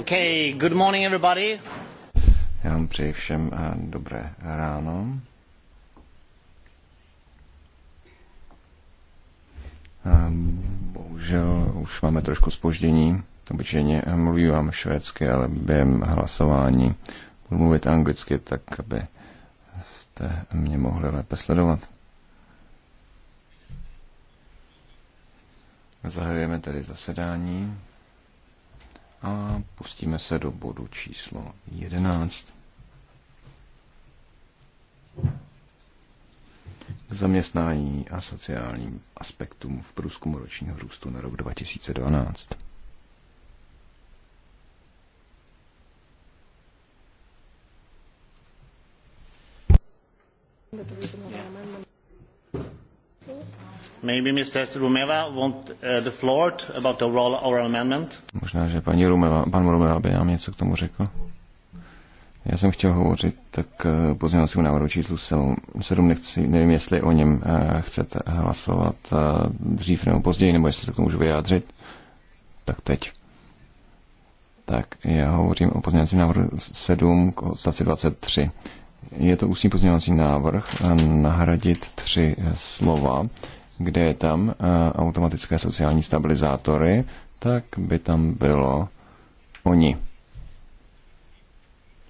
Okay, good morning everybody. Já vám přeji všem eh, dobré ráno. Eh, bohužel už máme trošku spoždění. Obyčejně eh, mluvím vám švédsky, ale během hlasování budu mluvit anglicky, tak aby jste mě mohli lépe sledovat. Zahajujeme tedy zasedání a pustíme se do bodu číslo 11. K zaměstnání a sociálním aspektům v průzkumu ročního růstu na rok 2012. Yeah. Možná, že paní Rumeva, pan Rumeva by nám něco k tomu řekl. Já jsem chtěl hovořit tak uh, pozměňovacímu návrhu číslu 7 nechci, nevím, jestli o něm uh, chcete hlasovat uh, dřív nebo později, nebo jestli se k tomu můžu vyjádřit, tak teď. Tak já hovořím o pozměňovacím návrhu 7 k odstavci 23. Je to ústní pozměňovací návrh eh, nahradit tři eh, slova kde je tam eh, automatické sociální stabilizátory, tak by tam bylo oni.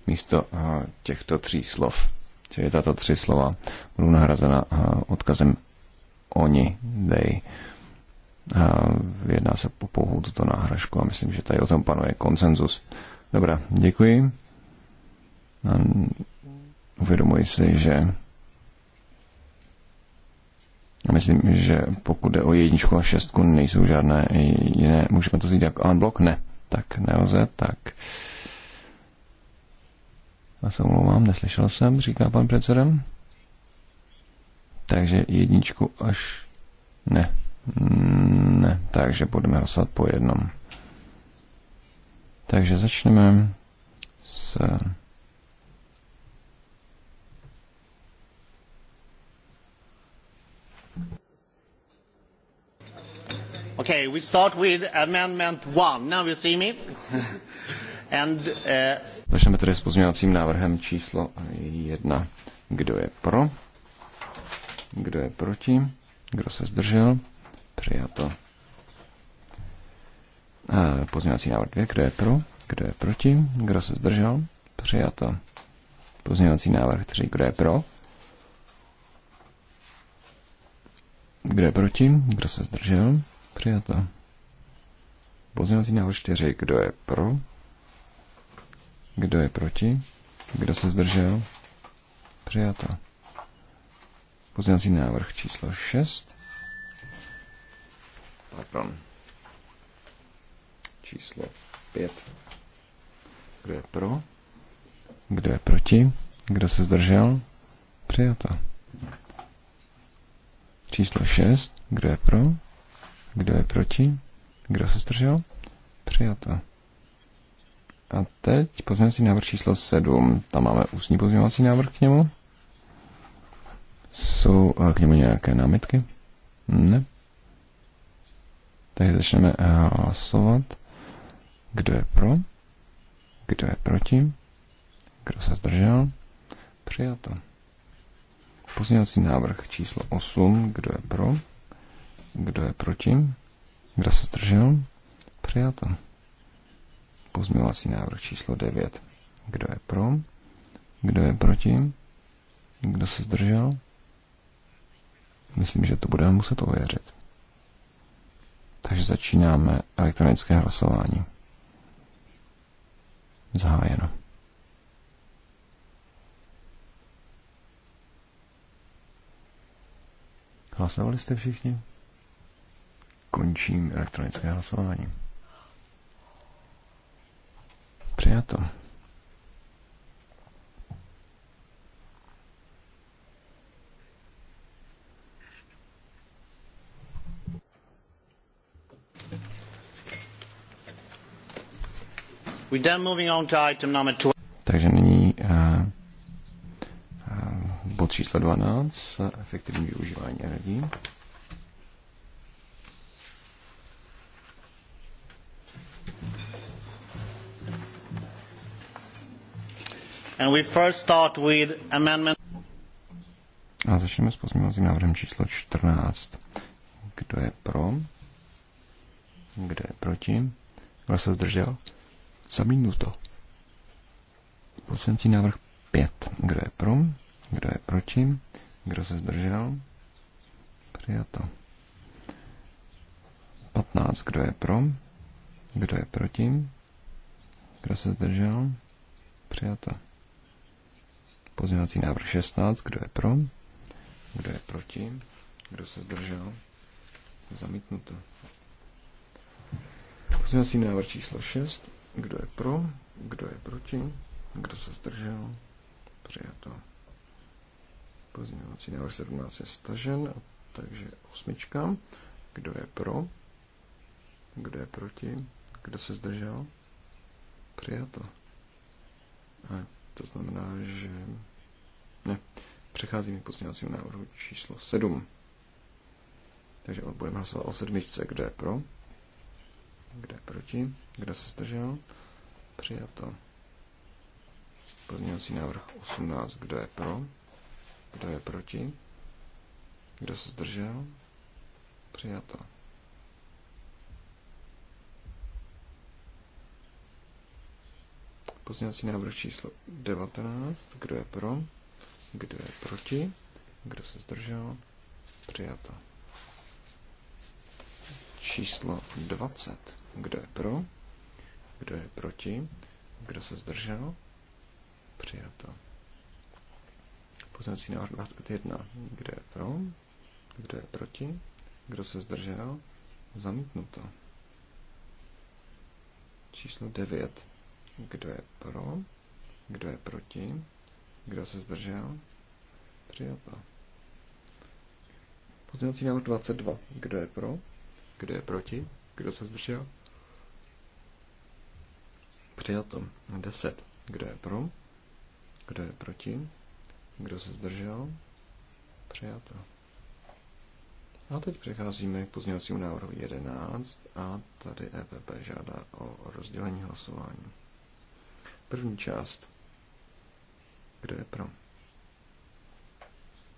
Místo eh, těchto tří slov. Čili tato tři slova budou nahrazena eh, odkazem oni, they. Jedná se po pouhou tuto náhražku a myslím, že tady o tom panuje konsenzus. Dobrá, děkuji. Uvědomuji si, že Myslím, že pokud jde o jedničku a šestku, nejsou žádné jiné. Můžeme to vzít jako unblock? Ne. Tak nelze, tak. Já se omlouvám, neslyšel jsem, říká pan předseda. Takže jedničku až... Ne. Ne, takže budeme hlasovat po jednom. Takže začneme s Okay, we start with amendment one. Now you see me. And, uh, Začneme tedy s pozměňovacím návrhem číslo jedna. Kdo je pro? Kdo je proti? Kdo se zdržel? Přijato. A eh, pozměňovací návrh dvě, Kdo je pro? Kdo je proti? Kdo se zdržel? Přijato. Pozměňovací návrh tři, Kdo je pro? Kdo je proti? Kdo se zdržel? Přijato. Pozměňovací návrh 4. Kdo je pro? Kdo je proti? Kdo se zdržel? Přijato. Pozměňovací návrh číslo 6. Pardon. Číslo 5. Kdo je pro? Kdo je proti? Kdo se zdržel? Přijato. Číslo 6. Kdo je pro? Kdo je proti? Kdo se zdržel? Přijato. A teď pozměňovací návrh číslo 7. Tam máme ústní pozměňovací návrh k němu. Jsou eh, k němu nějaké námitky? Ne. Takže začneme eh, hlasovat. Kdo je pro? Kdo je proti? Kdo se zdržel? Přijato. Pozměňovací návrh číslo 8. Kdo je pro? Kdo je proti? Kdo se zdržel? Přijato. Pozměňovací návrh číslo 9. Kdo je pro? Kdo je proti? Kdo se zdržel? Myslím, že to budeme muset ověřit. Takže začínáme elektronické hlasování. Zahájeno. Hlasovali jste všichni? Končím elektronické hlasování. Přijato. Takže nyní uh, uh, bod číslo 12, efektivní využívání energie. And we first start with amendment. A začneme s pozměňovacím návrhem číslo 14. Kdo je pro? Kdo je proti? Kdo se zdržel? Zamítnuto. Pozměňovací návrh 5. Kdo je pro? Kdo je proti? Kdo se zdržel? Přijato. 15. Kdo je pro? Kdo je proti? Kdo se zdržel? Přijato. Pozměňovací návrh 16. Kdo je pro? Kdo je proti? Kdo se zdržel? Zamítnuto. Pozměňovací návrh číslo 6. Kdo je pro? Kdo je proti? Kdo se zdržel? Přijato. Pozměňovací návrh 17 je stažen, takže osmička. Kdo je pro? Kdo je proti? Kdo se zdržel? Přijato. A to znamená, že... Ne, přecházíme k pozměňovacímu návrhu číslo 7. Takže budeme hlasovat o sedmičce, kde je pro, kde je proti, kdo se zdržel, přijato. Pozměňovací návrh 18, kdo je pro, kdo je proti, kdo se zdržel, přijato. Pozměňovací návrh číslo 19. Kdo je pro? Kdo je proti? Kdo se zdržel? Přijato. Číslo 20. Kdo je pro? Kdo je proti? Kdo se zdržel? Přijato. Pozměňovací návrh 21. Kdo je pro? Kdo je proti? Kdo se zdržel? Zamítnuto. Číslo 9. Kdo je pro? Kdo je proti? Kdo se zdržel? Přijato. Pozměňovací návrh 22. Kdo je pro? Kdo je proti? Kdo se zdržel? Přijato. 10. Kdo je pro? Kdo je proti? Kdo se zdržel? Přijato. A teď přecházíme k pozměňovacímu návrhu 11 a tady EPP žádá o rozdělení hlasování. První část. Kdo je pro?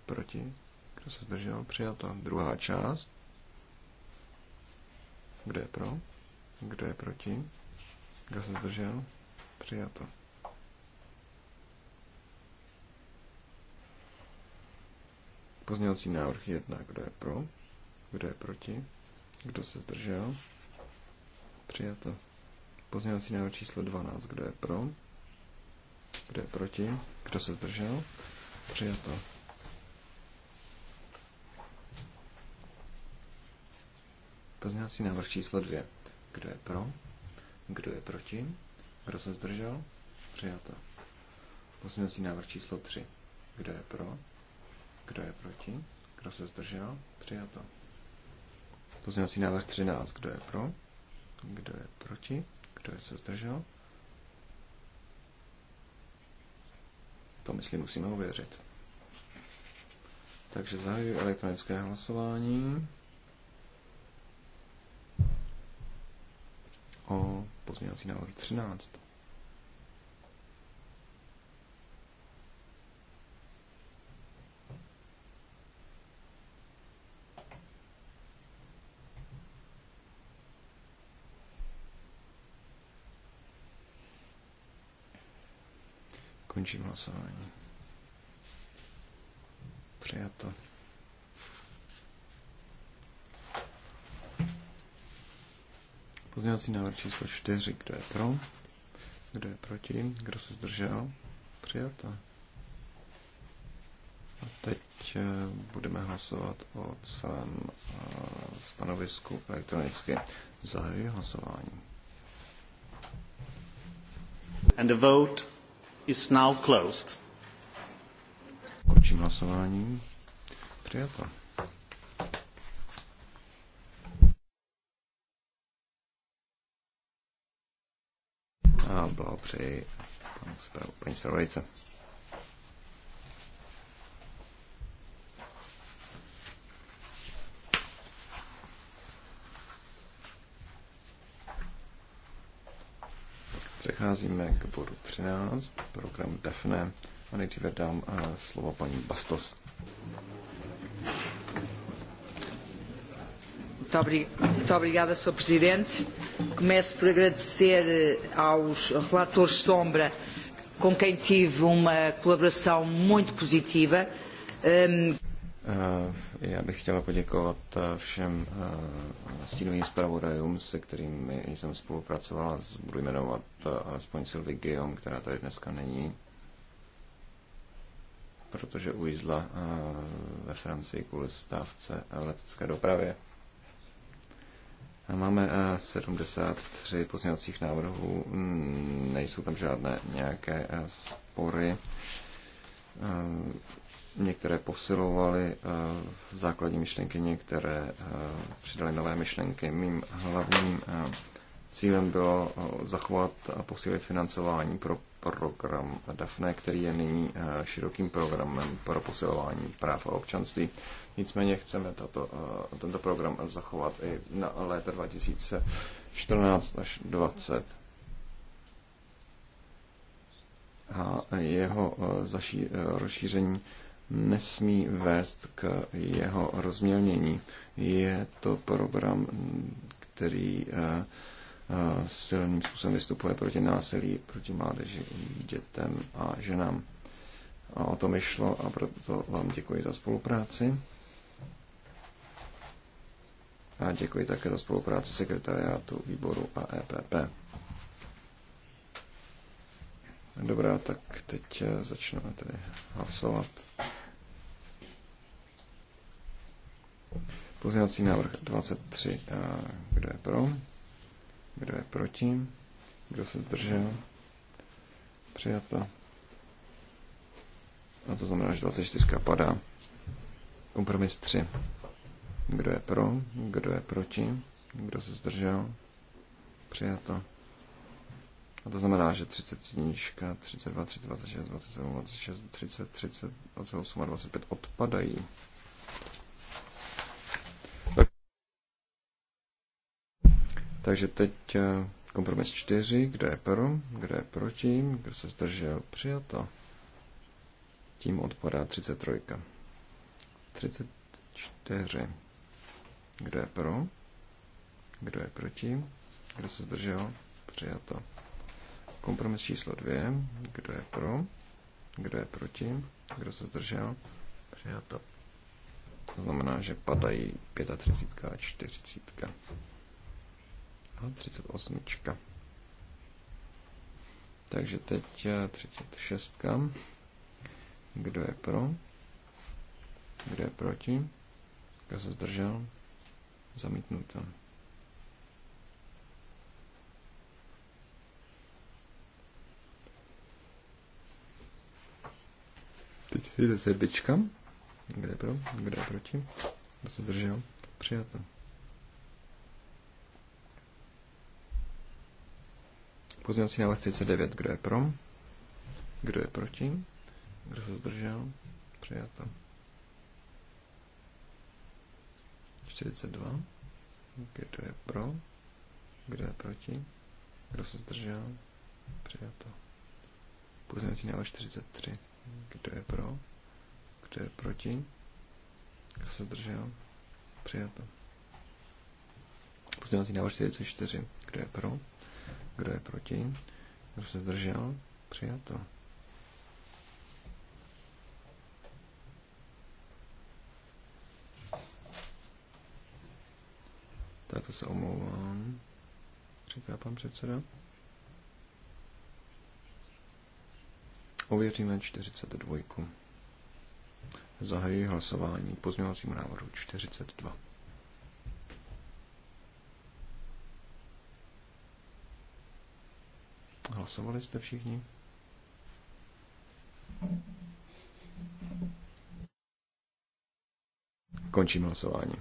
Proti? Kdo se zdržel? Přijato. Druhá část. Kdo je pro? Kdo je proti? Kdo se zdržel? Přijato. Pozměňovací návrh jedna. Kdo je pro? Kdo je proti? Kdo se zdržel? Přijato. Pozměňovací návrh číslo 12. Kdo je pro? Kdo je proti? Kdo se zdržel? Přijato. Pozměňovací návrh číslo 2. Kdo je pro? Kdo je proti? Kdo se zdržel? Přijato. Pozměňovací návrh číslo 3. Kdo je pro? Kdo je proti? Kdo se zdržel? Přijato. Pozměňovací návrh 13. Kdo je pro? Kdo je proti? Kdo je se zdržel? To myslím musíme ověřit. Takže zahajuji elektronické hlasování o pozměňovací návrh 13. Končím hlasování. Přijato. Pozměňovací návrh číslo 4. Kdo je pro? Kdo je proti? Kdo se zdržel? Přijato. A teď eh, budeme hlasovat o celém eh, stanovisku elektronicky. Zahajuji hlasování. And a vote is now closed. Končím hlasování. Přijato. A blahopřeji paní zpravodajce. přecházíme k bodu 13, program DEFNE. A nejdříve dám eh, slovo paní Bastos. Muito obrigada, Sr. Presidente. Começo por agradecer eh, aos relatores Sombra, com quem tive uma colaboração muito positiva. Um, Eh, já bych chtěla poděkovat eh, všem eh, stínovým zpravodajům, se kterými jsem spolupracovala. Budu jmenovat alespoň Sylvie Guillaume, která tady dneska není, protože ujízla ve Francii kvůli stávce letecké dopravě. Máme 73 pozměňovacích návrhů, nejsou tam žádné nějaké spory Některé posilovaly eh, základní myšlenky, některé eh, přidaly nové myšlenky. Mým hlavním eh, cílem bylo zachovat a posílit financování pro program DAFNE, který je nyní širokým programem pro posilování práv a občanství. Nicméně chceme tato, tento program zachovat i na léta 2014 až 2020. A jeho zaší, rozšíření nesmí vést k jeho rozmělnění. Je to program, který eh, eh, silným způsobem vystupuje proti násilí, proti mládeži, dětem a ženám. A o to mi šlo a proto vám děkuji za spolupráci. A děkuji také za spolupráci sekretariátu výboru a EPP. Dobrá, tak teď eh, začneme tedy hlasovat. Pozměňovací návrh 23. A kdo je pro? Kdo je proti? Kdo se zdržel? Přijata. A to znamená, že 24 padá. Kompromis 3. Kdo je pro? Kdo je proti? Kdo se zdržel? Přijato. A to znamená, že 30 32, 36, 27, 26, 30, 30, 28 a 25 odpadají. Takže teď eh, kompromis 4, kdo je pro, kdo je proti, kdo se zdržel, přijato. Tím odpadá 33. 34. Kdo je pro, kdo je proti, kdo se zdržel, přijato. Kompromis číslo 2, kdo je pro, kdo je proti, kdo se zdržel, přijato. To znamená, že padají 35 a 40. 38. No, Takže teď 36. Eh, Kdo je pro? Kdo je proti? Kdo se zdržel? Zamítnuto. Teď je zase bička. Kde je pro? Kde je proti? Kdo se zdržel? Přijato. Pozměňovací návrh 39. Kdo je pro? Kdo je proti? Kdo se zdržel? Přijato. 42. Kdo je pro? Kdo je proti? Kdo se zdržel? Přijato. Pozměňovací návrh 43. Kdo je pro? Kdo je proti? Kdo se zdržel? Přijato. Pozměňovací návrh 44. Kdo je pro? Kdo je proti? Kdo se zdržel? Přijato. Tato se omlouvám, říká pan předseda. Ověříme 42. Zahajuji hlasování k pozměňovacímu návrhu 42. Hlasovali jste všichni? Končím hlasování.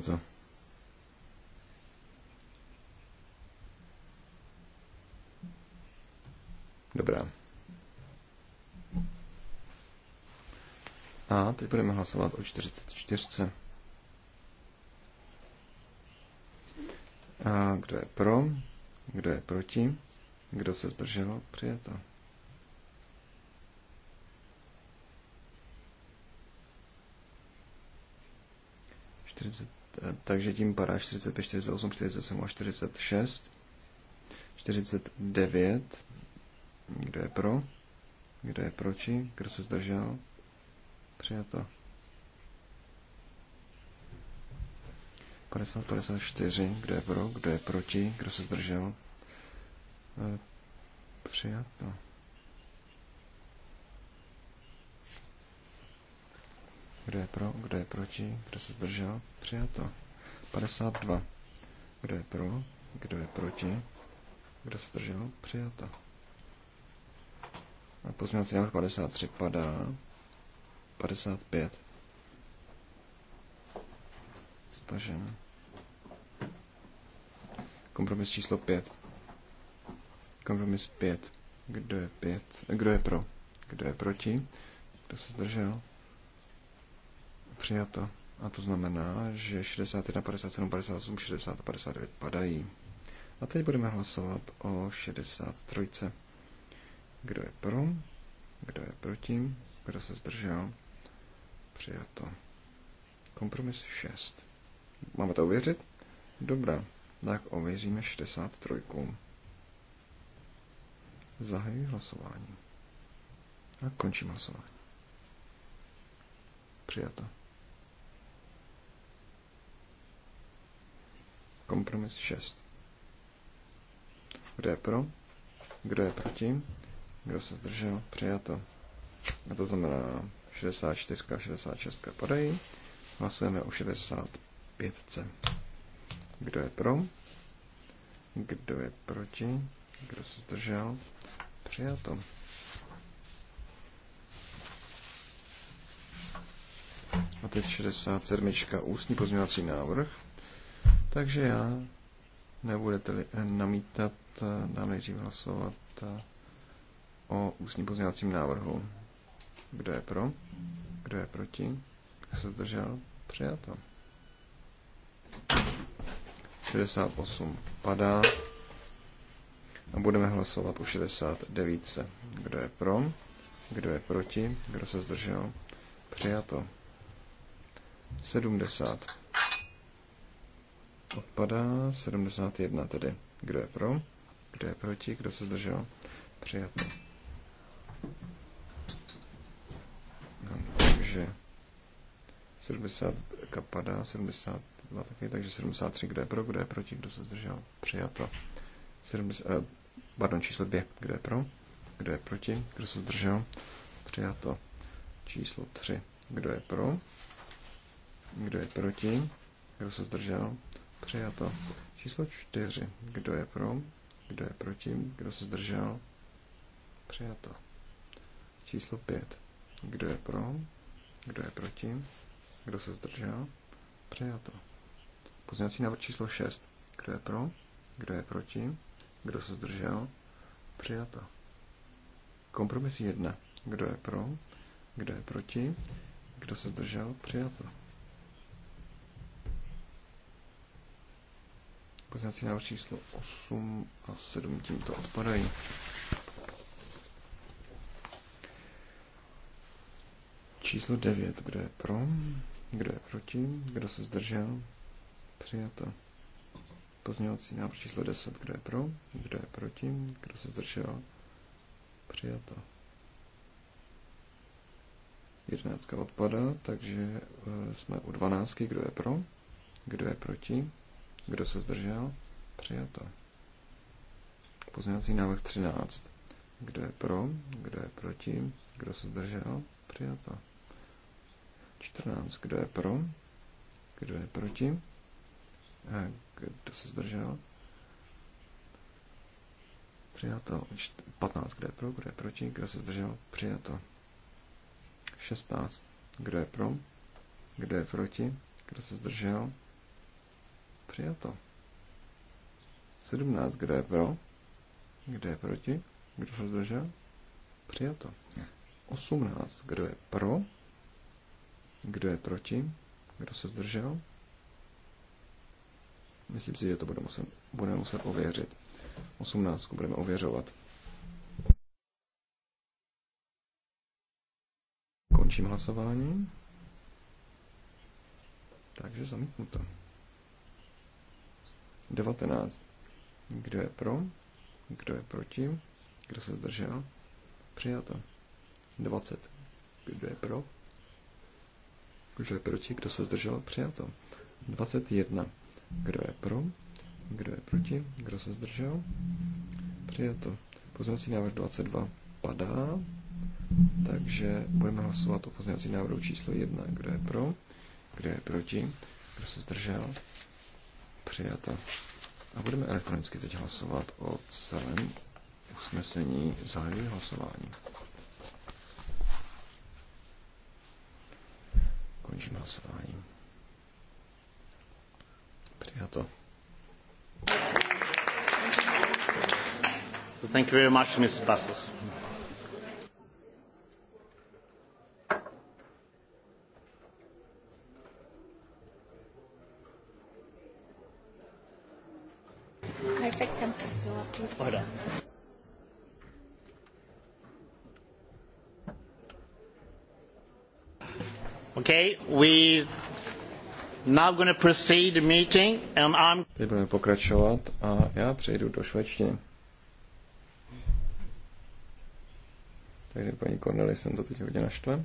se. Dobrá. A teď budeme hlasovat o 44. A kdo je pro? Kdo je proti? Kdo se zdržel? Přijeto. Eh, takže tím padá 45, 48, 47 a 46. 49. Kdo je pro? Kdo je proti? Kdo se zdržel? Přijato. 50, 54, kdo je pro, kdo je proti, kdo se zdržel. E, přijato. Kdo je pro, kdo je proti, kdo se zdržel. Přijato. 52. Kdo je pro, kdo je proti, kdo se zdržel. Přijato. A pozměnací návrh 53 padá. 55. Stažen. Kompromis číslo 5. Kompromis 5. Kdo je 5? Kdo je pro? Kdo je proti? Kdo se zdržel? Přijato. A to znamená, že 61, 57, 58, 60 a 59 padají. A teď budeme hlasovat o 63. Kdo je pro? Kdo je proti? Kdo se zdržel? Přijato. Kompromis 6. Máme to ověřit? Dobrá. Tak ověříme 63. Zahajuji hlasování. A končím hlasování. Přijato. Kompromis 6. Kdo je pro? Kdo je proti? Kdo se zdržel? Přijato. A to znamená 64 66 podají. Hlasujeme o 65. Kdo je pro? Kdo je proti? Kdo se zdržel? Přijato. A teď 67. ústní pozměňovací návrh. Takže já, nebudete-li eh, namítat, dám eh, nejdřív hlasovat eh, o ústním pozměňovacím návrhu. Kdo je pro? Kdo je proti? Kdo se zdržel? Přijato. 68 padá. A budeme hlasovat u 69. Kdo je pro? Kdo je proti? Kdo se zdržel? Přijato. 70. Odpadá 71 tedy. Kdo je pro? Kdo je proti? Kdo se zdržel? Přijato. Takže 70 kapada, 72 taky, takže 73, kde je pro, kde je proti, kdo se zdržel, přijato. 70, eh, pardon, číslo 2, kde je pro, kdo je proti, kdo se zdržel, přijato. Eh, číslo 3, kdo je pro, kdo je proti, kdo se zdržel, přijato. Číslo 4, kdo je pro, kdo je proti, kdo se zdržel, přijato. Číslo 5, kdo je pro, kdo je proti? Kdo se zdržel? Přijato. Pozměňovací návrh číslo 6. Kdo je pro? Kdo je proti? Kdo se zdržel? Přijato. Kompromis 1. Kdo je pro? Kdo je proti? Kdo se zdržel? Přijato. Pozměňovací návrh číslo 8 a 7 tímto odpadají. Číslo 9. Kdo je pro? Kdo je proti? Kdo se zdržel? Přijato. Pozměňovací návrh číslo 10. Kdo je pro? Kdo je proti? Kdo se zdržel? Přijato. Jedenáctka odpadá, takže eh, jsme u dvanáctky. Kdo je pro? Kdo je proti? Kdo se zdržel? Přijato. Pozměňovací návrh 13. Kdo je pro? Kdo je proti? Kdo se zdržel? Přijato. 14. Kdo je pro? Kdo je proti? A kdo se zdržel? Přijato. 15. Kdo je pro? Kdo je proti? Kdo se zdržel? Přijato. 16. Kdo je pro? Kdo je proti? Kdo se zdržel? Přijato. 17. Kdo je pro? Kdo je proti? Kdo se zdržel? Přijato. 18. Kdo je pro? Kdo je proti? Kdo se zdržel? Myslím si, že to budeme muset, budeme muset ověřit. 18 budeme ověřovat. Končím hlasování. Takže zamítnuto. 19. Kdo je pro? Kdo je proti? Kdo se zdržel? Přijato. 20. Kdo je pro? Kdo je proti? Kdo se zdržel? Přijato. 21. Kdo je pro? Kdo je proti? Kdo se zdržel? Přijato. Pozměňovací návrh 22 padá, takže budeme hlasovat o pozměňovací návrhu číslo 1. Kdo je pro? Kdo je proti? Kdo se zdržel? Přijato. A budeme elektronicky teď hlasovat o celém usnesení zahajuji hlasování. Končím hlasování. Přijato. Thank you very much, Mr. Bastos. Okay, Teď budeme pokračovat a já přejdu do švédštiny. Takže paní Corneli jsem to teď hodně naštve.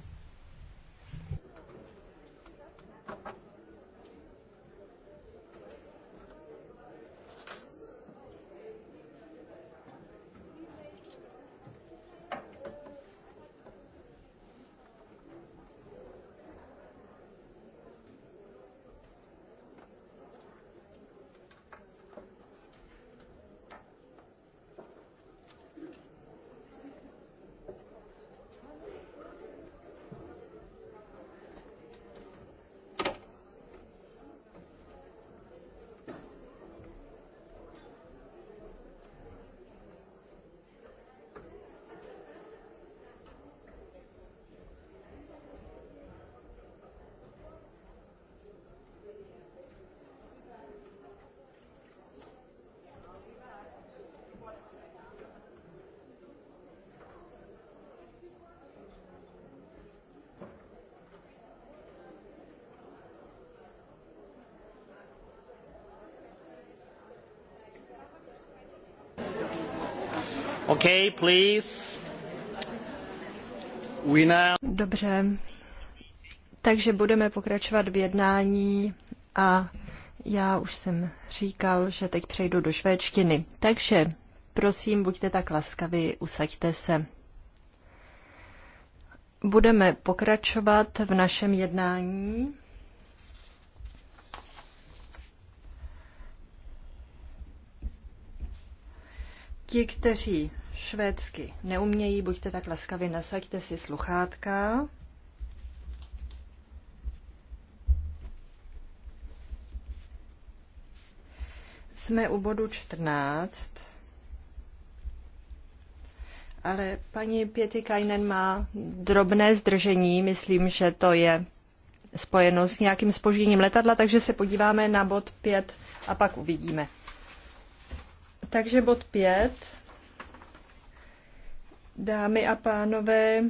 Dobře, takže budeme pokračovat v jednání a já už jsem říkal, že teď přejdu do švédštiny. Takže prosím, buďte tak laskaví, usaďte se. Budeme pokračovat v našem jednání. Ti, kteří švédsky neumějí, buďte tak laskavi, nasaďte si sluchátka. Jsme u bodu 14, ale paní Pietikainen má drobné zdržení, myslím, že to je spojeno s nějakým spožděním letadla, takže se podíváme na bod 5 a pak uvidíme. Takže bod 5 Dámy a pánové,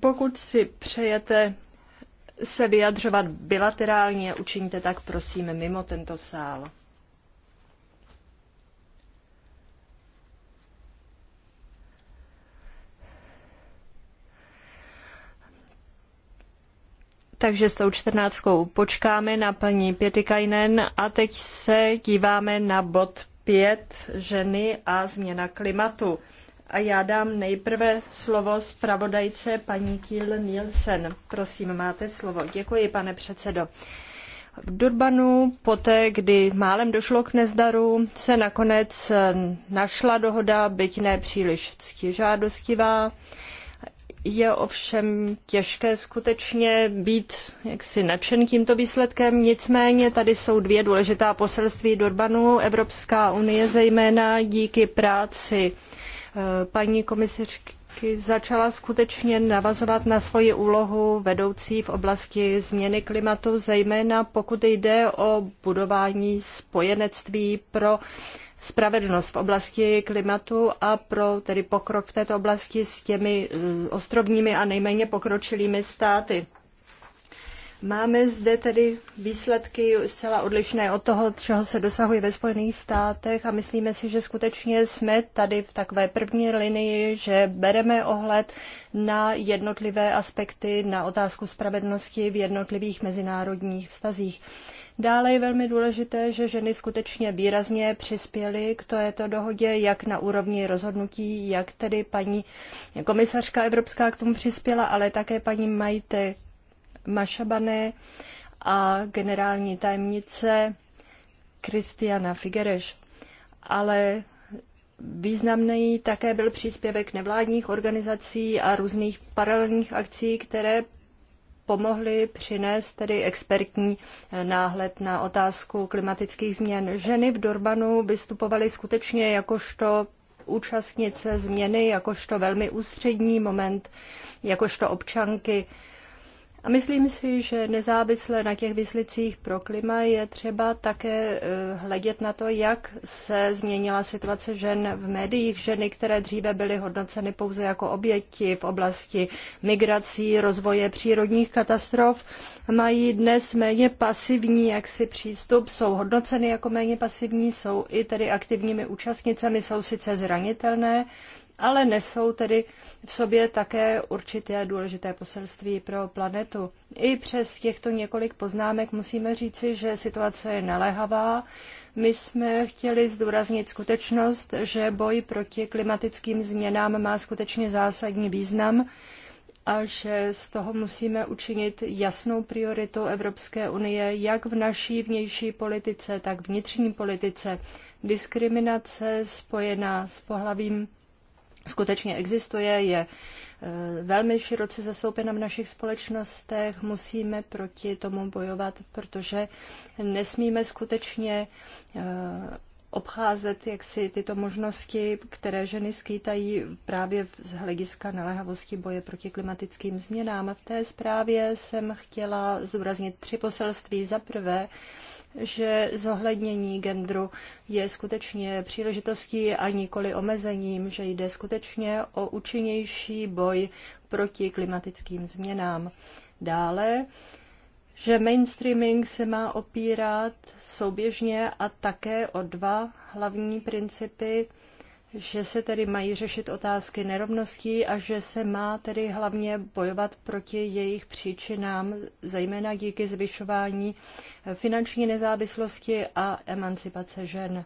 pokud si přejete se vyjadřovat bilaterálně, učiňte tak prosím mimo tento sál. takže s tou čtrnáctkou počkáme na paní Pětikajnen a teď se díváme na bod pět ženy a změna klimatu a já dám nejprve slovo zpravodajce paní Kiel Nielsen. Prosím, máte slovo. Děkuji, pane předsedo. V Durbanu, poté, kdy málem došlo k nezdaru, se nakonec eh, našla dohoda, byť ne příliš ctižádostivá. Je ovšem těžké skutečně být jaksi nadšen tímto výsledkem. Nicméně tady jsou dvě důležitá poselství Durbanu. Evropská unie zejména díky práci paní komisařky začala skutečně navazovat na svoji úlohu vedoucí v oblasti změny klimatu, zejména pokud jde o budování spojenectví pro spravedlnost v oblasti klimatu a pro tedy pokrok v této oblasti s těmi eh, ostrovními a nejméně pokročilými státy. Máme zde tedy výsledky zcela odlišné od toho, čeho se dosahuje ve Spojených státech a myslíme si, že skutečně jsme tady v takové první linii, že bereme ohled na jednotlivé aspekty, na otázku spravedlnosti v jednotlivých mezinárodních vztazích. Dále je velmi důležité, že ženy skutečně výrazně přispěly k této dohodě, jak na úrovni rozhodnutí, jak tedy paní komisařka evropská k tomu přispěla, ale také paní Majte Mašabané a generální tajemnice Kristiana Figereš, Ale významný také byl příspěvek nevládních organizací a různých paralelních akcí, které pomohly přinést tedy expertní eh, náhled na otázku klimatických změn. Ženy v Dorbanu vystupovaly skutečně jakožto účastnice změny, jakožto velmi ústřední moment, jakožto občanky a myslím si, že nezávisle na těch vyslicích pro klima je třeba také eh, hledět na to, jak se změnila situace žen v médiích. Ženy, které dříve byly hodnoceny pouze jako oběti v oblasti migrací, rozvoje přírodních katastrof, mají dnes méně pasivní jaksi přístup, jsou hodnoceny jako méně pasivní, jsou i tedy aktivními účastnicemi, jsou sice zranitelné, ale nesou tedy v sobě také určité důležité poselství pro planetu. I přes těchto několik poznámek musíme říci, že situace je naléhavá. My jsme chtěli zdůraznit skutečnost, že boj proti klimatickým změnám má skutečně zásadní význam a že z toho musíme učinit jasnou prioritu Evropské unie, jak v naší vnější politice, tak vnitřní politice. Diskriminace spojená s pohlavím skutečně existuje, je eh, velmi široce zastoupena v našich společnostech. Musíme proti tomu bojovat, protože nesmíme skutečně eh, obcházet jaksi tyto možnosti, které ženy skýtají právě z hlediska naléhavosti boje proti klimatickým změnám. V té zprávě jsem chtěla zdůraznit tři poselství. Za prvé, že zohlednění genderu je skutečně příležitostí a nikoli omezením, že jde skutečně o účinnější boj proti klimatickým změnám. Dále, že mainstreaming se má opírat souběžně a také o dva hlavní principy že se tedy mají řešit otázky nerovností a že se má tedy hlavně bojovat proti jejich příčinám, zejména díky zvyšování finanční nezávislosti a emancipace žen.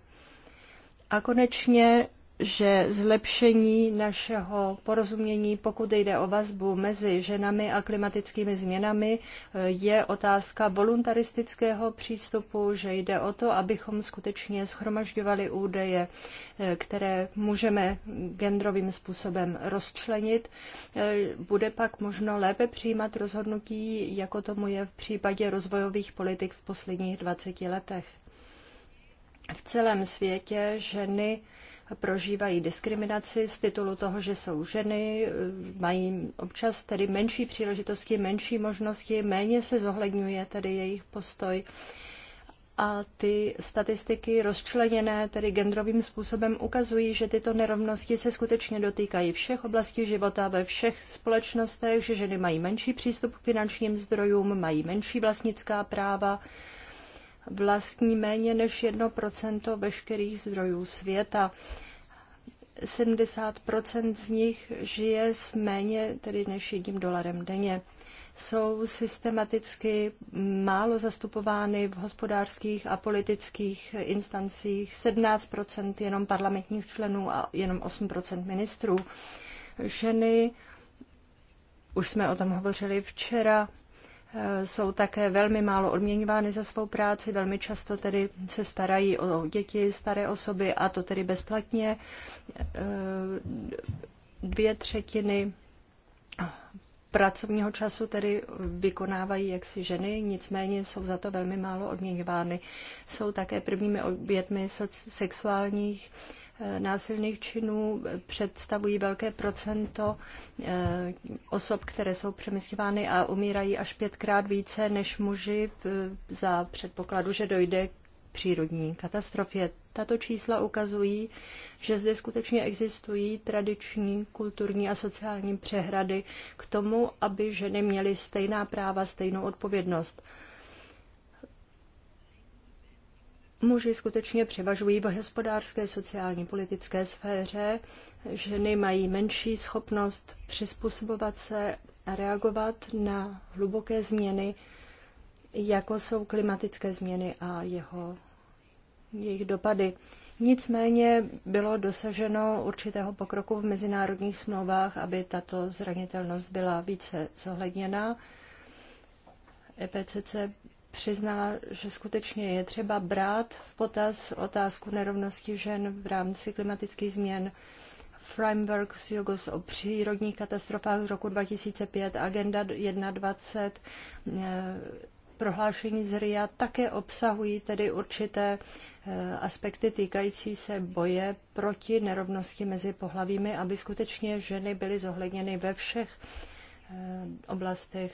A konečně že zlepšení našeho porozumění, pokud jde o vazbu mezi ženami a klimatickými změnami, je otázka voluntaristického přístupu, že jde o to, abychom skutečně schromažďovali údaje, které můžeme genderovým způsobem rozčlenit. Bude pak možno lépe přijímat rozhodnutí, jako tomu je v případě rozvojových politik v posledních 20 letech. V celém světě ženy prožívají diskriminaci z titulu toho, že jsou ženy, mají občas tedy menší příležitosti, menší možnosti, méně se zohledňuje tedy jejich postoj. A ty statistiky rozčleněné tedy genderovým způsobem ukazují, že tyto nerovnosti se skutečně dotýkají všech oblastí života ve všech společnostech, že ženy mají menší přístup k finančním zdrojům, mají menší vlastnická práva, vlastní méně než 1% veškerých zdrojů světa. 70% z nich žije s méně tedy než jedním dolarem denně. Jsou systematicky málo zastupovány v hospodářských a politických instancích, 17% jenom parlamentních členů a jenom 8% ministrů. Ženy, už jsme o tom hovořili včera, jsou také velmi málo odměňovány za svou práci, velmi často tedy se starají o děti, staré osoby a to tedy bezplatně. E, dvě třetiny pracovního času tedy vykonávají jaksi ženy, nicméně jsou za to velmi málo odměňovány. Jsou také prvními obětmi sexuálních Eh, násilných činů představují velké procento eh, osob, které jsou přemysťovány a umírají až pětkrát více než muži za předpokladu, že dojde k přírodní katastrofě. Tato čísla ukazují, že zde skutečně existují tradiční, kulturní a sociální přehrady k tomu, aby ženy měly stejná práva, stejnou odpovědnost. Muži skutečně převažují v hospodářské, sociální, politické sféře. Ženy mají menší schopnost přizpůsobovat se a reagovat na hluboké změny, jako jsou klimatické změny a jeho, jejich dopady. Nicméně bylo dosaženo určitého pokroku v mezinárodních smlouvách, aby tato zranitelnost byla více zohledněna. EPCC přiznala, že skutečně je třeba brát v potaz otázku nerovnosti žen v rámci klimatických změn. Framework z Jugos o přírodních katastrofách z roku 2005, Agenda 21, eh, prohlášení z RIA také obsahují tedy určité eh, aspekty týkající se boje proti nerovnosti mezi pohlavími, aby skutečně ženy byly zohledněny ve všech eh, oblastech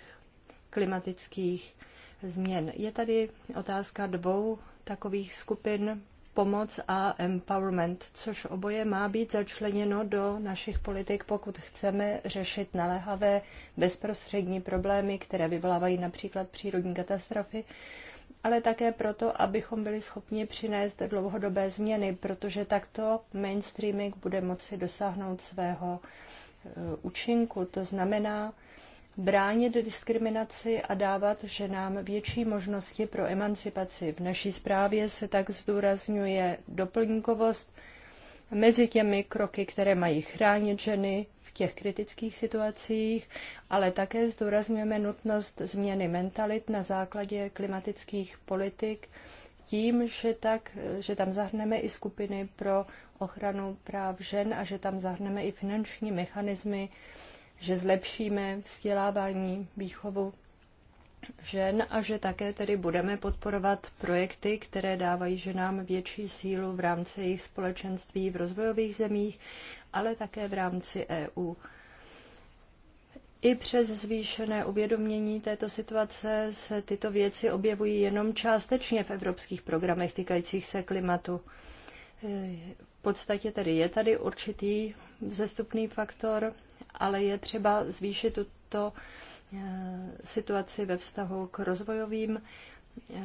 klimatických změn. Je tady otázka dvou takových skupin pomoc a empowerment, což oboje má být začleněno do našich politik, pokud chceme řešit naléhavé bezprostřední problémy, které vyvolávají například přírodní katastrofy, ale také proto, abychom byli schopni přinést dlouhodobé změny, protože takto mainstreaming bude moci dosáhnout svého eh, účinku. To znamená, bránit diskriminaci a dávat ženám větší možnosti pro emancipaci. V naší zprávě se tak zdůrazňuje doplňkovost mezi těmi kroky, které mají chránit ženy v těch kritických situacích, ale také zdůrazňujeme nutnost změny mentalit na základě klimatických politik tím, že, tak, že tam zahrneme i skupiny pro ochranu práv žen a že tam zahrneme i finanční mechanismy, že zlepšíme vzdělávání, výchovu žen a že také tedy budeme podporovat projekty, které dávají ženám větší sílu v rámci jejich společenství v rozvojových zemích, ale také v rámci EU. I přes zvýšené uvědomění této situace se tyto věci objevují jenom částečně v evropských programech týkajících se klimatu. V podstatě tedy je tady určitý vzestupný faktor, ale je třeba zvýšit tuto eh, situaci ve vztahu k rozvojovým eh,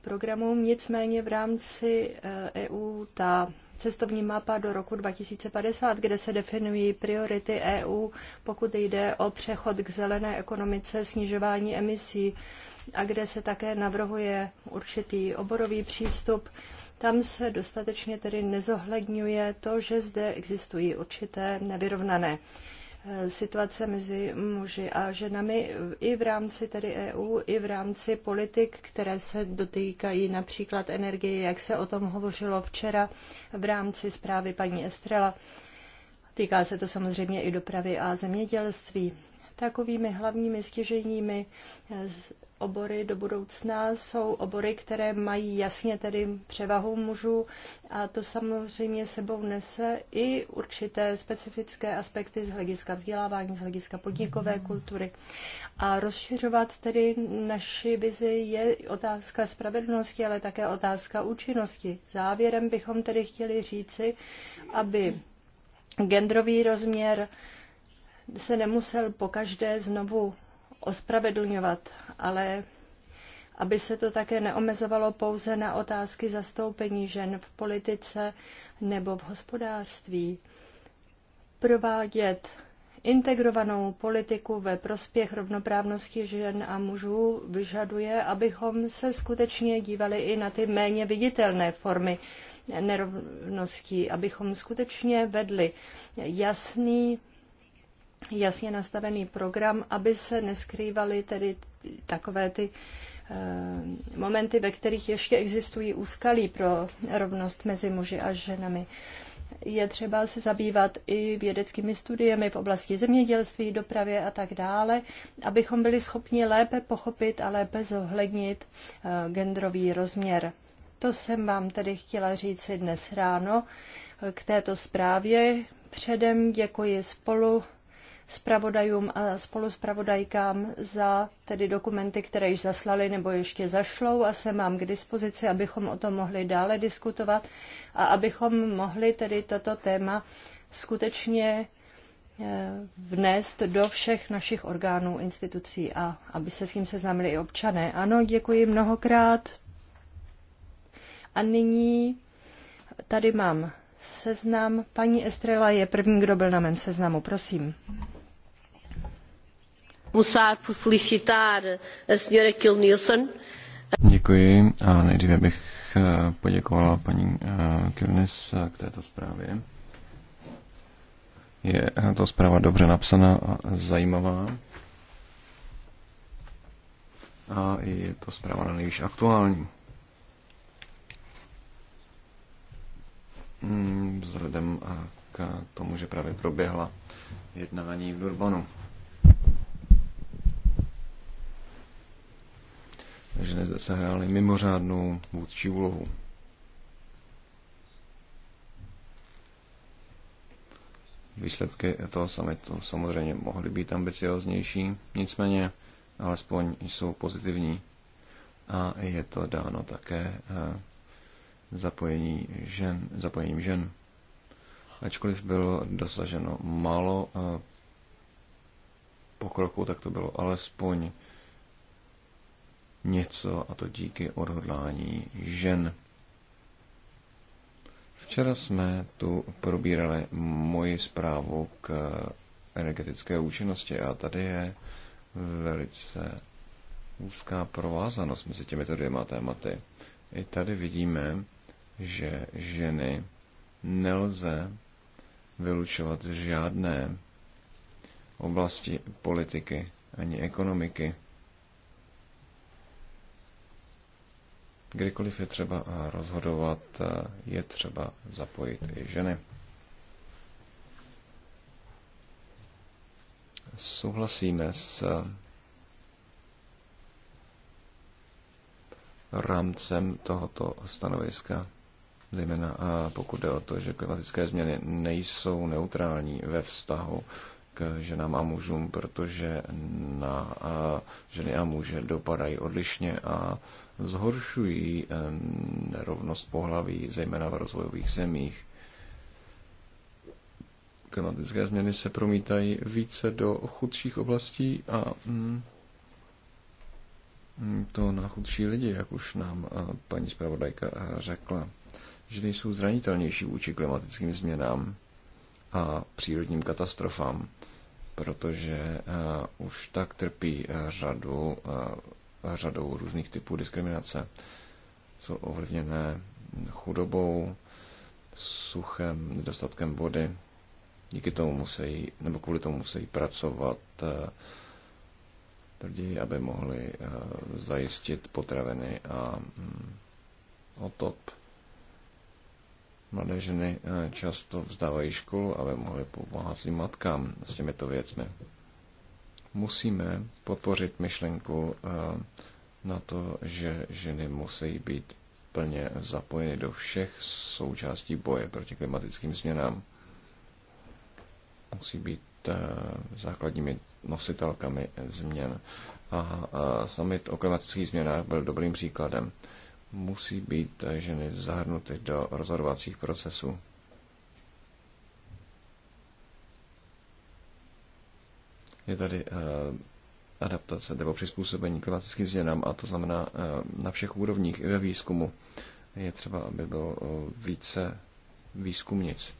programům. Nicméně v rámci EU eh, e ta cestovní mapa do roku 2050, kde se definují priority EU, pokud jde o přechod k zelené ekonomice, snižování emisí a kde se také navrhuje určitý oborový přístup. Tam se dostatečně tedy nezohledňuje to, že zde existují určité nevyrovnané Eh, situace mezi muži a ženami i v rámci tedy EU, i v rámci politik, které se dotýkají například energie, jak se o tom hovořilo včera v rámci zprávy paní Estrela. Týká se to samozřejmě i dopravy a zemědělství. Takovými hlavními stěžejními eh, obory do budoucna jsou obory, které mají jasně tedy převahu mužů a to samozřejmě sebou nese i určité specifické aspekty z hlediska vzdělávání, z hlediska podnikové mhm. kultury. A rozšiřovat tedy naši vizi je otázka spravedlnosti, ale také otázka účinnosti. Závěrem bychom tedy chtěli říci, aby genderový rozměr se nemusel pokaždé znovu ospravedlňovat, ale aby se to také neomezovalo pouze na otázky zastoupení žen v politice nebo v hospodářství. Provádět integrovanou politiku ve prospěch rovnoprávnosti žen a mužů vyžaduje, abychom se skutečně dívali i na ty méně viditelné formy nerovností, abychom skutečně vedli jasný jasně nastavený program, aby se neskrývaly tedy takové ty eh, momenty, ve kterých ještě existují úskalí pro rovnost mezi muži a ženami. Je třeba se zabývat i vědeckými studiemi v oblasti zemědělství, dopravě a tak dále, abychom byli schopni lépe pochopit a lépe zohlednit eh, genderový rozměr. To jsem vám tedy chtěla říci dnes ráno eh, k této zprávě. Předem děkuji spolu zpravodajům a spoluzpravodajkám za tedy dokumenty, které již zaslali nebo ještě zašlou a se mám k dispozici, abychom o tom mohli dále diskutovat a abychom mohli tedy toto téma skutečně eh, vnést do všech našich orgánů, institucí a aby se s tím seznámili i občané. Ano, děkuji mnohokrát. A nyní tady mám seznam. Paní Estrela je první, kdo byl na mém seznamu. Prosím começar por felicitar a senhora Kill Nielsen. Děkuji a nejdříve bych eh, poděkovala paní eh, Kilnis eh, k této zprávě. Je to zpráva dobře napsaná a zajímavá. A je to zpráva na nejvíc aktuální. Hmm, vzhledem k tomu, že právě proběhla jednání v Durbanu. že sehráli mimořádnou vůdčí úlohu. Výsledky toho samitu samozřejmě mohly být ambicioznější, nicméně alespoň jsou pozitivní. A je to dáno také eh, zapojení žen, zapojením žen. Ačkoliv bylo dosaženo málo eh, pokroku, tak to bylo alespoň něco, a to díky odhodlání žen. Včera jsme tu probírali moji zprávu k energetické účinnosti a tady je velice úzká provázanost mezi těmito dvěma tématy. I tady vidíme, že ženy nelze vylučovat žádné oblasti politiky ani ekonomiky. Kdykoliv je třeba rozhodovat, je třeba zapojit i ženy. Souhlasíme s rámcem tohoto stanoviska, zejména pokud jde o to, že klimatické změny nejsou neutrální ve vztahu k ženám a mužům, protože na ženy a muže dopadají odlišně a zhoršují eh, nerovnost pohlaví, zejména v rozvojových zemích. Klimatické změny se promítají více do chudších oblastí a mm, mm, to na chudší lidi, jak už nám eh, paní zpravodajka eh, řekla, že nejsou zranitelnější vůči klimatickým změnám a přírodním katastrofám, protože už tak trpí řadu řadou různých typů diskriminace. Jsou ovlivněné chudobou, suchem, nedostatkem vody. Díky tomu musí, nebo kvůli tomu musí pracovat eh, lidi, aby mohli eh, zajistit potraviny a hm, otop. Mladé ženy eh, často vzdávají školu, aby mohly pomáhat svým matkám s těmito věcmi musíme podpořit myšlenku eh, na to, že ženy musí být plně zapojeny do všech součástí boje proti klimatickým změnám. Musí být eh, základními nositelkami změn. A summit o klimatických změnách byl dobrým příkladem. Musí být eh, ženy zahrnuty do rozhodovacích procesů. Je tady eh, adaptace nebo přizpůsobení klimatickým změnám a to znamená eh, na všech úrovních i ve výzkumu. Je třeba, aby bylo eh, více výzkumnic.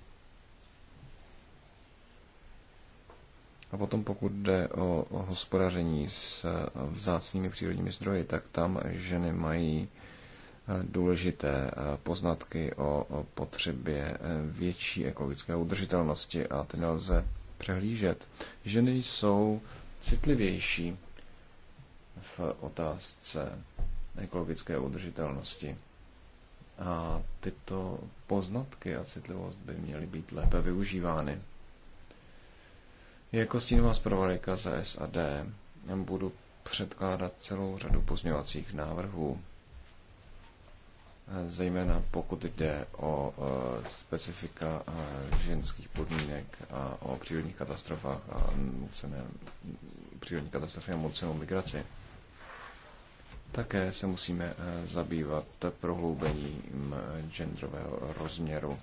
A potom pokud jde o hospodaření s vzácnými přírodními zdroji, tak tam ženy mají důležité poznatky o potřebě větší ekologické udržitelnosti a ty nelze přehlížet. Ženy jsou citlivější v otázce ekologické udržitelnosti. A tyto poznatky a citlivost by měly být lépe využívány. Jako stínová zpravodajka za SAD budu předkládat celou řadu pozměňovacích návrhů zejména pokud jde o e, specifika e, ženských podmínek a o přírodních katastrofách a nucené, přírodní katastrofy a nucenou migraci. Také se musíme e, zabývat prohloubením genderového rozměru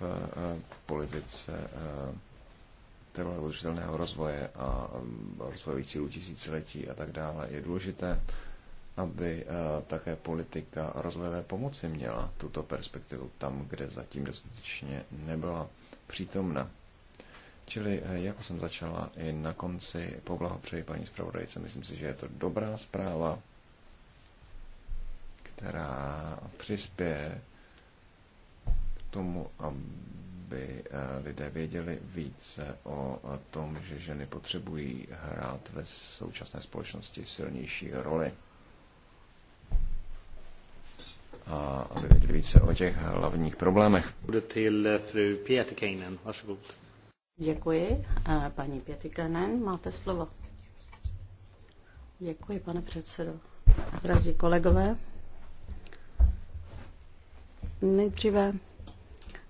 v politice trvalého udržitelného rozvoje a rozvojových cílů tisíciletí a tak dále. Je důležité aby eh, také politika rozvojové pomoci měla tuto perspektivu tam, kde zatím dostatečně nebyla přítomna. Čili, jako jsem začala i na konci, poblahopřeji paní zpravodajce. Myslím si, že je to dobrá zpráva, která přispěje k tomu, aby eh, lidé věděli více o tom, že ženy potřebují hrát ve současné společnosti silnější roli a aby více o těch hlavních problémech. Eh, Děkuji. A eh, paní Pietikainen, máte slovo. Děkuji, pane předsedo. Drazí kolegové, nejdříve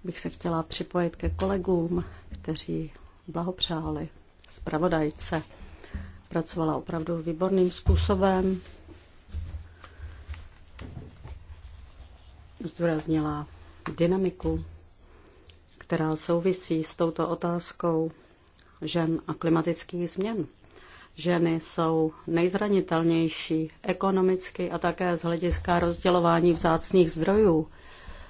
bych se chtěla připojit ke kolegům, kteří blahopřáli zpravodajce. Pracovala opravdu výborným způsobem, zdůraznila dynamiku, která souvisí s touto otázkou žen a klimatických změn. Ženy jsou nejzranitelnější ekonomicky a také z hlediska rozdělování vzácných zdrojů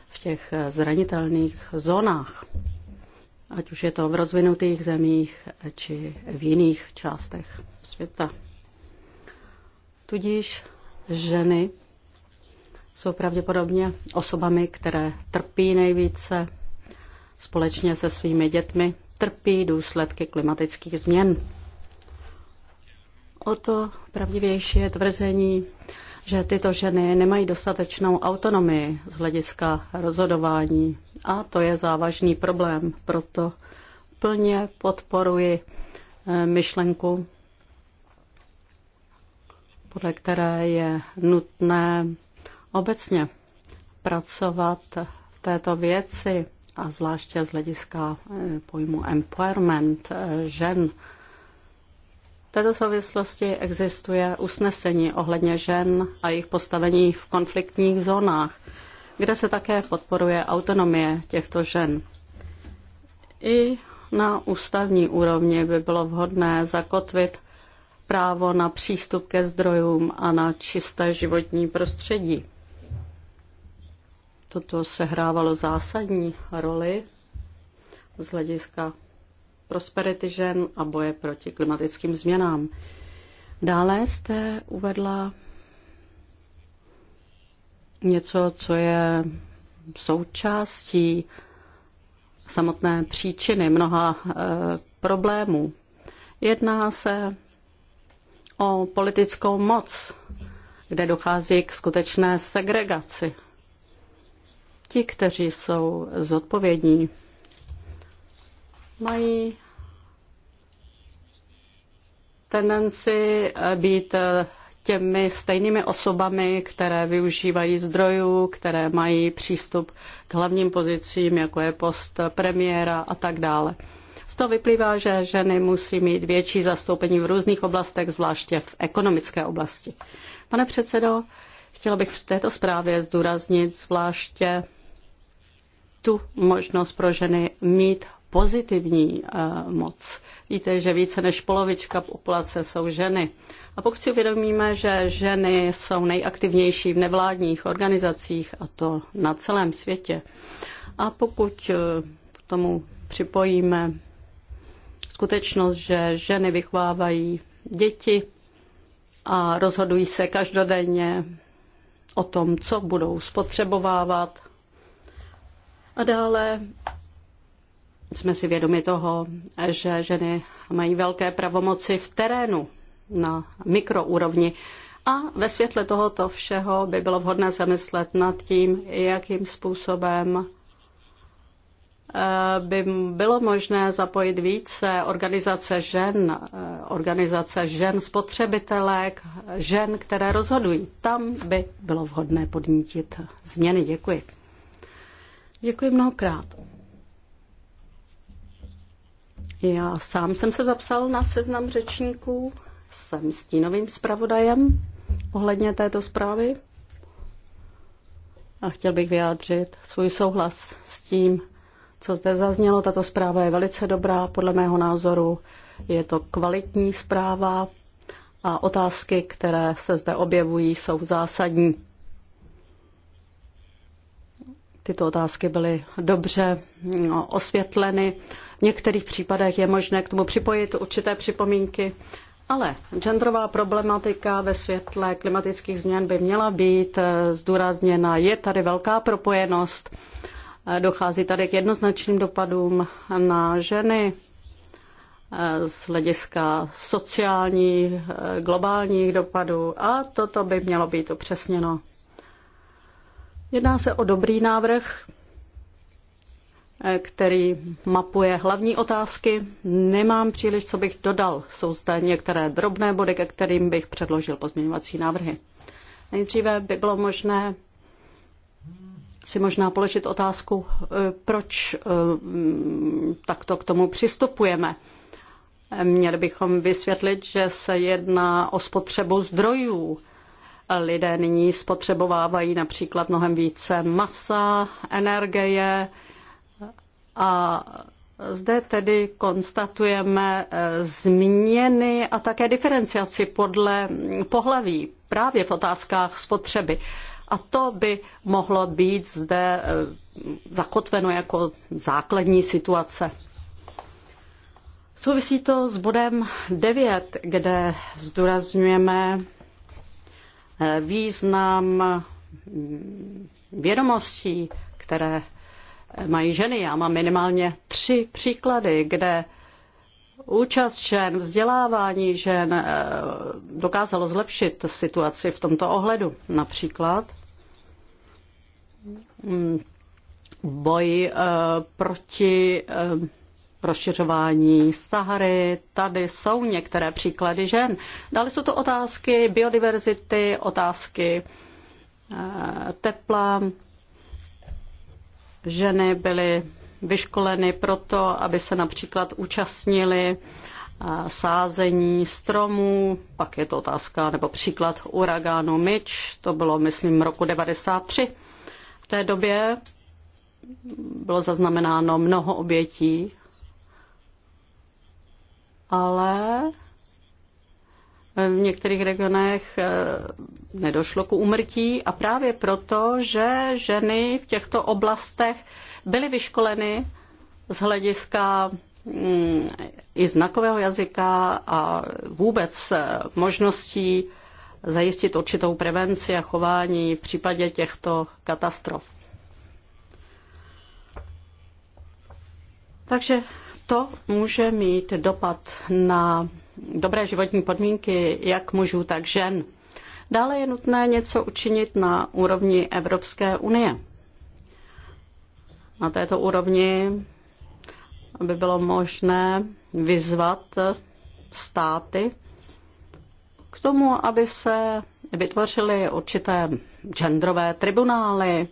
v těch zranitelných zónách, ať už je to v rozvinutých zemích či v jiných částech světa. Tudíž ženy jsou pravděpodobně osobami, které trpí nejvíce společně se svými dětmi, trpí důsledky klimatických změn. O to pravdivější je tvrzení, že tyto ženy nemají dostatečnou autonomii z hlediska rozhodování a to je závažný problém. Proto plně podporuji eh, myšlenku, podle které je nutné obecně pracovat v této věci a zvláště z hlediska eh, pojmu empowerment eh, žen. V této souvislosti existuje usnesení ohledně žen a jejich postavení v konfliktních zónách, kde se také podporuje autonomie těchto žen. I na ústavní úrovni by bylo vhodné zakotvit právo na přístup ke zdrojům a na čisté životní prostředí. Toto sehrávalo zásadní roli z hlediska prosperity žen a boje proti klimatickým změnám. Dále jste uvedla něco, co je součástí samotné příčiny mnoha e, problémů. Jedná se o politickou moc, kde dochází k skutečné segregaci ti, kteří jsou zodpovědní, mají tendenci eh, být eh, těmi stejnými osobami, které využívají zdrojů, které mají přístup k hlavním pozicím, jako je post premiéra a tak dále. Z toho vyplývá, že ženy musí mít větší zastoupení v různých oblastech, zvláště v ekonomické oblasti. Pane předsedo, chtěla bych v této zprávě zdůraznit zvláště tu možnost pro ženy mít pozitivní eh, moc. Víte, že více než polovička populace jsou ženy. A pokud si uvědomíme, že ženy jsou nejaktivnější v nevládních organizacích, a to na celém světě, a pokud eh, k tomu připojíme skutečnost, že ženy vychovávají děti a rozhodují se každodenně o tom, co budou spotřebovávat, a dále jsme si vědomi toho, že ženy mají velké pravomoci v terénu na mikroúrovni. A ve světle tohoto všeho by bylo vhodné zamyslet nad tím, jakým způsobem eh, by bylo možné zapojit více organizace žen, eh, organizace žen spotřebitelek, žen, které rozhodují. Tam by bylo vhodné podnítit změny. Děkuji. Děkuji mnohokrát. Já sám jsem se zapsal na seznam řečníků, jsem stínovým zpravodajem ohledně této zprávy a chtěl bych vyjádřit svůj souhlas s tím, co zde zaznělo. Tato zpráva je velice dobrá, podle mého názoru je to kvalitní zpráva a otázky, které se zde objevují, jsou zásadní. Tyto otázky byly dobře mm, osvětleny. V některých případech je možné k tomu připojit určité připomínky, ale genderová problematika ve světle klimatických změn by měla být eh, zdůrazněna. Je tady velká propojenost, eh, dochází tady k jednoznačným dopadům na ženy eh, z hlediska sociálních, globálních dopadů a toto by mělo být upřesněno. Jedná se o dobrý návrh, eh, který mapuje hlavní otázky. Nemám příliš, co bych dodal. Jsou zde některé drobné body, ke kterým bych předložil pozměňovací návrhy. Nejdříve by bylo možné si možná položit otázku, eh, proč eh, mm, takto k tomu přistupujeme. Měli bychom vysvětlit, že se jedná o spotřebu zdrojů lidé nyní spotřebovávají například mnohem více masa, energie a zde tedy konstatujeme eh, změny a také diferenciaci podle pohlaví právě v otázkách spotřeby. A to by mohlo být zde eh, zakotveno jako základní situace. Souvisí to s bodem 9, kde zdůrazňujeme význam vědomostí, které mají ženy. Já mám minimálně tři příklady, kde účast žen, vzdělávání žen eh, dokázalo zlepšit situaci v tomto ohledu. Například hm, boj eh, proti eh, rozšiřování Sahary. Tady jsou některé příklady žen. Dále jsou to otázky biodiverzity, otázky eh, tepla. Ženy byly vyškoleny proto, aby se například účastnili eh, sázení stromů, pak je to otázka nebo příklad uragánu Mitch, to bylo myslím roku 93. V té době bylo zaznamenáno mnoho obětí ale v některých regionech eh, nedošlo k úmrtí a právě proto, že ženy v těchto oblastech byly vyškoleny z hlediska mm, i znakového jazyka a vůbec eh, možností zajistit určitou prevenci a chování v případě těchto katastrof. Takže to může mít dopad na dobré životní podmínky jak mužů, tak žen. Dále je nutné něco učinit na úrovni Evropské unie. Na této úrovni by bylo možné vyzvat státy k tomu, aby se vytvořily určité genderové tribunály,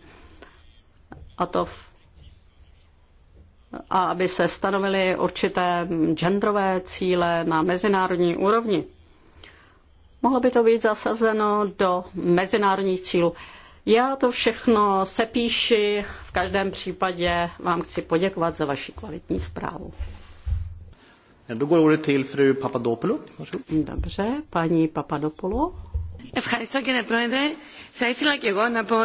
a to v a aby se stanovily určité genderové cíle na mezinárodní úrovni. Mohlo by to být zasazeno do mezinárodních cílů. Já to všechno sepíši, v každém případě vám chci poděkovat za vaši kvalitní zprávu. Dobře, paní Papadopoulou. Ευχαριστώ κύριε Πρόεδρε. Θα ήθελα και εγώ να πω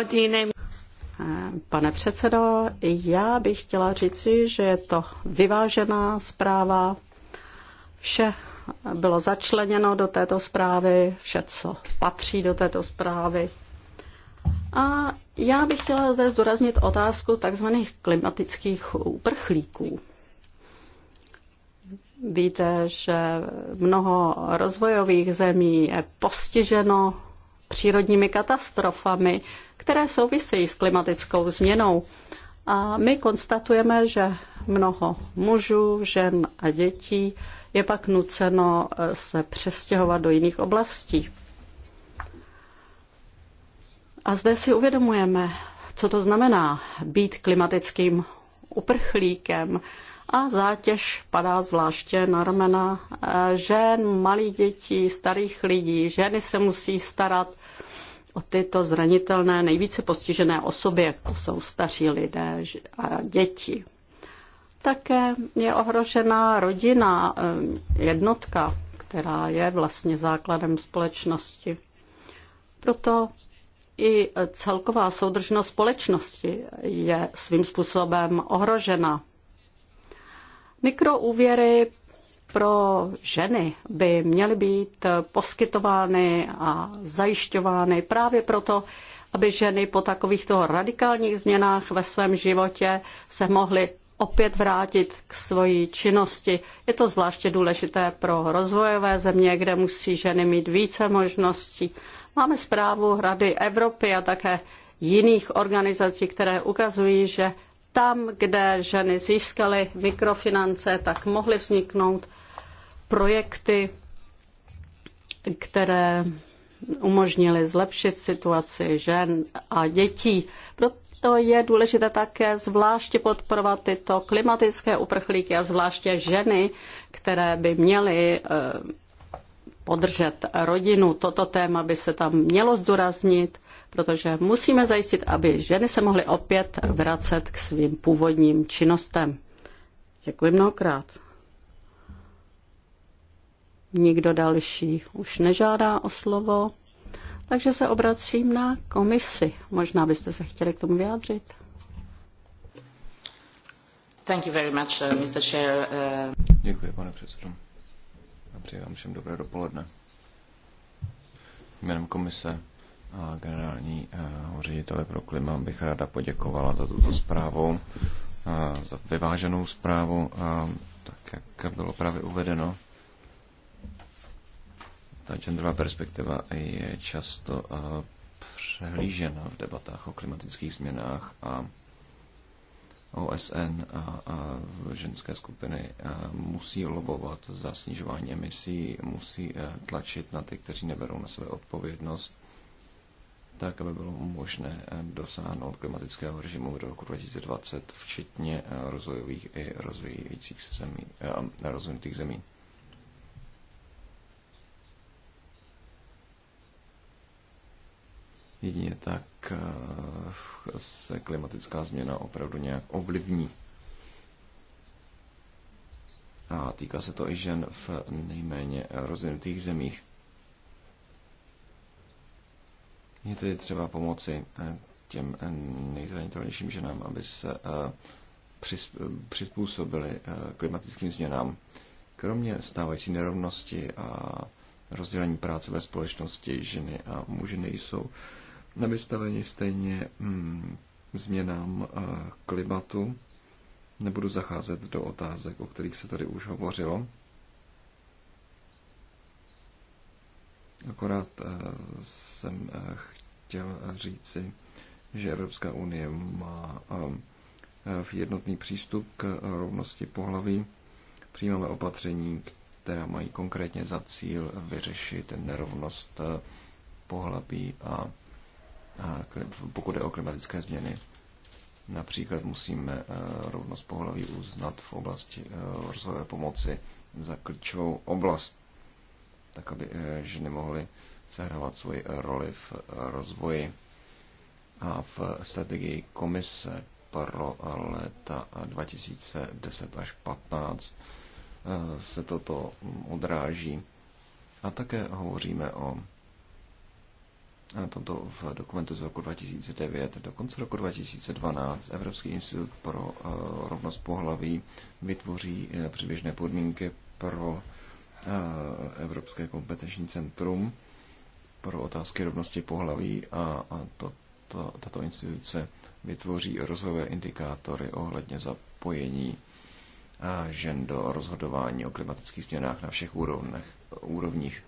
Pane předsedo, já bych chtěla říci, že je to vyvážená zpráva. Vše bylo začleněno do této zprávy, vše, co patří do této zprávy. A já bych chtěla zde zdůraznit otázku tzv. klimatických uprchlíků. Víte, že mnoho rozvojových zemí je postiženo přírodními katastrofami, které souvisejí s klimatickou změnou. A my konstatujeme, že mnoho mužů, žen a dětí je pak nuceno eh, se přestěhovat do jiných oblastí. A zde si uvědomujeme, co to znamená být klimatickým uprchlíkem. A zátěž padá zvláště na ramena eh, žen, malých dětí, starých lidí. Ženy se musí starat o tyto zranitelné, nejvíce postižené osoby, jako jsou staří lidé a děti. Také je ohrožena rodina, eh, jednotka, která je vlastně základem společnosti. Proto i celková soudržnost společnosti je svým způsobem ohrožena. Mikroúvěry pro ženy by měly být poskytovány a zajišťovány právě proto, aby ženy po takovýchto radikálních změnách ve svém životě se mohly opět vrátit k svojí činnosti. Je to zvláště důležité pro rozvojové země, kde musí ženy mít více možností. Máme zprávu Rady Evropy a také jiných organizací, které ukazují, že tam, kde ženy získaly mikrofinance, tak mohly vzniknout projekty, které umožnily zlepšit situaci žen a dětí. Proto je důležité také zvláště podporovat tyto klimatické uprchlíky a zvláště ženy, které by měly eh, podržet rodinu. Toto téma by se tam mělo zdůraznit protože musíme zajistit, aby ženy se mohly opět vracet k svým původním činnostem. Děkuji mnohokrát. Nikdo další už nežádá o slovo, takže se obracím na komisi. Možná byste se chtěli k tomu vyjádřit. Thank you very much, uh, Mr. Chair. Uh... Děkuji, pane předsedo. A přeji vám všem dobré dopoledne. Jménem komise a generální eh, ředitele pro klima bych ráda poděkovala za tuto zprávu, eh, za vyváženou zprávu, eh, tak jak bylo právě uvedeno. Ta genderová perspektiva je často přehlížena v debatách o klimatických změnách a OSN a, a ženské skupiny musí lobovat za snižování emisí, musí tlačit na ty, kteří neberou na sebe odpovědnost tak aby bylo možné eh, dosáhnout klimatického režimu do roku 2020, včetně eh, rozvojových i rozvíjících se zemí, eh, rozvinutých zemí. Jedině tak se klimatická změna opravdu nějak ovlivní. A týká se to i žen v nejméně rozvinutých zemích. Je tedy třeba pomoci eh, těm eh, nejzranitelnějším ženám, aby se eh, přizpůsobili klimatickým změnám. Kromě stávající nerovnosti a rozdělení práce ve společnosti ženy a muži nejsou nevystaveni stejně hmm, změnám klimatu. Nebudu zacházet do otázek, o kterých se tady už hovořilo. Akorát jsem chtěl říci, že Evropská unie má um, v jednotný přístup k rovnosti pohlaví. Přijímáme opatření, která mají konkrétně za cíl vyřešit nerovnost uh, pohlaví a, a pokud je o klimatické změny. Například musíme uh, rovnost pohlaví uznat v oblasti uh, rozvojové pomoci za klíčovou oblast, tak aby ženy mohly sehrávat svoji roli v rozvoji a v strategii komise pro léta 2010 až 2015 eh, se toto odráží. A také hovoříme o tomto v dokumentu z roku 2009. Do konce roku 2012 Evropský institut pro eh, rovnost pohlaví vytvoří eh, předběžné podmínky pro Evropské kompetenční centrum pro otázky rovnosti pohlaví a, a to, to, tato instituce vytvoří rozvojové indikátory ohledně zapojení a žen do rozhodování o klimatických změnách na všech úrovnech, úrovních.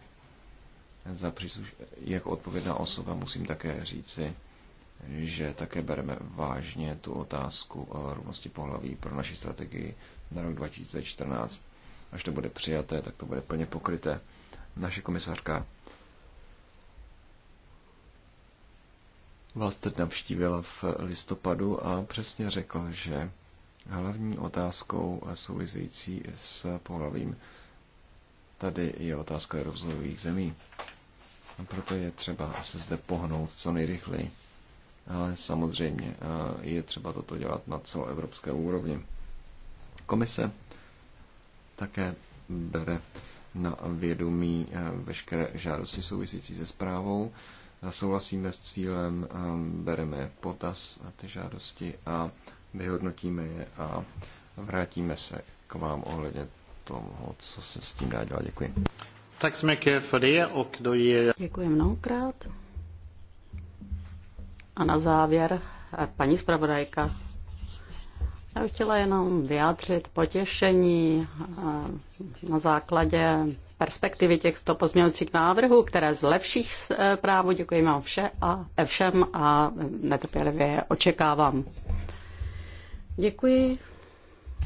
Za přísluš... Jako odpovědná osoba musím také říci, že také bereme vážně tu otázku o rovnosti pohlaví pro naši strategii na rok 2014. Až to bude přijaté, tak to bude plně pokryté. Naše komisařka vás teď navštívila v listopadu a přesně řekla, že hlavní otázkou související s pohlavím tady je otázka rozvojových zemí. A proto je třeba se zde pohnout co nejrychleji. Ale samozřejmě je třeba toto dělat na celoevropské úrovni. Komise také bere na vědomí veškeré žádosti související se zprávou souhlasíme s cílem, um, bereme potaz a ty žádosti a vyhodnotíme je a vrátíme se k vám ohledně toho, co se s tím dá dělat. Děkuji. Tak jsme ke det a då je. Děkuji mnohokrát. A na závěr eh, paní zpravodajka já bych chtěla jenom vyjádřit potěšení eh, na základě perspektivy těchto pozměňovacích návrhů, které zlepší eh, právo. Děkuji vám vše a, eh, všem a netrpělivě očekávám. Děkuji.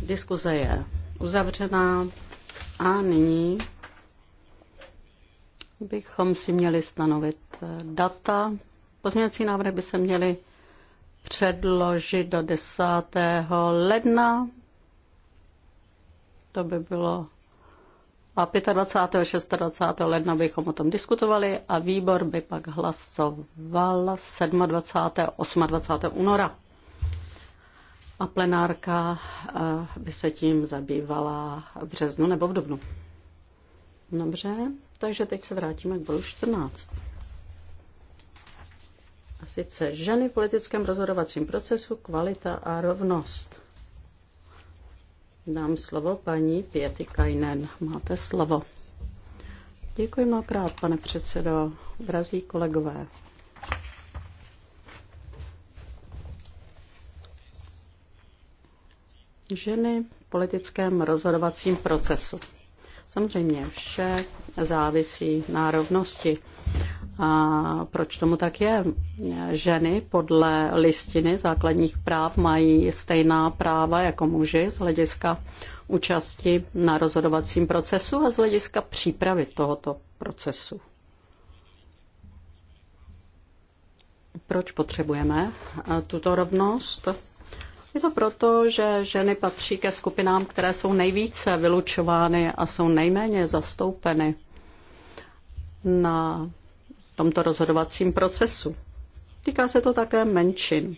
Diskuze je uzavřená a nyní bychom si měli stanovit data. Pozměňovací návrhy by se měly předložit do 10. ledna. To by bylo. A 25. 26. ledna bychom o tom diskutovali a výbor by pak hlasoval 27. 28. 20. února. A plenárka eh, by se tím zabývala v březnu nebo v dubnu. Dobře, takže teď se vrátíme k bodu 14. A sice ženy v politickém rozhodovacím procesu, kvalita a rovnost. Dám slovo paní Pěty Kajnen. Máte slovo. Děkuji mnohokrát, pane předsedo. Drazí kolegové. Ženy v politickém rozhodovacím procesu. Samozřejmě vše závisí na rovnosti. A proč tomu tak je? Ženy podle listiny základních práv mají stejná práva jako muži z hlediska účasti na rozhodovacím procesu a z hlediska přípravy tohoto procesu. Proč potřebujeme eh, tuto rovnost? Je to proto, že ženy patří ke skupinám, které jsou nejvíce vylučovány a jsou nejméně zastoupeny na tomto rozhodovacím procesu. Týká se to také menšin.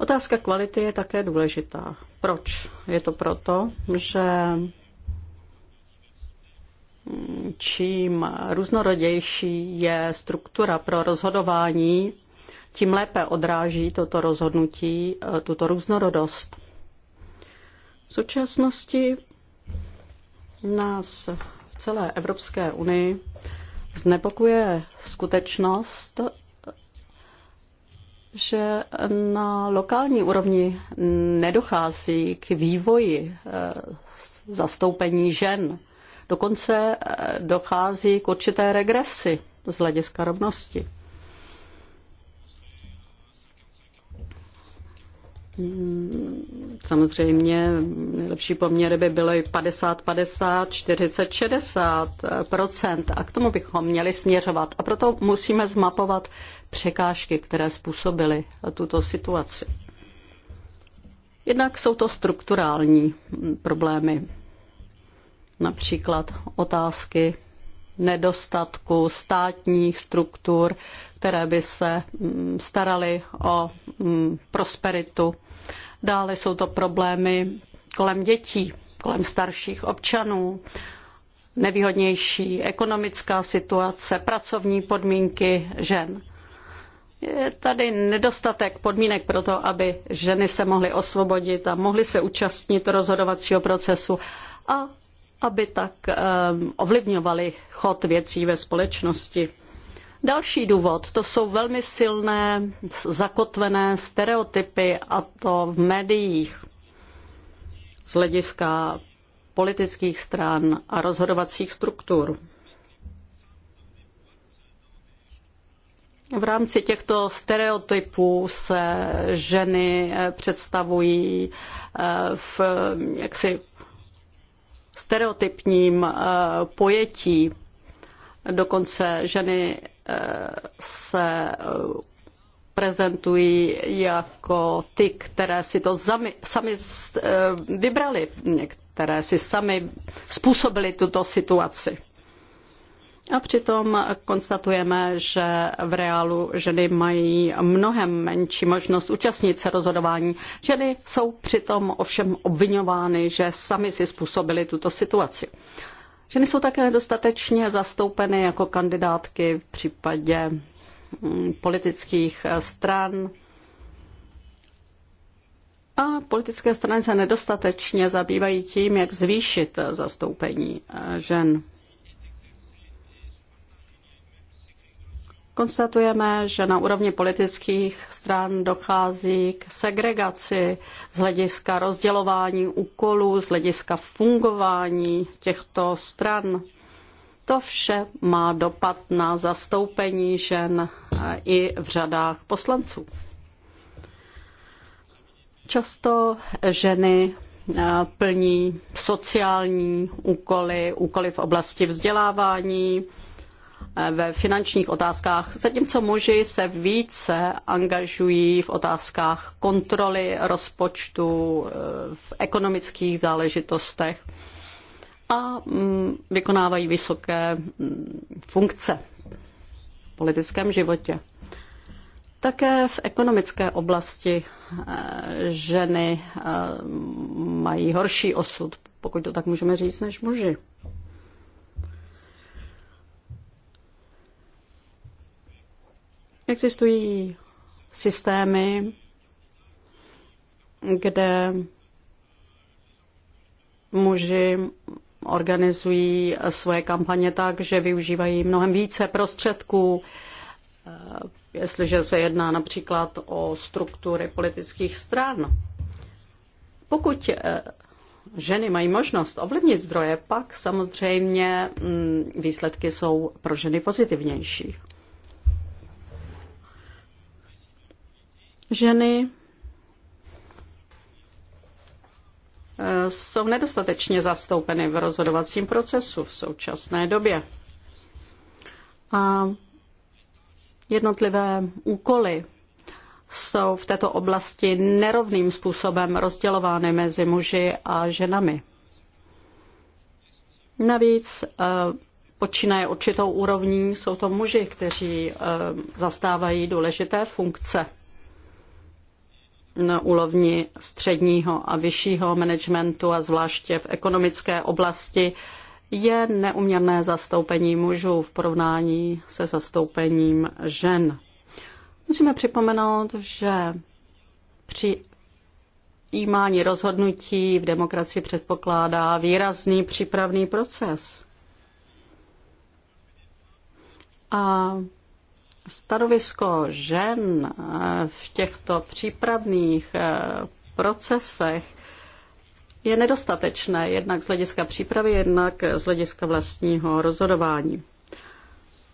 Otázka kvality je také důležitá. Proč? Je to proto, že čím různorodější je struktura pro rozhodování, tím lépe odráží toto rozhodnutí eh, tuto různorodost. V současnosti nás v celé Evropské unii znepokuje skutečnost, že na lokální úrovni nedochází k vývoji eh, zastoupení žen. Dokonce eh, dochází k určité regresi z hlediska rovnosti. Mm, samozřejmě nejlepší poměry by byly 50-50, 40-60 eh, a k tomu bychom měli směřovat. A proto musíme zmapovat překážky, které způsobily tuto situaci. Jednak jsou to strukturální mm, problémy, například otázky nedostatku státních struktur, které by se mm, staraly o prosperitu Dále jsou to problémy kolem dětí, kolem starších občanů, nevýhodnější ekonomická situace, pracovní podmínky žen. Je tady nedostatek podmínek pro to, aby ženy se mohly osvobodit a mohly se účastnit rozhodovacího procesu a aby tak um, ovlivňovaly chod věcí ve společnosti. Další důvod, to jsou velmi silné zakotvené stereotypy a to v médiích z hlediska politických stran a rozhodovacích struktur. V rámci těchto stereotypů se ženy eh, představují eh, v jaksi stereotypním eh, pojetí. Dokonce ženy se eh, prezentují jako ty, které si to sami, sami eh, vybrali, které si sami způsobili tuto situaci. A přitom konstatujeme, že v reálu ženy mají mnohem menší možnost účastnit se rozhodování. Ženy jsou přitom ovšem obvinovány, že sami si způsobili tuto situaci. Ženy jsou také nedostatečně zastoupeny jako kandidátky v případě mm, politických eh, stran. A politické strany se nedostatečně zabývají tím, jak zvýšit eh, zastoupení eh, žen. Konstatujeme, že na úrovni politických stran dochází k segregaci z hlediska rozdělování úkolů, z hlediska fungování těchto stran. To vše má dopad na zastoupení žen e, i v řadách poslanců. Často ženy e, plní sociální úkoly, úkoly v oblasti vzdělávání, Eh, ve finančních otázkách, zatímco muži se více angažují v otázkách kontroly rozpočtu, eh, v ekonomických záležitostech a mm, vykonávají vysoké mm, funkce v politickém životě. Také v ekonomické oblasti eh, ženy mají horší osud, pokud to tak můžeme říct, než muži. Existují systémy, kde muži organizují svoje kampaně tak, že využívají mnohem více prostředků, eh, jestliže se jedná například o struktury politických stran. Pokud eh, ženy mají možnost ovlivnit zdroje, pak samozřejmě mm, výsledky jsou pro ženy pozitivnější. ženy eh, jsou nedostatečně zastoupeny v rozhodovacím procesu v současné době. A jednotlivé úkoly jsou v této oblasti nerovným způsobem rozdělovány mezi muži a ženami. Navíc eh, počínaje určitou úrovní jsou to muži, kteří eh, zastávají důležité funkce na úrovni středního a vyššího managementu a zvláště v ekonomické oblasti je neuměrné zastoupení mužů v porovnání se zastoupením žen. Musíme připomenout, že při jímání rozhodnutí v demokracii předpokládá výrazný přípravný proces. A Stanovisko žen eh, v těchto přípravných eh, procesech je nedostatečné jednak z hlediska přípravy, jednak z hlediska vlastního rozhodování.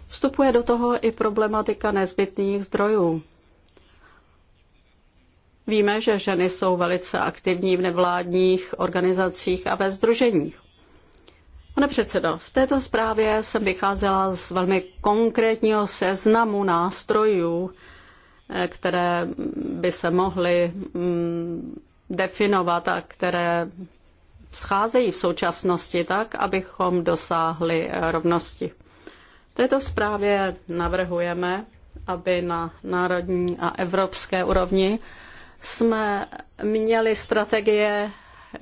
Vstupuje do toho i problematika nezbytných zdrojů. Víme, že ženy jsou velice aktivní v nevládních organizacích a ve združeních. Pane předsedo, v této zprávě jsem vycházela z velmi konkrétního seznamu nástrojů, eh, které by se mohly mm, definovat a které scházejí v současnosti tak, abychom dosáhli eh, rovnosti. V této zprávě navrhujeme, aby na národní a evropské úrovni jsme měli strategie,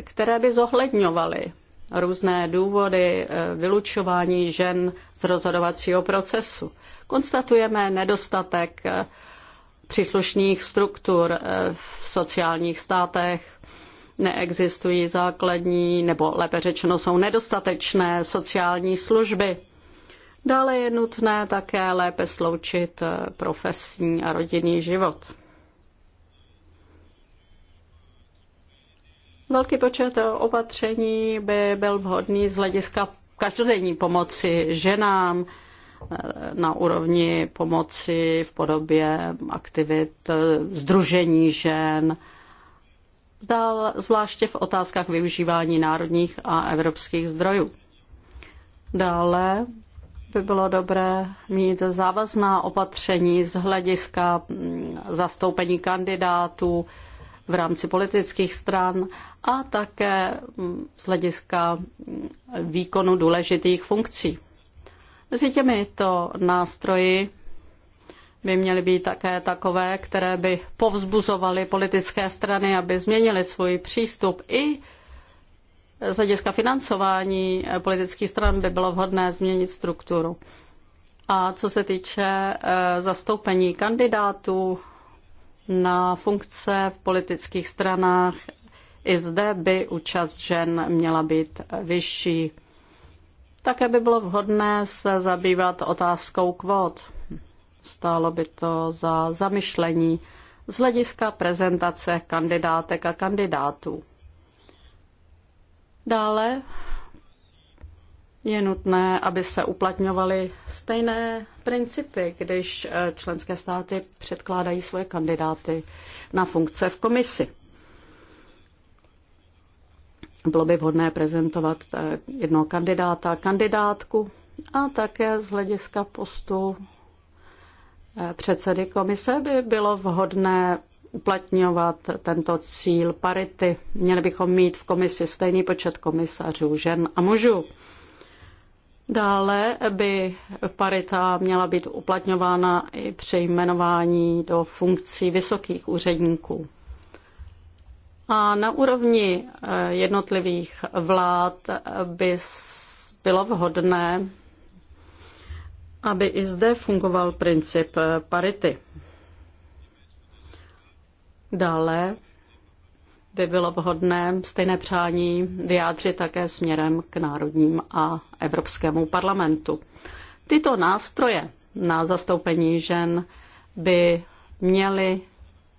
které by zohledňovaly různé důvody eh, vylučování žen z rozhodovacího procesu. Konstatujeme nedostatek eh, příslušných struktur eh, v sociálních státech, neexistují základní, nebo lépe řečeno jsou nedostatečné sociální služby. Dále je nutné také lépe sloučit profesní a rodinný život. Velký počet opatření by byl vhodný z hlediska každodenní pomoci ženám eh, na úrovni pomoci v podobě aktivit združení eh, žen, dál zvláště v otázkách využívání národních a evropských zdrojů. Dále by bylo dobré mít závazná opatření z hlediska mm, zastoupení kandidátů, v rámci politických stran a také z hlediska výkonu důležitých funkcí. Mezi těmito nástroji by měly být také takové, které by povzbuzovaly politické strany, aby změnily svůj přístup i z hlediska financování politických stran by bylo vhodné změnit strukturu. A co se týče eh, zastoupení kandidátů na funkce v politických stranách. I zde by účast žen měla být vyšší. Také by bylo vhodné se zabývat otázkou kvót. Stálo by to za zamyšlení z hlediska prezentace kandidátek a kandidátů. Dále je nutné, aby se uplatňovaly stejné principy, když eh, členské státy předkládají svoje kandidáty na funkce v komisi. Bylo by vhodné prezentovat eh, jednoho kandidáta, kandidátku a také z hlediska postu eh, předsedy komise by bylo vhodné uplatňovat tento cíl parity. Měli bychom mít v komisi stejný počet komisařů žen a mužů. Dále by parita měla být uplatňována i při jmenování do funkcí vysokých úředníků. A na úrovni eh, jednotlivých vlád by bylo vhodné, aby i zde fungoval princip eh, parity. Dále by bylo vhodné stejné přání vyjádřit také směrem k národním a Evropskému parlamentu. Tyto nástroje na zastoupení žen by měly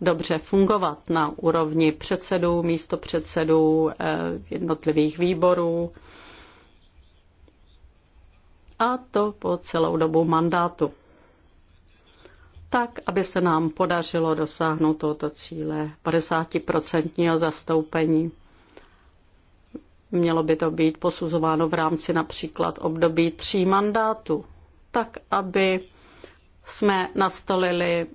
dobře fungovat na úrovni předsedů, místopředsedů eh, jednotlivých výborů a to po celou dobu mandátu tak, aby se nám podařilo dosáhnout tohoto cíle 50% zastoupení. Mělo by to být posuzováno v rámci například období tří mandátu, tak, aby jsme nastolili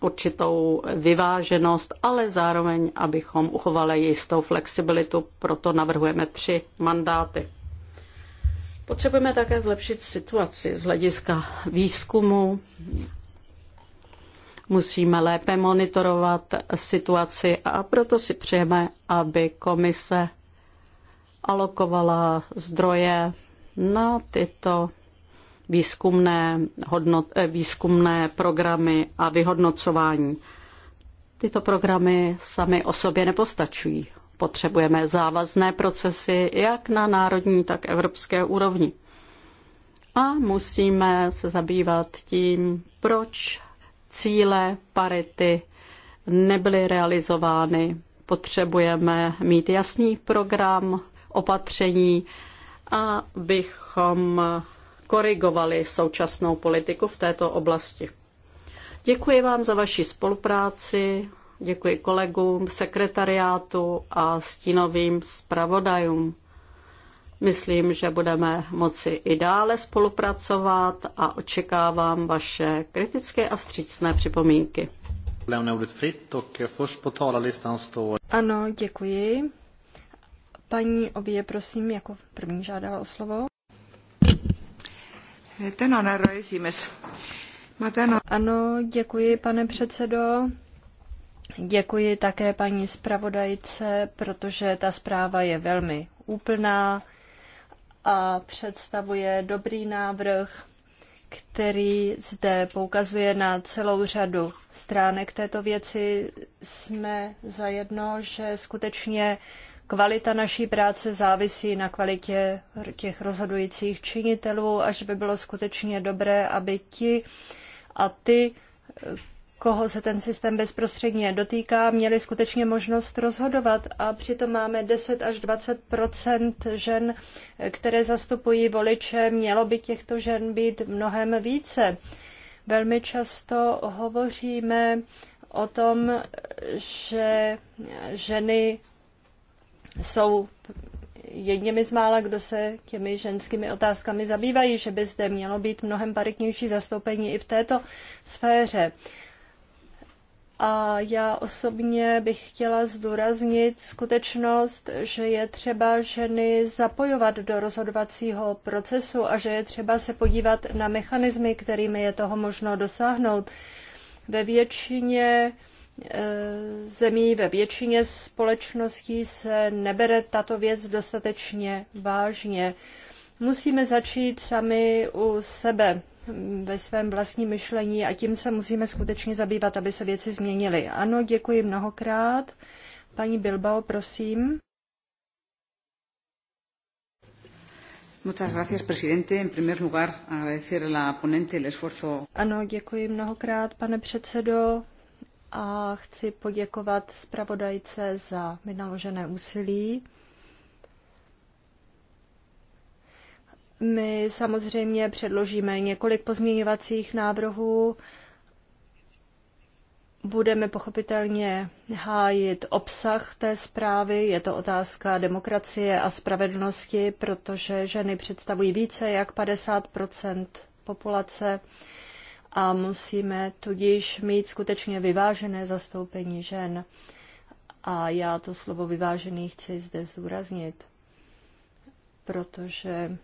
určitou vyváženost, ale zároveň, abychom uchovali jistou flexibilitu, proto navrhujeme tři mandáty. Potřebujeme také zlepšit situaci z hlediska výzkumu musíme lépe monitorovat situaci a proto si přejeme, aby komise alokovala zdroje na tyto výzkumné, hodnot, eh, výzkumné programy a vyhodnocování. Tyto programy sami o sobě nepostačují. Potřebujeme závazné procesy jak na národní, tak evropské úrovni. A musíme se zabývat tím, proč cíle parity nebyly realizovány. Potřebujeme mít jasný program opatření, abychom korigovali současnou politiku v této oblasti. Děkuji vám za vaši spolupráci, děkuji kolegům, sekretariátu a stínovým zpravodajům. Myslím, že budeme moci i dále spolupracovat a očekávám vaše kritické a vstřícné připomínky. Ano, děkuji. Paní obě, prosím, jako první žádala o slovo. Ano, děkuji, pane předsedo. Děkuji také paní zpravodajce, protože ta zpráva je velmi úplná a představuje dobrý návrh, který zde poukazuje na celou řadu stránek této věci. Jsme zajedno, že skutečně kvalita naší práce závisí na kvalitě těch rozhodujících činitelů a že by bylo skutečně dobré, aby ti a ty, koho se ten systém bezprostředně dotýká, měli skutečně možnost rozhodovat. A přitom máme 10 až 20 žen, které zastupují voliče. Mělo by těchto žen být mnohem více. Velmi často hovoříme o tom, že ženy jsou jedněmi z mála, kdo se těmi ženskými otázkami zabývají, že by zde mělo být mnohem paritnější zastoupení i v této sféře. A já osobně bych chtěla zdůraznit skutečnost, že je třeba ženy zapojovat do rozhodovacího procesu a že je třeba se podívat na mechanismy, kterými je toho možno dosáhnout. Ve většině e, zemí, ve většině společností se nebere tato věc dostatečně vážně. Musíme začít sami u sebe ve svém vlastním myšlení a tím se musíme skutečně zabývat, aby se věci změnily. Ano, děkuji mnohokrát. Paní Bilbao, prosím. Muchas gracias, presidente. En primer lugar, agradecer a la ponente el esfuerzo. Ano, děkuji mnohokrát, pane předsedo, a chci poděkovat zpravodajce za vynaložené úsilí. My samozřejmě předložíme několik pozměňovacích návrhů. Budeme pochopitelně hájit obsah té zprávy. Je to otázka demokracie a spravedlnosti, protože ženy představují více jak 50 populace a musíme tudíž mít skutečně vyvážené zastoupení žen. A já to slovo vyvážený chci zde zdůraznit, protože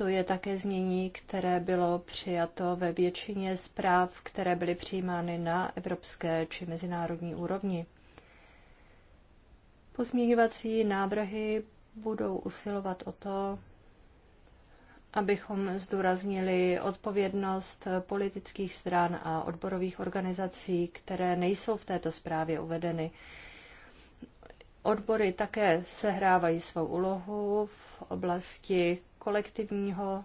to je také znění, které bylo přijato ve většině zpráv, které byly přijímány na evropské či mezinárodní úrovni. Pozměňovací návrhy budou usilovat o to, abychom zdůraznili odpovědnost politických stran a odborových organizací, které nejsou v této zprávě uvedeny. Odbory také sehrávají svou úlohu v oblasti kolektivního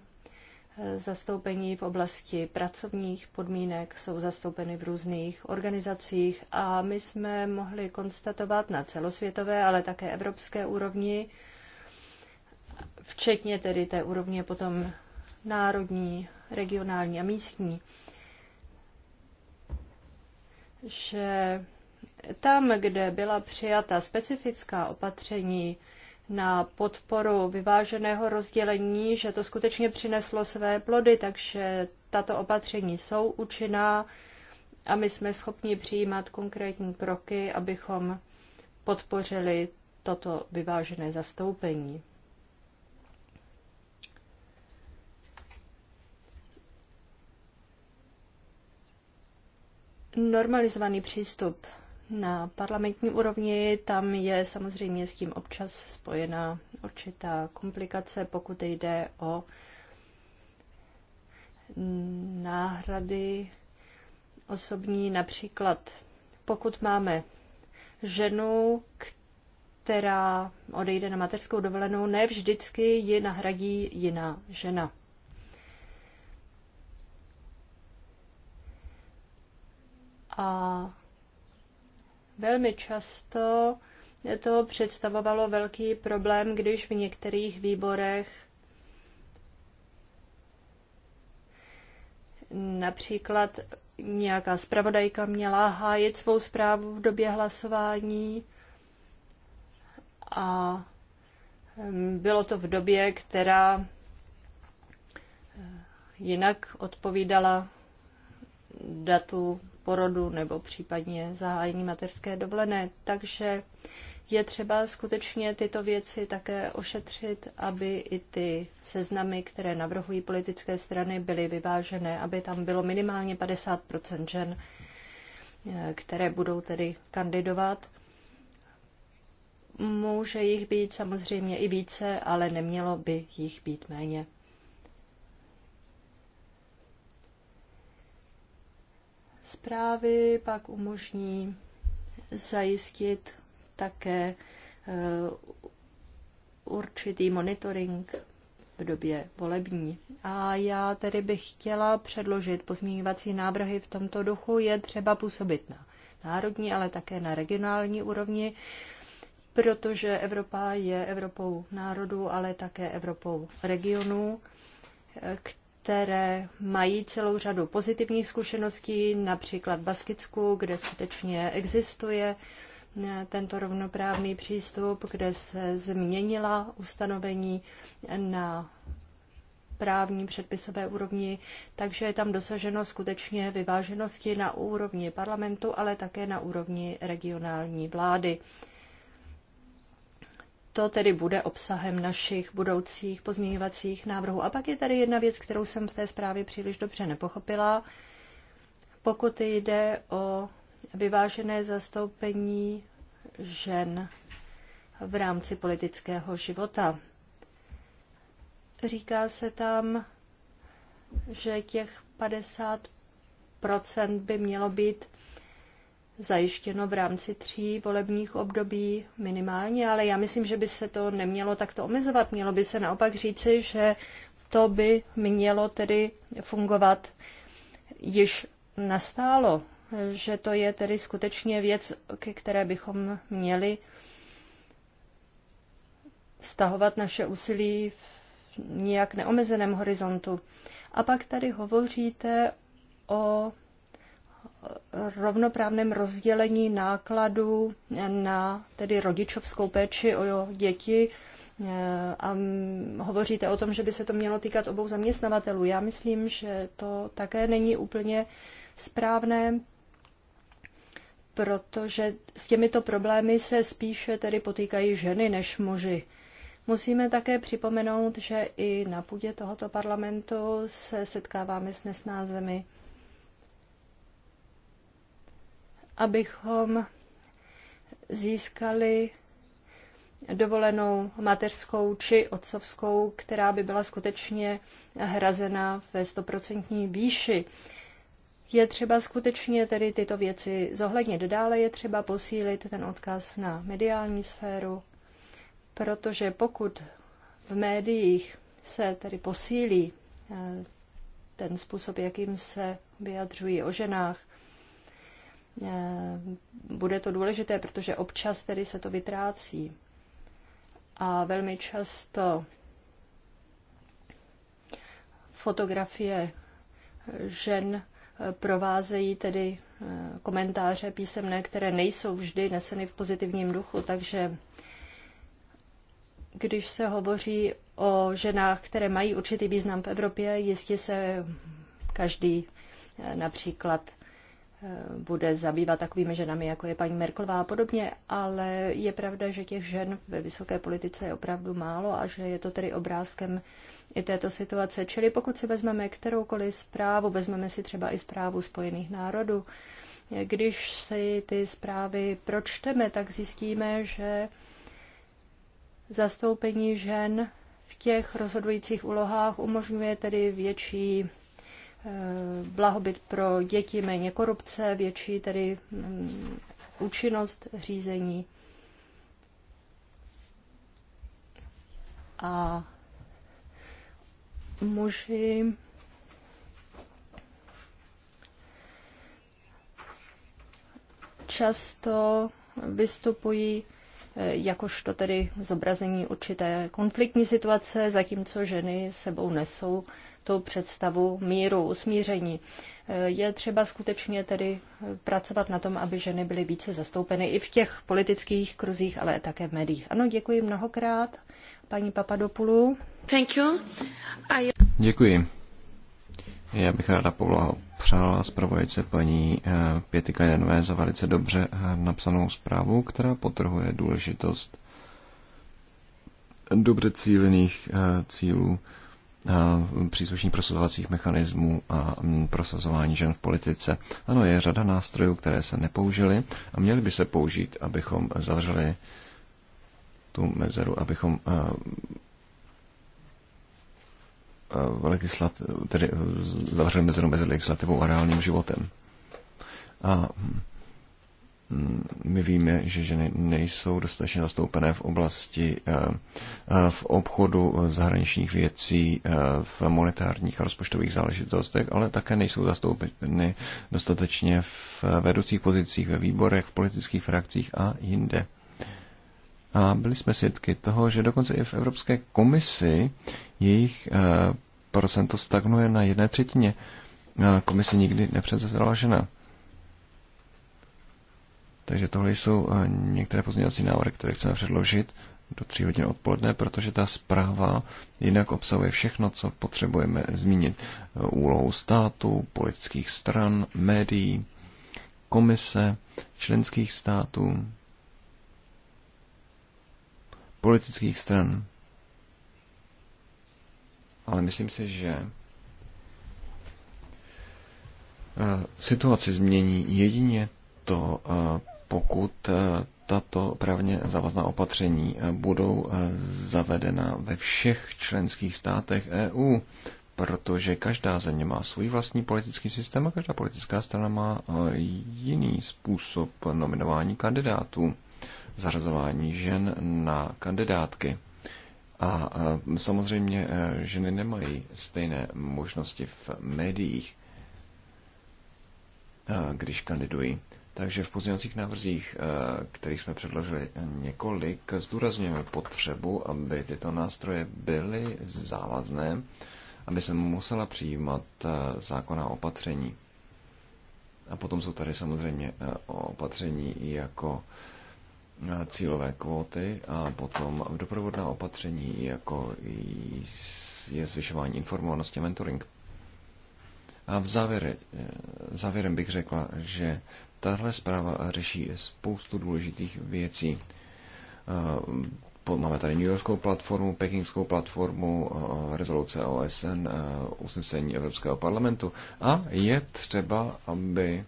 eh, zastoupení v oblasti pracovních podmínek, jsou zastoupeny v různých organizacích a my jsme mohli konstatovat na celosvětové, ale také evropské úrovni, včetně tedy té úrovně potom národní, regionální a místní, že tam, kde byla přijata specifická opatření na podporu vyváženého rozdělení, že to skutečně přineslo své plody, takže tato opatření jsou účinná a my jsme schopni přijímat konkrétní kroky, abychom podpořili toto vyvážené zastoupení. Normalizovaný přístup na parlamentní úrovni. Tam je samozřejmě s tím občas spojena určitá komplikace, pokud jde o náhrady osobní. Například pokud máme ženu, která odejde na mateřskou dovolenou, ne vždycky ji nahradí jiná žena. A Velmi často to představovalo velký problém, když v některých výborech například nějaká zpravodajka měla hájit svou zprávu v době hlasování a mm, bylo to v době, která eh, jinak odpovídala datu porodu nebo případně zahájení mateřské dovolené. Takže je třeba skutečně tyto věci také ošetřit, aby i ty seznamy, které navrhují politické strany, byly vyvážené, aby tam bylo minimálně 50 žen, které budou tedy kandidovat. Může jich být samozřejmě i více, ale nemělo by jich být méně. zprávy pak umožní zajistit také eh, určitý monitoring v době volební. A já tedy bych chtěla předložit pozměňovací návrhy v tomto duchu. Je třeba působit na národní, ale také na regionální úrovni, protože Evropa je Evropou národů, ale také Evropou regionů, eh, které mají celou řadu pozitivních zkušeností, například v Baskicku, kde skutečně existuje eh, tento rovnoprávný přístup, kde se změnila ustanovení na právní předpisové úrovni, takže je tam dosaženo skutečně vyváženosti na úrovni parlamentu, ale také na úrovni regionální vlády to tedy bude obsahem našich budoucích pozměňovacích návrhů. A pak je tady jedna věc, kterou jsem v té zprávě příliš dobře nepochopila. Pokud jde o vyvážené zastoupení žen v rámci politického života. Říká se tam, že těch 50 by mělo být zajištěno v rámci tří volebních období minimálně, ale já myslím, že by se to nemělo takto omezovat. Mělo by se naopak říci, že to by mělo tedy fungovat již nastálo, že to je tedy skutečně věc, ke které bychom měli stahovat naše úsilí v nějak neomezeném horizontu. A pak tady hovoříte o rovnoprávném rozdělení nákladů na tedy rodičovskou péči o děti e, a hovoříte o tom, že by se to mělo týkat obou zaměstnavatelů. Já myslím, že to také není úplně správné, protože s těmito problémy se spíše tedy potýkají ženy než muži. Musíme také připomenout, že i na půdě tohoto parlamentu se setkáváme s nesnázemi abychom získali dovolenou mateřskou či otcovskou, která by byla skutečně hrazena ve stoprocentní výši. Je třeba skutečně tedy tyto věci zohlednit. Dále je třeba posílit ten odkaz na mediální sféru, protože pokud v médiích se tedy posílí eh, ten způsob, jakým se vyjadřují o ženách, Eh, bude to důležité, protože občas tedy se to vytrácí. A velmi často fotografie žen eh, provázejí tedy eh, komentáře písemné, které nejsou vždy neseny v pozitivním duchu, takže když se hovoří o ženách, které mají určitý význam v Evropě, jistě se každý například bude zabývat takovými ženami, jako je paní Merklová a podobně, ale je pravda, že těch žen ve vysoké politice je opravdu málo a že je to tedy obrázkem i této situace. Čili pokud si vezmeme kteroukoliv zprávu, vezmeme si třeba i zprávu Spojených národů, když si ty zprávy pročteme, tak zjistíme, že zastoupení žen v těch rozhodujících úlohách umožňuje tedy větší blahobyt pro děti, méně korupce, větší tedy mm, účinnost řízení. A muži často vystupují eh, jakožto tedy zobrazení určité konfliktní situace, zatímco ženy sebou nesou tu představu míru, usmíření. Je třeba skutečně tedy pracovat na tom, aby ženy byly více zastoupeny i v těch politických kruzích, ale také v médiích. Ano, děkuji mnohokrát, paní Papadopoulou. Thank you. I... Děkuji. Já bych ráda poblahopřála zpravodajce paní eh, Pětikajenové za velice dobře eh, napsanou zprávu, která potrhuje důležitost dobře cílených eh, cílů Eh, příslušných prosazovacích mechanismů a mm, prosazování žen v politice. Ano, je řada nástrojů, které se nepoužily a měly by se použít, abychom zavřeli tu mezeru, abychom eh, eh, tedy zavřeli mezeru mezi legislativou a reálným životem. A hm, Mm, my víme, že ženy nejsou dostatečně zastoupené v oblasti eh, eh, v obchodu zahraničních věcí, eh, v monetárních a rozpočtových záležitostech, ale také nejsou zastoupeny dostatečně v vedoucích pozicích, ve výborech, v politických frakcích a jinde. A byli jsme svědky toho, že dokonce i v Evropské komisi jejich procento stagnuje na jedné třetině. Komise nikdy nepředzazdala žena. Takže tohle jsou eh, některé pozměňovací návrhy, které chceme předložit do 3 hodin odpoledne, protože ta zpráva jinak obsahuje všechno, co potřebujeme zmínit. Eh, úlohu státu, politických stran, médií, komise, členských států, politických stran. Ale myslím si, že eh, situaci změní jedině to pokud eh, tato právně závazná opatření eh, budou eh, zavedena ve všech členských státech EU, protože každá země má svůj vlastní politický systém a každá politická strana má jiný způsob nominování kandidátů, zařazování žen na kandidátky. A samozřejmě ženy nemají stejné možnosti v médiích, když kandidují. Takže v pozměňovacích návrzích, eh, kterých jsme předložili několik, zdůrazňujeme potřebu, aby tyto nástroje byly závazné, aby se musela přijímat eh, zákona opatření. A potom jsou tady samozřejmě eh, opatření jako cílové kvóty a potom doprovodná opatření jako je zvyšování informovanosti mentoring. A v závěre, závěrem bych řekla, že Tahle zpráva řeší spoustu důležitých věcí. Eh, máme tady New Yorkskou platformu, Pekingskou platformu, eh, rezoluce OSN, eh, usnesení Evropského parlamentu a je třeba, aby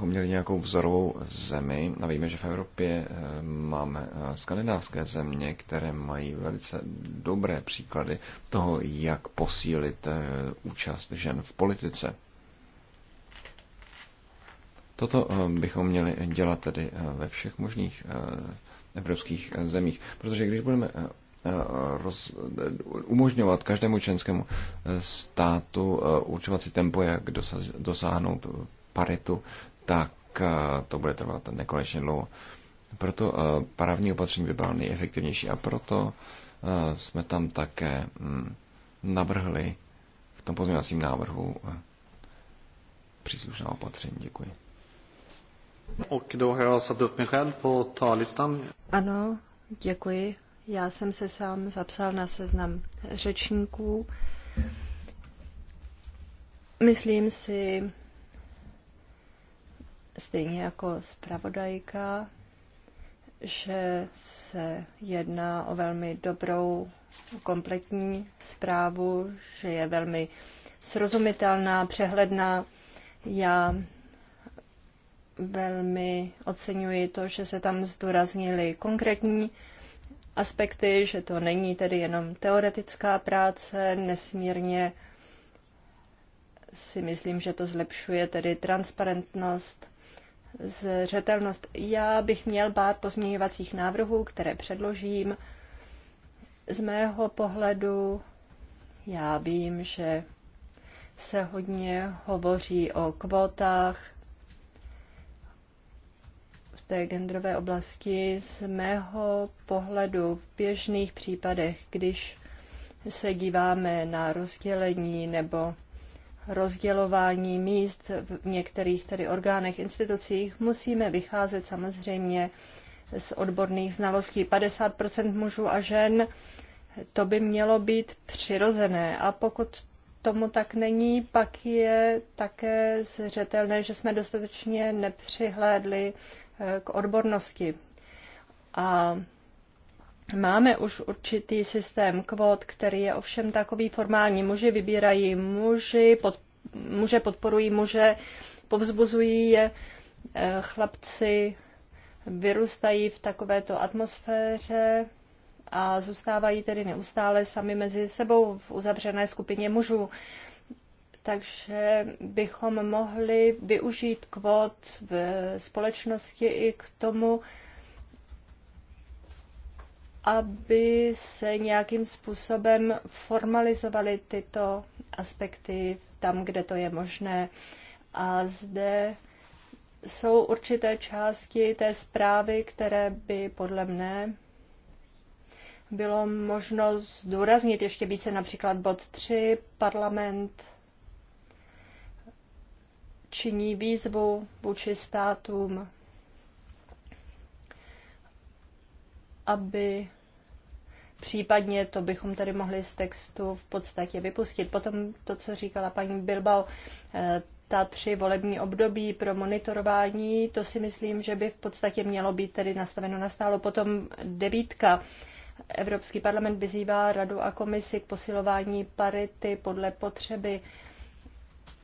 uh, měli nějakou vzorovou zemi. A víme, že v Evropě eh, máme eh, skandinávské země, které mají velice dobré příklady toho, jak posílit účast žen v politice. Toto bychom měli dělat tedy ve všech možných evropských zemích, protože když budeme roz, umožňovat každému členskému státu určovat si tempo, jak dosa, dosáhnout paritu, tak eh, to bude trvat nekonečně dlouho. Proto eh, paravní opatření by bylo nejefektivnější a proto eh, jsme tam také hm, navrhli v tom pozměňovacím návrhu příslušná opatření. Děkuji. Ano, děkuji. Já jsem se sám zapsal na seznam řečníků. Myslím si, stejně jako zpravodajka, že se jedná o velmi dobrou kompletní zprávu, že je velmi srozumitelná, přehledná. Já velmi oceňuji to, že se tam zdůraznili konkrétní aspekty, že to není tedy jenom teoretická práce, nesmírně si myslím, že to zlepšuje tedy transparentnost zřetelnost. Já bych měl pár pozměňovacích návrhů, které předložím. Z mého pohledu já vím, že se hodně hovoří o kvotách, té genderové oblasti z mého pohledu v běžných případech, když se díváme na rozdělení nebo rozdělování míst v některých tedy orgánech, institucích, musíme vycházet samozřejmě z odborných znalostí. 50 mužů a žen, to by mělo být přirozené. A pokud tomu tak není, pak je také zřetelné, že jsme dostatečně nepřihlédli eh, k odbornosti. A Máme už určitý systém kvot, který je ovšem takový formální. Muži vybírají muži, pod, muže podporují muže, povzbuzují je e, chlapci, vyrůstají v takovéto atmosféře a zůstávají tedy neustále sami mezi sebou v uzavřené skupině mužů. Takže bychom mohli využít kvot v společnosti i k tomu, aby se nějakým způsobem formalizovaly tyto aspekty tam, kde to je možné. A zde jsou určité části té zprávy, které by podle mne bylo možno zdůraznit ještě více, například bod 3, parlament činí výzvu vůči státům, aby Případně to bychom tady mohli z textu v podstatě vypustit. Potom to, co říkala paní Bilbao, eh, ta tři volební období pro monitorování, to si myslím, že by v podstatě mělo být tedy nastaveno na stálo. Potom devítka. Evropský parlament vyzývá radu a komisi k posilování parity podle potřeby.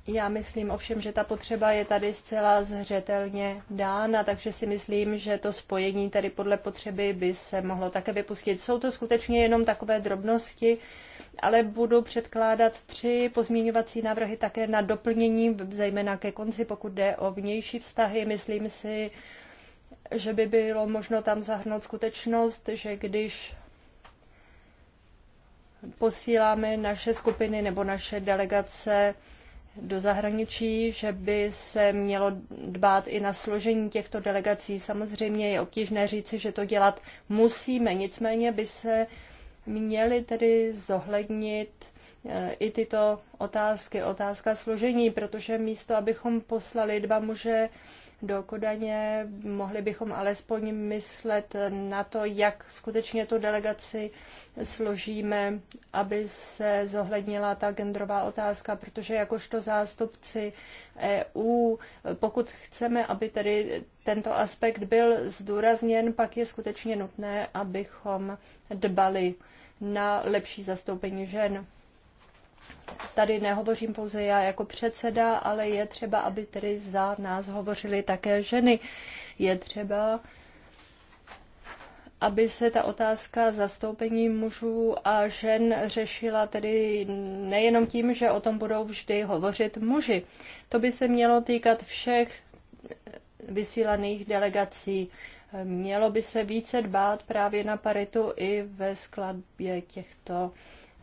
Já myslím ovšem, že ta potřeba je tady zcela zřetelně dána, takže si myslím, že to spojení tady podle potřeby by se mohlo také vypustit. Jsou to skutečně jenom takové drobnosti, ale budu předkládat tři pozměňovací návrhy také na doplnění, zejména ke konci, pokud jde o vnější vztahy. Myslím si, že by bylo možno tam zahrnout skutečnost, že když posíláme naše skupiny nebo naše delegace, do zahraničí, že by se mělo dbát i na složení těchto delegací. Samozřejmě je obtížné říci, že to dělat musíme, nicméně by se měly tedy zohlednit eh, i tyto otázky, otázka složení, protože místo, abychom poslali dva muže, do Kodaně. Mohli bychom alespoň myslet na to, jak skutečně tu delegaci složíme, aby se zohlednila ta genderová otázka, protože jakožto zástupci EU, pokud chceme, aby tedy tento aspekt byl zdůrazněn, pak je skutečně nutné, abychom dbali na lepší zastoupení žen tady nehovořím pouze já jako předseda, ale je třeba, aby tedy za nás hovořily také ženy. Je třeba, aby se ta otázka zastoupení mužů a žen řešila tedy nejenom tím, že o tom budou vždy hovořit muži. To by se mělo týkat všech vysílaných delegací. Mělo by se více dbát právě na paritu i ve skladbě těchto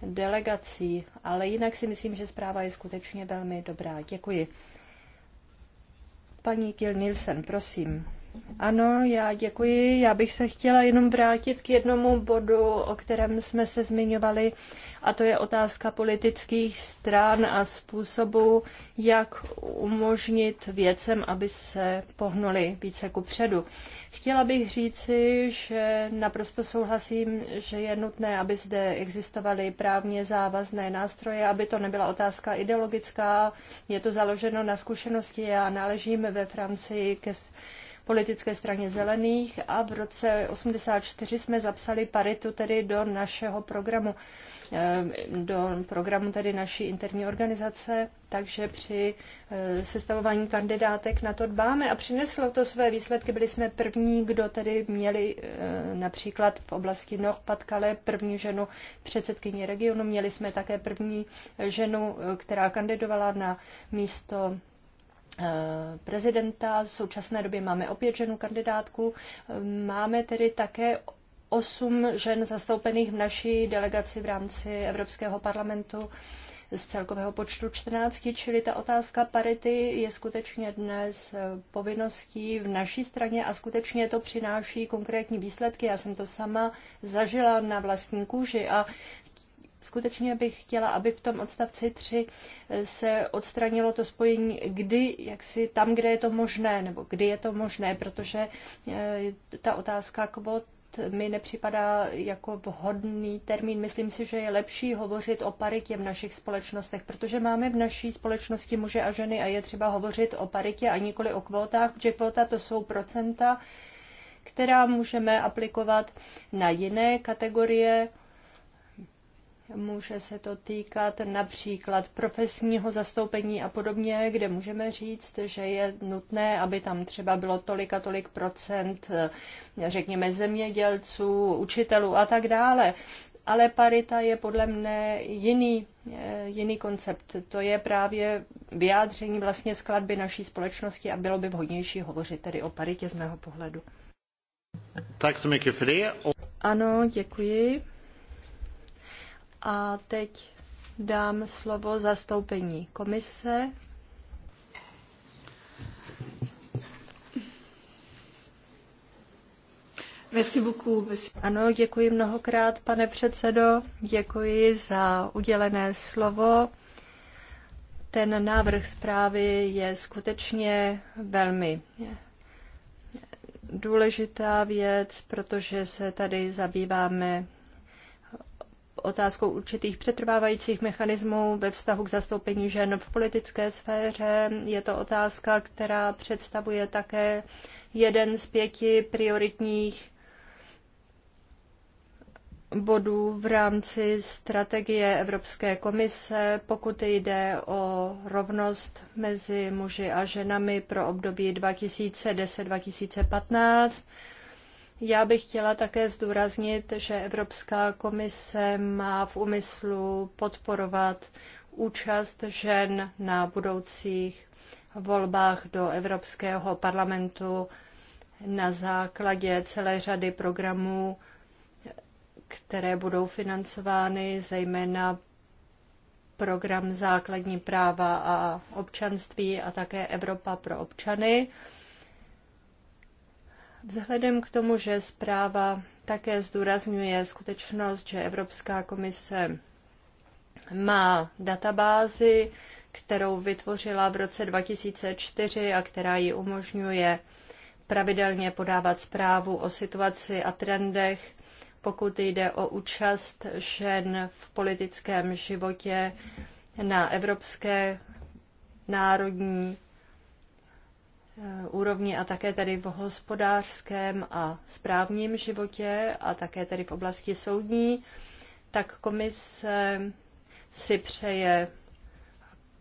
delegací, ale jinak si myslím, že zpráva je skutečně velmi dobrá. Děkuji. Paní Gil Nielsen, prosím. Ano, já děkuji. Já bych se chtěla jenom vrátit k jednomu bodu, o kterém jsme se zmiňovali, a to je otázka politických stran a způsobu, jak umožnit věcem, aby se pohnuli více předu. Chtěla bych říci, že naprosto souhlasím, že je nutné, aby zde existovaly právně závazné nástroje, aby to nebyla otázka ideologická. Je to založeno na zkušenosti. a náležíme ve Francii ke politické straně zelených a v roce 84 jsme zapsali paritu tedy do našeho programu, eh, do programu tedy naší interní organizace, takže při eh, sestavování kandidátek na to dbáme a přineslo to své výsledky. Byli jsme první, kdo tedy měli eh, například v oblasti Nordpatkale první ženu předsedkyni regionu, měli jsme také první ženu, která kandidovala na místo Eh, prezidenta. V současné době máme opět ženu kandidátku. Eh, máme tedy také osm žen zastoupených v naší delegaci v rámci Evropského parlamentu z celkového počtu 14, čili ta otázka parity je skutečně dnes eh, povinností v naší straně a skutečně to přináší konkrétní výsledky. Já jsem to sama zažila na vlastní kůži a skutečně bych chtěla, aby v tom odstavci 3 eh, se odstranilo to spojení, kdy, jak si tam, kde je to možné, nebo kdy je to možné, protože eh, ta otázka kvot mi nepřipadá jako vhodný termín. Myslím si, že je lepší hovořit o paritě v našich společnostech, protože máme v naší společnosti muže a ženy a je třeba hovořit o paritě a nikoli o kvótách, protože kvóta to jsou procenta, která můžeme aplikovat na jiné kategorie Může se to týkat například profesního zastoupení a podobně, kde můžeme říct, že je nutné, aby tam třeba bylo tolik a tolik procent, eh, řekněme, zemědělců, učitelů a tak dále. Ale parita je podle mne jiný, eh, jiný koncept. To je právě vyjádření vlastně skladby naší společnosti a bylo by vhodnější hovořit tedy o paritě z mého pohledu. Tak se mi Ano, děkuji. A teď dám slovo zastoupení komise. Ano, děkuji mnohokrát, pane předsedo. Děkuji za udělené slovo. Ten návrh zprávy je skutečně velmi důležitá věc, protože se tady zabýváme otázkou určitých přetrvávajících mechanismů ve vztahu k zastoupení žen v politické sféře. Je to otázka, která představuje také jeden z pěti prioritních bodů v rámci strategie Evropské komise, pokud jde o rovnost mezi muži a ženami pro období 2010-2015. Já bych chtěla také zdůraznit, že Evropská komise má v úmyslu podporovat účast žen na budoucích volbách do Evropského parlamentu na základě celé řady programů, které budou financovány, zejména program Základní práva a občanství a také Evropa pro občany. Vzhledem k tomu, že zpráva také zdůrazňuje skutečnost, že Evropská komise má databázi, kterou vytvořila v roce 2004 a která ji umožňuje pravidelně podávat zprávu o situaci a trendech, pokud jde o účast žen v politickém životě na evropské, národní Eh, úrovni a také tedy v hospodářském a správním životě a také tedy v oblasti soudní, tak komise si přeje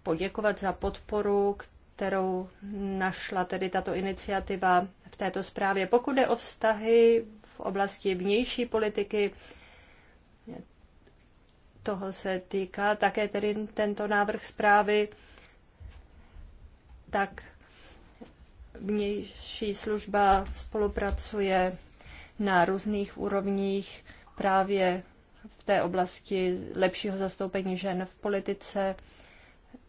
poděkovat za podporu, kterou našla tedy tato iniciativa v této zprávě. Pokud jde o vztahy v oblasti vnější politiky, toho se týká také tedy tento návrh zprávy, tak vnější služba spolupracuje na různých úrovních právě v té oblasti lepšího zastoupení žen v politice,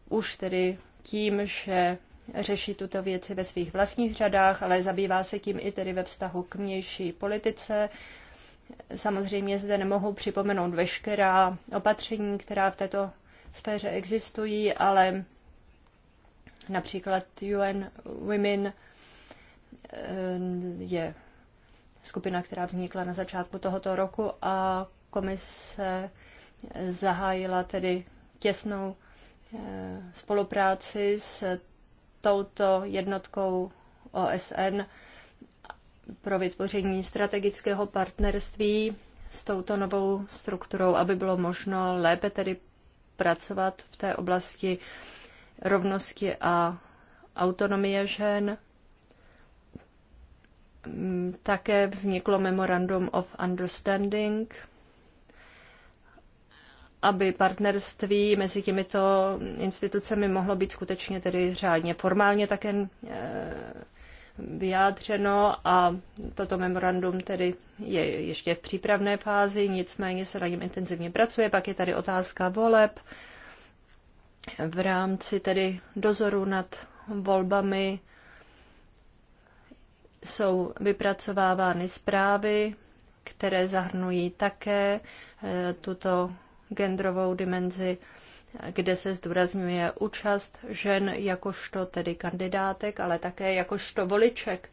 už tedy tím, že řeší tuto věci ve svých vlastních řadách, ale zabývá se tím i tedy ve vztahu k vnější politice. Samozřejmě zde nemohu připomenout veškerá opatření, která v této sféře existují, ale Například UN Women eh, je skupina, která vznikla na začátku tohoto roku a komise zahájila tedy těsnou eh, spolupráci s touto jednotkou OSN pro vytvoření strategického partnerství s touto novou strukturou, aby bylo možno lépe tedy pracovat v té oblasti rovnosti a autonomie žen. Mm, také vzniklo Memorandum of Understanding, aby partnerství mezi těmito institucemi mohlo být skutečně tedy řádně formálně také eh, vyjádřeno a toto memorandum tedy je ještě v přípravné fázi, nicméně se na něm intenzivně pracuje. Pak je tady otázka voleb v rámci tedy dozoru nad volbami jsou vypracovávány zprávy, které zahrnují také eh, tuto genderovou dimenzi, kde se zdůrazňuje účast žen jakožto tedy kandidátek, ale také jakožto voliček.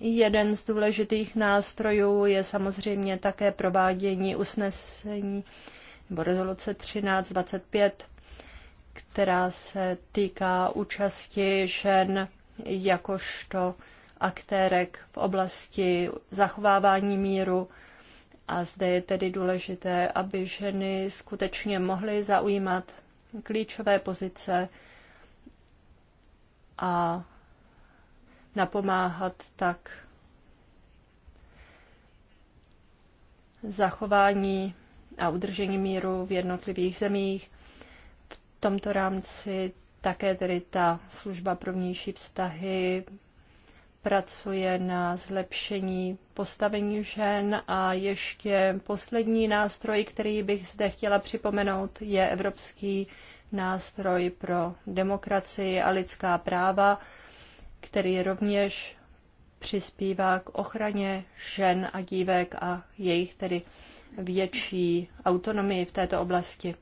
Jeden z důležitých nástrojů je samozřejmě také provádění usnesení nebo rezoluce 1325, která se týká účasti žen jakožto aktérek v oblasti zachovávání míru. A zde je tedy důležité, aby ženy skutečně mohly zaujímat klíčové pozice a napomáhat tak zachování a udržení míru v jednotlivých zemích. V tomto rámci také tedy ta služba pro vnější vztahy pracuje na zlepšení postavení žen a ještě poslední nástroj, který bych zde chtěla připomenout, je Evropský nástroj pro demokracii a lidská práva který rovněž přispívá k ochraně žen a dívek a jejich tedy větší autonomii v této oblasti.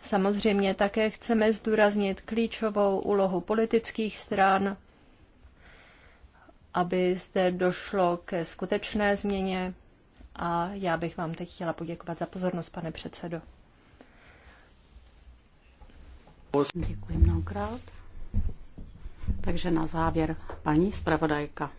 Samozřejmě také chceme zdůraznit klíčovou úlohu politických stran, aby zde došlo ke skutečné změně a já bych vám teď chtěla poděkovat za pozornost, pane předsedo. Děkuji mnohokrát. Takže na závěr paní zpravodajka.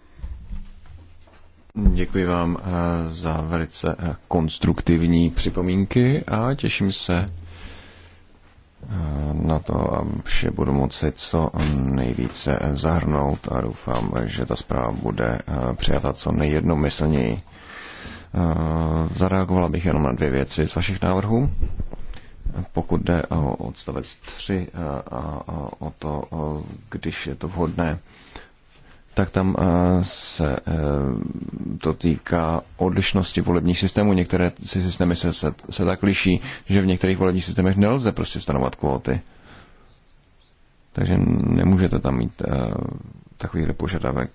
Děkuji vám eh, za velice eh, konstruktivní připomínky a těším se eh, na to, že budu moci co nejvíce zahrnout a doufám, že ta zpráva bude přijata co nejjednomyslněji. Zareagovala bych jenom na dvě věci z vašich návrhů pokud jde o odstavec 3 a o to, když je to vhodné, tak tam se e, to týká odlišnosti volebních systémů. Některé systémy se, se, se tak liší, že v některých volebních systémech nelze prostě stanovat kvóty. Takže nemůžete tam mít e, takovýhle požadavek.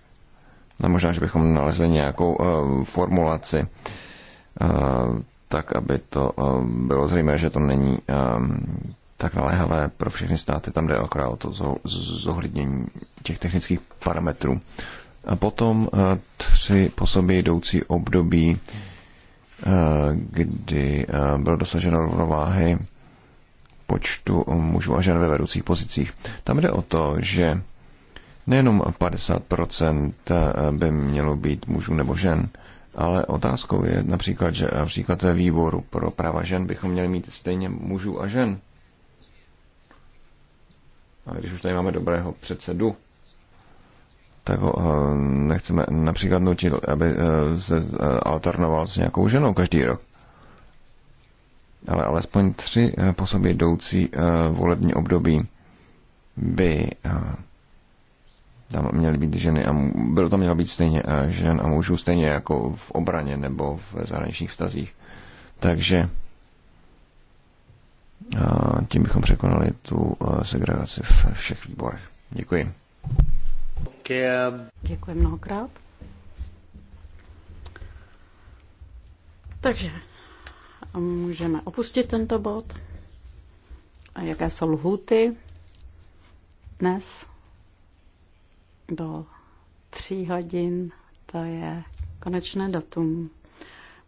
A no, možná, že bychom nalezli nějakou e, formulaci tak aby to eh, bylo zřejmé, že to není eh, tak naléhavé pro všechny státy. Tam jde akorát o to zohlednění těch technických parametrů. A potom eh, tři po sobě jdoucí období, kdy bylo dosaženo rovnováhy počtu mužů a žen ve vedoucích pozicích. Tam jde o to, že nejenom 50% by mělo být mužů nebo žen, ale otázkou je například, že například ve výboru pro práva žen bychom měli mít stejně mužů a žen. Ale když už tady máme dobrého předsedu, tak ho eh, nechceme například nutit, aby eh, se eh, alternoval s nějakou ženou každý rok. Ale alespoň tři po sobě jdoucí volební období by tam měly být ženy a bylo tam mělo být stejně eh, žen a mužů stejně jako v obraně nebo v zahraničních vztazích. Takže a eh, tím bychom překonali tu eh, segregaci ve všech výborech. Děkuji. Děkuji mnohokrát. Takže můžeme opustit tento bod. A jaké jsou lhuty dnes? do tří hodin, to je konečné datum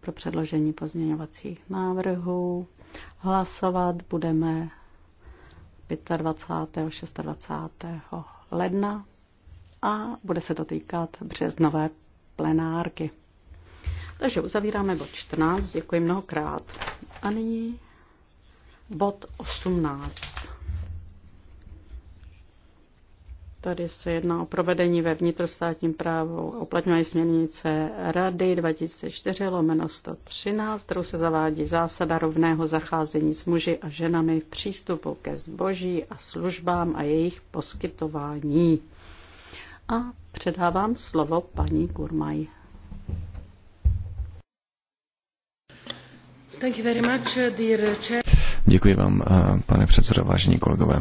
pro předložení pozměňovacích návrhů. Hlasovat budeme 25. 26. ledna a bude se to týkat březnové plenárky. Takže uzavíráme bod 14, děkuji mnohokrát. A nyní bod 18. Tady se jedná o provedení ve vnitrostátním právu uplatňované směrnice Rady 2004 lomeno 113, kterou se zavádí zásada rovného zacházení s muži a ženami v přístupu ke zboží a službám a jejich poskytování. A předávám slovo paní Kurmaj. Děkuji vám, eh, pane předsedo, vážení kolegové.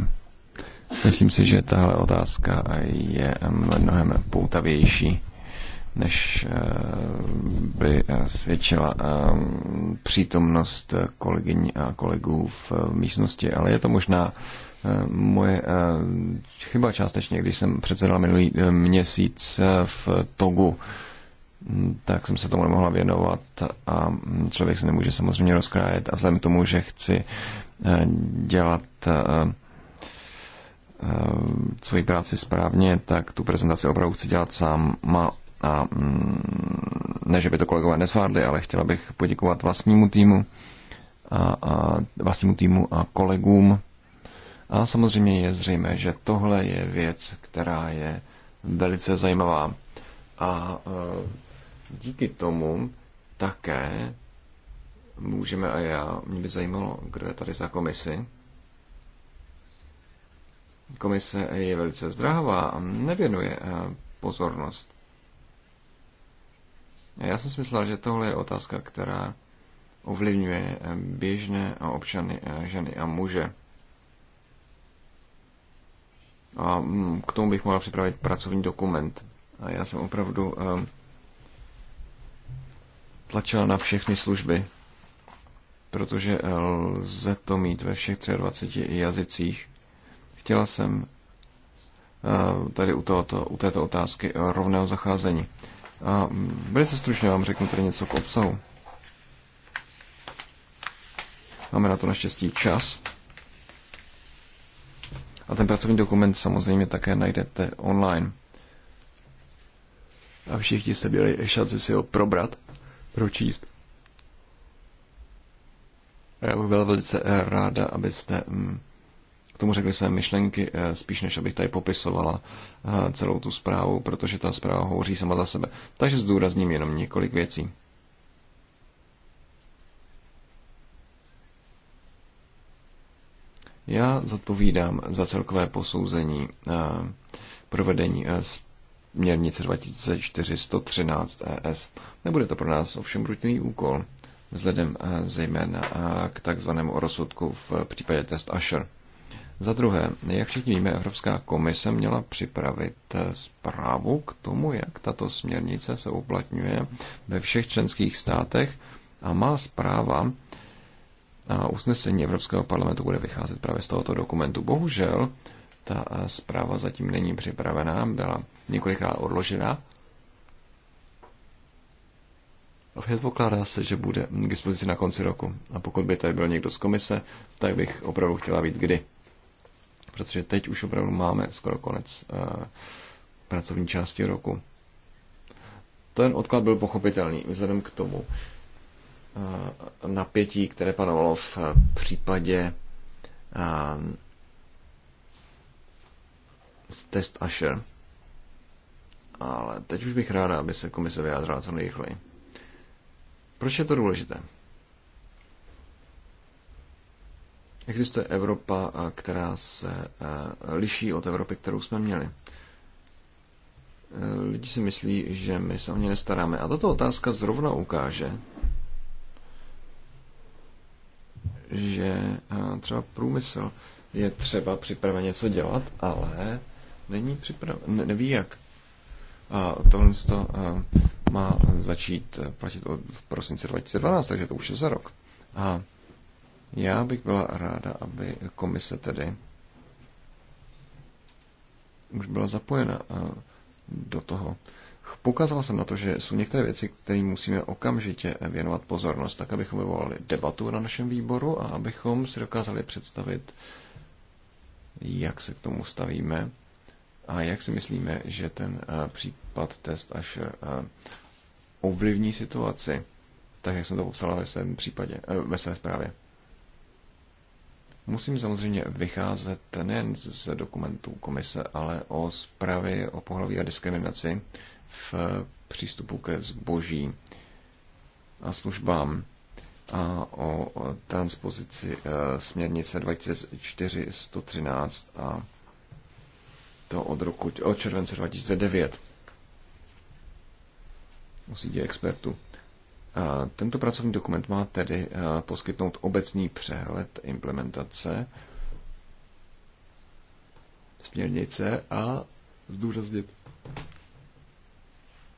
Myslím si, že tahle otázka je mnohem poutavější, než eh, by eh, svědčila eh, přítomnost kolegyň a kolegů v místnosti, ale je to možná moje chyba částečně, když jsem předsedal minulý měsíc v Togu, tak jsem se tomu nemohla věnovat a člověk se nemůže samozřejmě rozkrájet a vzhledem k tomu, že chci dělat Eh, svoji práci správně, tak tu prezentaci opravdu chci dělat sám. Má a mm, ne, že by to kolegové nezvládli, ale chtěla bych poděkovat vlastnímu týmu a, a vlastnímu týmu a kolegům. A samozřejmě je zřejmé, že tohle je věc, která je velice zajímavá. A eh, díky tomu také můžeme, a já, mě by zajímalo, kdo je tady za komisi, komise je velice zdrahová a nevěnuje eh, pozornost. Já jsem si myslel, že tohle je otázka, která ovlivňuje eh, běžné občany, eh, ženy a muže. A mm, k tomu bych mohl připravit pracovní dokument. A já jsem opravdu tlačil na všechny služby, protože lze to mít ve všech 23 jazycích Chtěla jsem eh, tady u, tohoto, u této otázky eh, rovného zacházení. A velice stručně vám řeknu tady něco k obsahu. Máme na to naštěstí čas. A ten pracovní dokument samozřejmě také najdete online. A všichni jste byli šanci si ho probrat, pročíst. Já bych byla velice eh, ráda, abyste mm, tomu řekli své myšlenky, eh, spíš než abych tady popisovala eh, celou tu zprávu, protože ta zpráva hovoří sama za sebe. Takže zdůrazním jenom několik věcí. Já zodpovídám za celkové posouzení eh, provedení směrnice 2413 ES. Nebude to pro nás ovšem rutinný úkol, vzhledem zejména k takzvanému rozsudku v případě test Asher. Za druhé, jak všichni víme, Evropská komise měla připravit eh, zprávu k tomu, jak tato směrnice se uplatňuje ve všech členských státech a má zpráva a usnesení Evropského parlamentu bude vycházet právě z tohoto dokumentu. Bohužel ta eh, zpráva zatím není připravená, byla několikrát odložena. Předpokládá se, že bude k dispozici na konci roku. A pokud by tady byl někdo z komise, tak bych opravdu chtěla být kdy protože teď už opravdu máme skoro konec eh, pracovní části roku. Ten odklad byl pochopitelný vzhledem k tomu eh, napětí, které panovalo v eh, případě test Asher. Ale teď už bych ráda, aby se komise vyjádřila co nejrychleji. Proč je to důležité? Existuje Evropa, která se liší od Evropy, kterou jsme měli. E, lidi si myslí, že my se o ně nestaráme. A tato otázka zrovna ukáže, že třeba průmysl je třeba připraven něco dělat, ale není připraven, ne, neví jak. A tohle to má začít platit v prosinci 2012, takže to už je za rok. A já bych byla ráda, aby komise tedy už byla zapojena do toho. Poukázal jsem na to, že jsou některé věci, kterým musíme okamžitě věnovat pozornost, tak abychom vyvolali debatu na našem výboru a abychom si dokázali představit, jak se k tomu stavíme a jak si myslíme, že ten případ test až ovlivní situaci, tak jak jsem to popsala ve svém případě, ve své zprávě. Musím samozřejmě vycházet nejen z dokumentů komise, ale o zprávy o pohlaví a diskriminaci v přístupu ke zboží a službám a o transpozici eh, směrnice 24.113 a to od roku od července 2009 o dělat expertů. Tento pracovní dokument má tedy poskytnout obecný přehled implementace směrnice a zdůraznit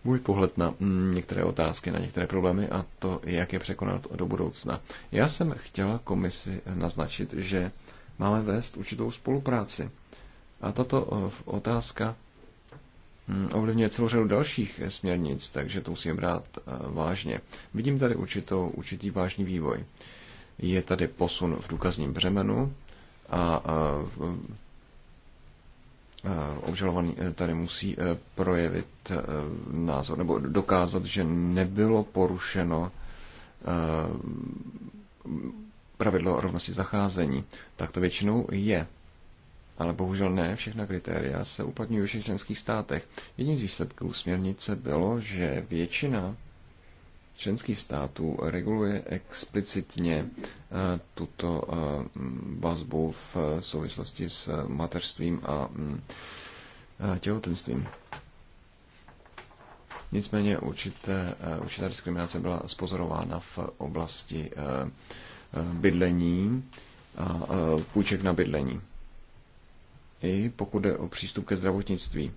můj pohled na mm, některé otázky, na některé problémy a to, jak je překonat do budoucna. Já jsem chtěla komisi naznačit, že máme vést určitou spolupráci. A tato e, otázka Mm, ovlivňuje celou řadu dalších směrnic, takže to musíme brát eh, vážně. Vidím tady určitou, určitý vážný vývoj. Je tady posun v důkazním břemenu a, a eh, eh, obžalovaný tady musí projevit názor nebo dokázat, že nebylo porušeno pravidlo rovnosti zacházení. Tak to většinou je ale bohužel ne všechna kritéria se uplatňují ve všech členských státech. Jedním z výsledků směrnice bylo, že většina členských států reguluje explicitně eh, tuto eh, vazbu v souvislosti s mateřstvím a mm, eh, těhotenstvím. Nicméně určité, určitá diskriminace byla spozorována v oblasti bydlení a půjček na bydlení i pokud jde o přístup ke zdravotnictví,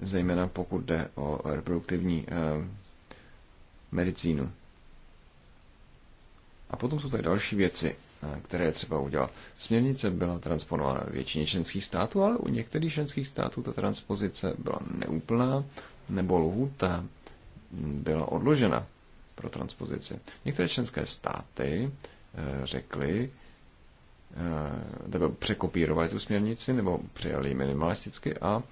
zejména pokud jde o reproduktivní eh, medicínu. A potom jsou tady další věci, eh, které je třeba udělat. Směrnice byla transponována ve většině členských států, ale u některých členských států ta transpozice byla neúplná nebo lhůta byla odložena pro transpozici. Některé členské státy eh, řekly, Eh, nebo překopírovali tu směrnici, nebo přijali ji minimalisticky a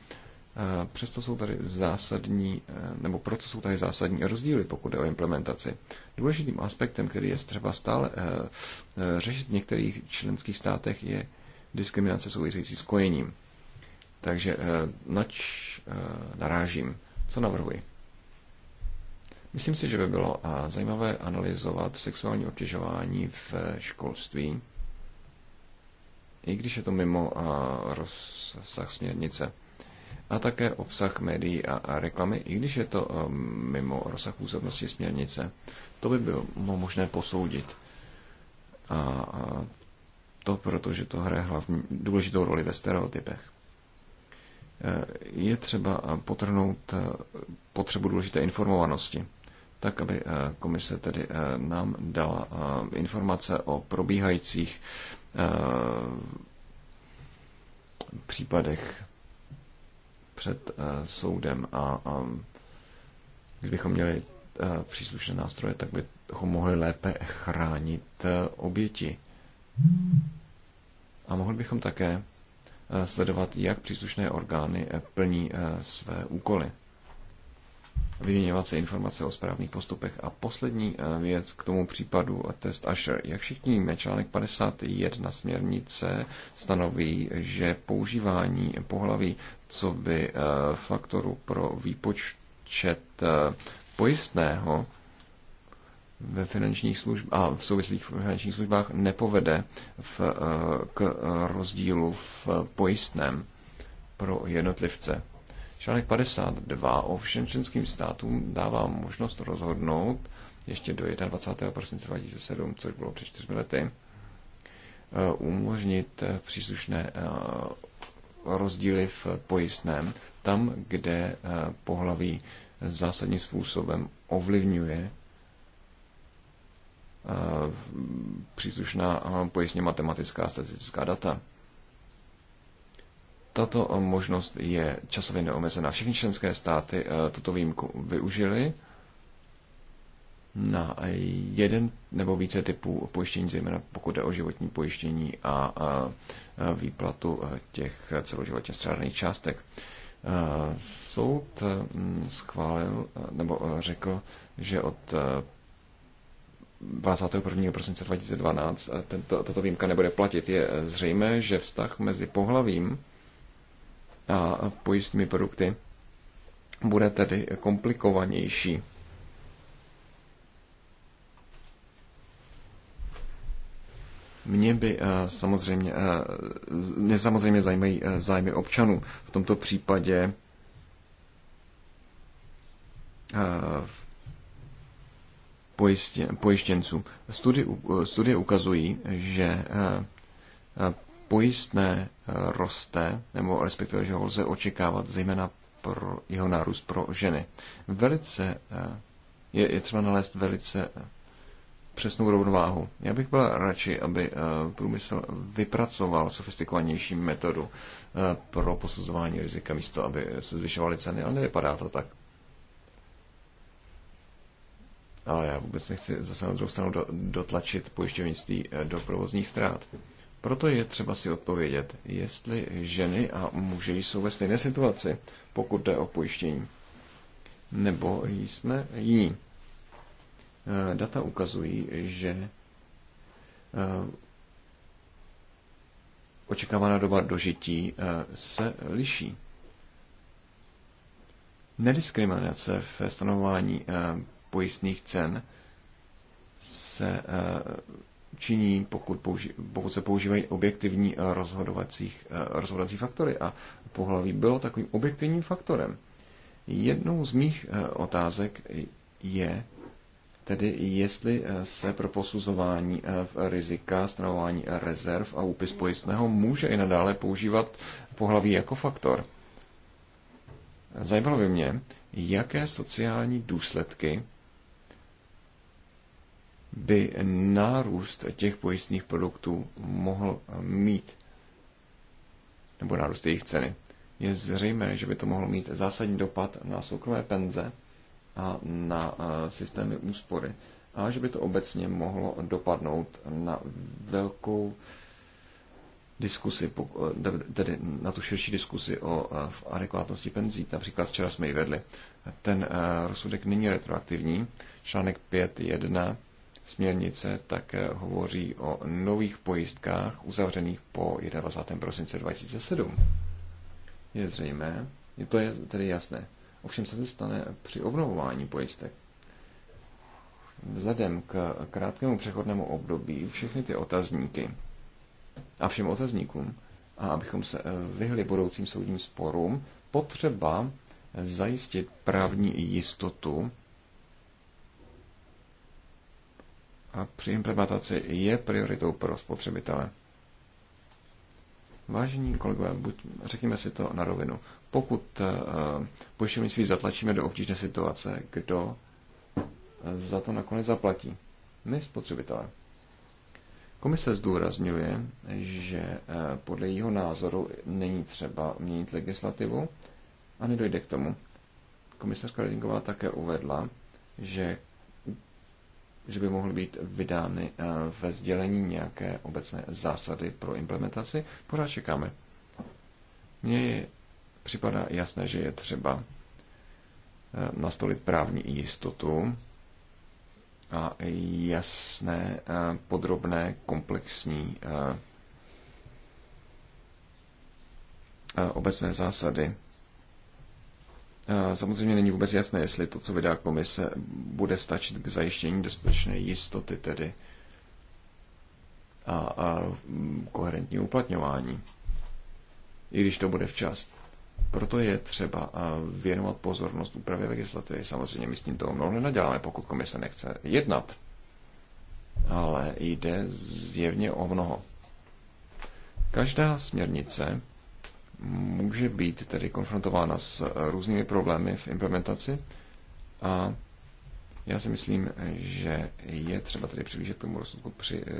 eh, přesto jsou tady zásadní, eh, nebo proto jsou tady zásadní rozdíly, pokud je o implementaci. Důležitým aspektem, který je třeba stále řešit v některých členských státech, je diskriminace související s kojením. Takže nač narážím? Co navrhuji? Myslím si, že by bylo zajímavé analyzovat sexuální obtěžování v školství i když je to mimo rozsah směrnice. A také obsah médií a reklamy, i když je to mimo rozsah působnosti směrnice. To by bylo možné posoudit. A to proto, že to hraje hlavní, důležitou roli ve stereotypech. E, je třeba potrhnout e, potřebu důležité informovanosti, tak aby e, komise tedy nám dala informace o probíhajících Eh, případech před eh, soudem a, a kdybychom měli eh, příslušné nástroje, tak bychom mohli lépe chránit oběti. A mohli bychom také sledovat, jak příslušné orgány plní své úkoly vyměňovat se informace o správných postupech. A poslední eh, věc k tomu případu test Asher. Jak všichni víme, článek 51 směrnice stanoví, že používání pohlaví co by eh, faktoru pro výpočet eh, pojistného ve finančních služb a v souvislých finančních službách nepovede v, k rozdílu v pojistném pro jednotlivce. Článek 52 o všem členským státům dává možnost rozhodnout ještě do 21. prosince 2007, což bylo před čtyřmi lety, eh, umožnit eh, příslušné eh, rozdíly v pojistném tam, kde pohlaví zásadním způsobem ovlivňuje příslušná pojistně matematická a statistická data. Tato možnost je časově neomezená. Všechny členské státy eh, tuto výjimku využily na jeden nebo více typů pojištění, zejména pokud jde o životní pojištění a výplatu eh, těch celoživotně strádaných částek. Eh, soud schválil nebo řekl, že od 21. prosince 2012 tento, tato výjimka nebude platit. Je zřejmé, že vztah mezi pohlavím a pojistnými produkty bude tedy komplikovanější. Mě by eh, samozřejmě, eh, mě samozřejmě zajímají eh, zájmy občanů. V tomto případě pojištěnců. Studie, studie ukazují, že pojistné eh, roste, nebo respektive, že ho lze očekávat, zejména pro jeho nárůst pro ženy. Velice eh, je, je třeba nalézt velice eh, přesnou rovnováhu. Já bych byl radši, aby průmysl vypracoval sofistikovanější metodu pro posuzování rizika místo, aby se zvyšovaly ceny, ale nevypadá to tak. Ale já vůbec nechci zase na druhou stranu dotlačit pojišťovnictví do provozních ztrát. Proto je třeba si odpovědět, jestli ženy a muži jsou ve stejné situaci, pokud jde o pojištění, nebo jsme jiní. E, data ukazují, že e, očekávaná doba dožití e, se liší. Nediskriminace v stanovování pojistných cen se činí, pokud, použi- pokud se používají objektivní eh, rozhodovacích, eh, rozhodovací faktory. A pohlaví bylo takovým objektivním faktorem. Jednou z mých eh, otázek je tedy, jestli se pro posuzování rizika, stanovování rezerv a úpis pojistného může i nadále používat pohlaví jako faktor. Zajímalo by mě, jaké sociální důsledky by nárůst těch pojistných produktů mohl mít, nebo nárůst jejich ceny, je zřejmé, že by to mohlo mít zásadní dopad na soukromé penze a na eh, systémy úspory a že by to obecně mohlo dopadnout na velkou diskusi, eh, tedy na tu širší diskusi o eh, adekvátnosti penzí. Například včera jsme ji vedli. Ten rozsudek není retroaktivní. Článek 5.1 Směrnice také hovoří o nových pojistkách uzavřených po 21. prosince 2007. Je zřejmé, je to je tedy jasné. Ovšem se se stane při obnovování pojistek? Vzhledem k krátkému přechodnému období všechny ty otazníky a všem otazníkům, a abychom se eh, vyhli budoucím soudním sporům, potřeba zajistit právní jistotu a při implementaci je prioritou pro spotřebitele. Vážení kolegové, buď, řekněme si to na rovinu. Pokud uh, pojišťovnictví zatlačíme do obtížné situace, kdo eh, za to nakonec zaplatí? My, spotřebitelé. Komise zdůrazňuje, že eh, podle jeho názoru není třeba měnit legislativu a nedojde k tomu. Komisařka Redingová také uvedla, že že by mohly být vydány eh, ve sdělení nějaké obecné zásady pro implementaci, pořád čekáme. Mně připadá jasné, že je třeba eh, nastolit právní jistotu a jasné, eh, podrobné, komplexní obecné zásady Eh, samozřejmě není vůbec jasné, jestli to, co vydá komise, bude stačit k zajištění dostatečné jistoty tedy a, a mm, koherentní uplatňování, i když to bude včas. Proto je třeba eh, věnovat pozornost úpravě legislativy. Samozřejmě my s tím toho mnoho nenaděláme, pokud komise nechce jednat. Ale jde zjevně o mnoho. Každá směrnice může být tedy konfrontována s různými problémy v implementaci a já si myslím, že je třeba tedy přihlížet k tomu rozsudku při eh,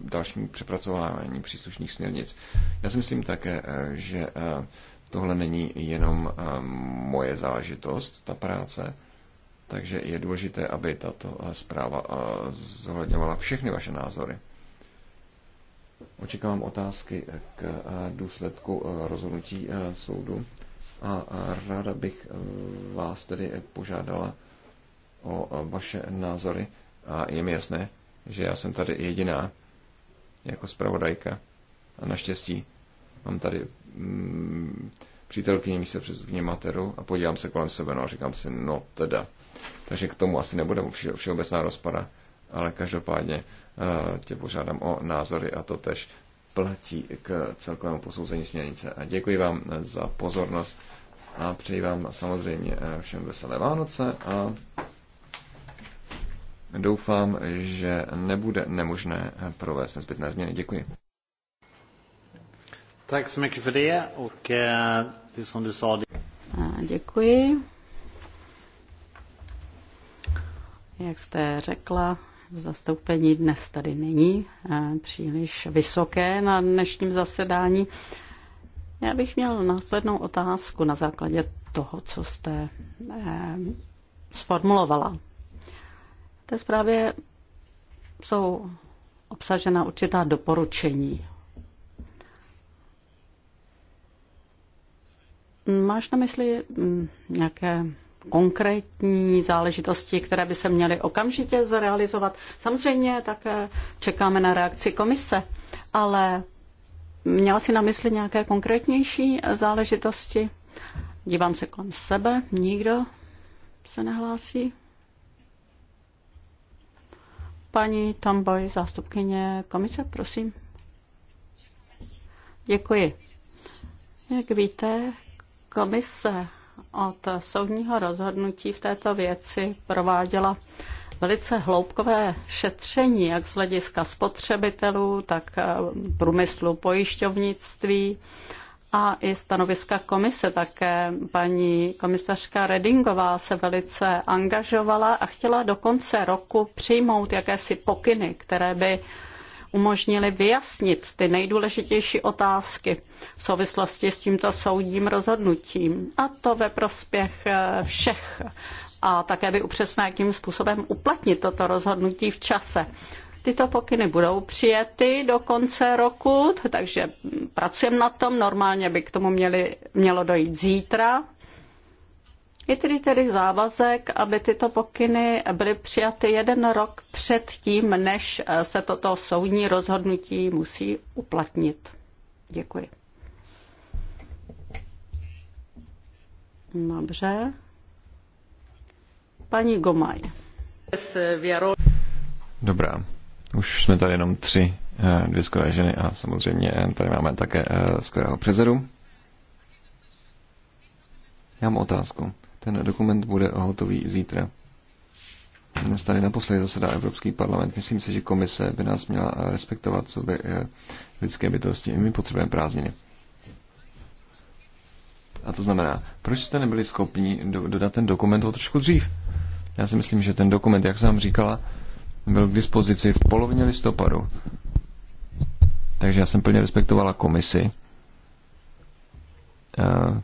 dalším přepracování příslušných směrnic. Já si myslím také, eh, že eh, tohle není jenom moje záležitost, ta práce, takže je důležité, aby tato zpráva zohledňovala všechny vaše názory. Očekávám otázky k eh, důsledku eh, rozhodnutí eh, soudu a ráda bych vás tedy požádala o vaše názory a je mi jasné, že já jsem tady jediná jako zpravodajka a naštěstí mám tady mm, přítelkyni místo předsedkyně Materu a podívám se kolem sebe no a říkám si, no teda. Takže k tomu asi nebude vše, všeobecná rozpada, ale každopádně Eh, tě požádám o názory a to tež platí k celkovému posouzení směrnice. A děkuji vám za pozornost a přeji vám samozřejmě eh, všem veselé Vánoce a doufám, že nebude nemožné eh, provést nezbytné změny. Děkuji. Tak så mycket för a ty jsem Děkuji. Jak jste řekla, zastoupení dnes tady není eh, příliš vysoké na dnešním zasedání. Já bych měl následnou otázku na základě toho, co jste eh, sformulovala. V té zprávě jsou obsažena určitá doporučení. Máš na mysli mm, nějaké konkrétní záležitosti, které by se měly okamžitě zrealizovat. Samozřejmě také čekáme na reakci komise, ale měla si na mysli nějaké konkrétnější záležitosti? Dívám se kolem sebe, nikdo se nehlásí. Paní Tamboj, zástupkyně komise, prosím. Děkuji. Jak víte, komise od soudního rozhodnutí v této věci prováděla velice hloubkové šetření, jak z hlediska spotřebitelů, tak eh, průmyslu pojišťovnictví a i stanoviska komise také. Paní komisařka Redingová se velice angažovala a chtěla do konce roku přijmout jakési pokyny, které by umožnili vyjasnit ty nejdůležitější otázky v souvislosti s tímto soudním rozhodnutím. A to ve prospěch eh, všech. A také by upřesnil, jakým způsobem uplatnit toto rozhodnutí v čase. Tyto pokyny budou přijety do konce roku, takže mm, pracujeme na tom. Normálně by k tomu měli, mělo dojít zítra je tedy tedy závazek, aby tyto pokyny byly přijaty jeden rok před tím, než eh, se toto soudní rozhodnutí musí uplatnit. Děkuji. Dobře. Paní Gomaj. Dobrá. Už jsme tady jenom tři eh, dvě skvělé ženy a samozřejmě eh, tady máme také skvělého přezeru. Já mám otázku. Ten dokument bude hotový zítra. Dnes tady naposledy zasedá Evropský parlament. Myslím si, že komise by nás měla respektovat, co by eh, lidské bytosti. My potřebujeme prázdniny. A to znamená, proč jste nebyli schopni dodat ten dokument o trošku dřív? Já si myslím, že ten dokument, jak jsem říkala, byl k dispozici v polovině listopadu. Takže já jsem plně respektovala komisi. Eh,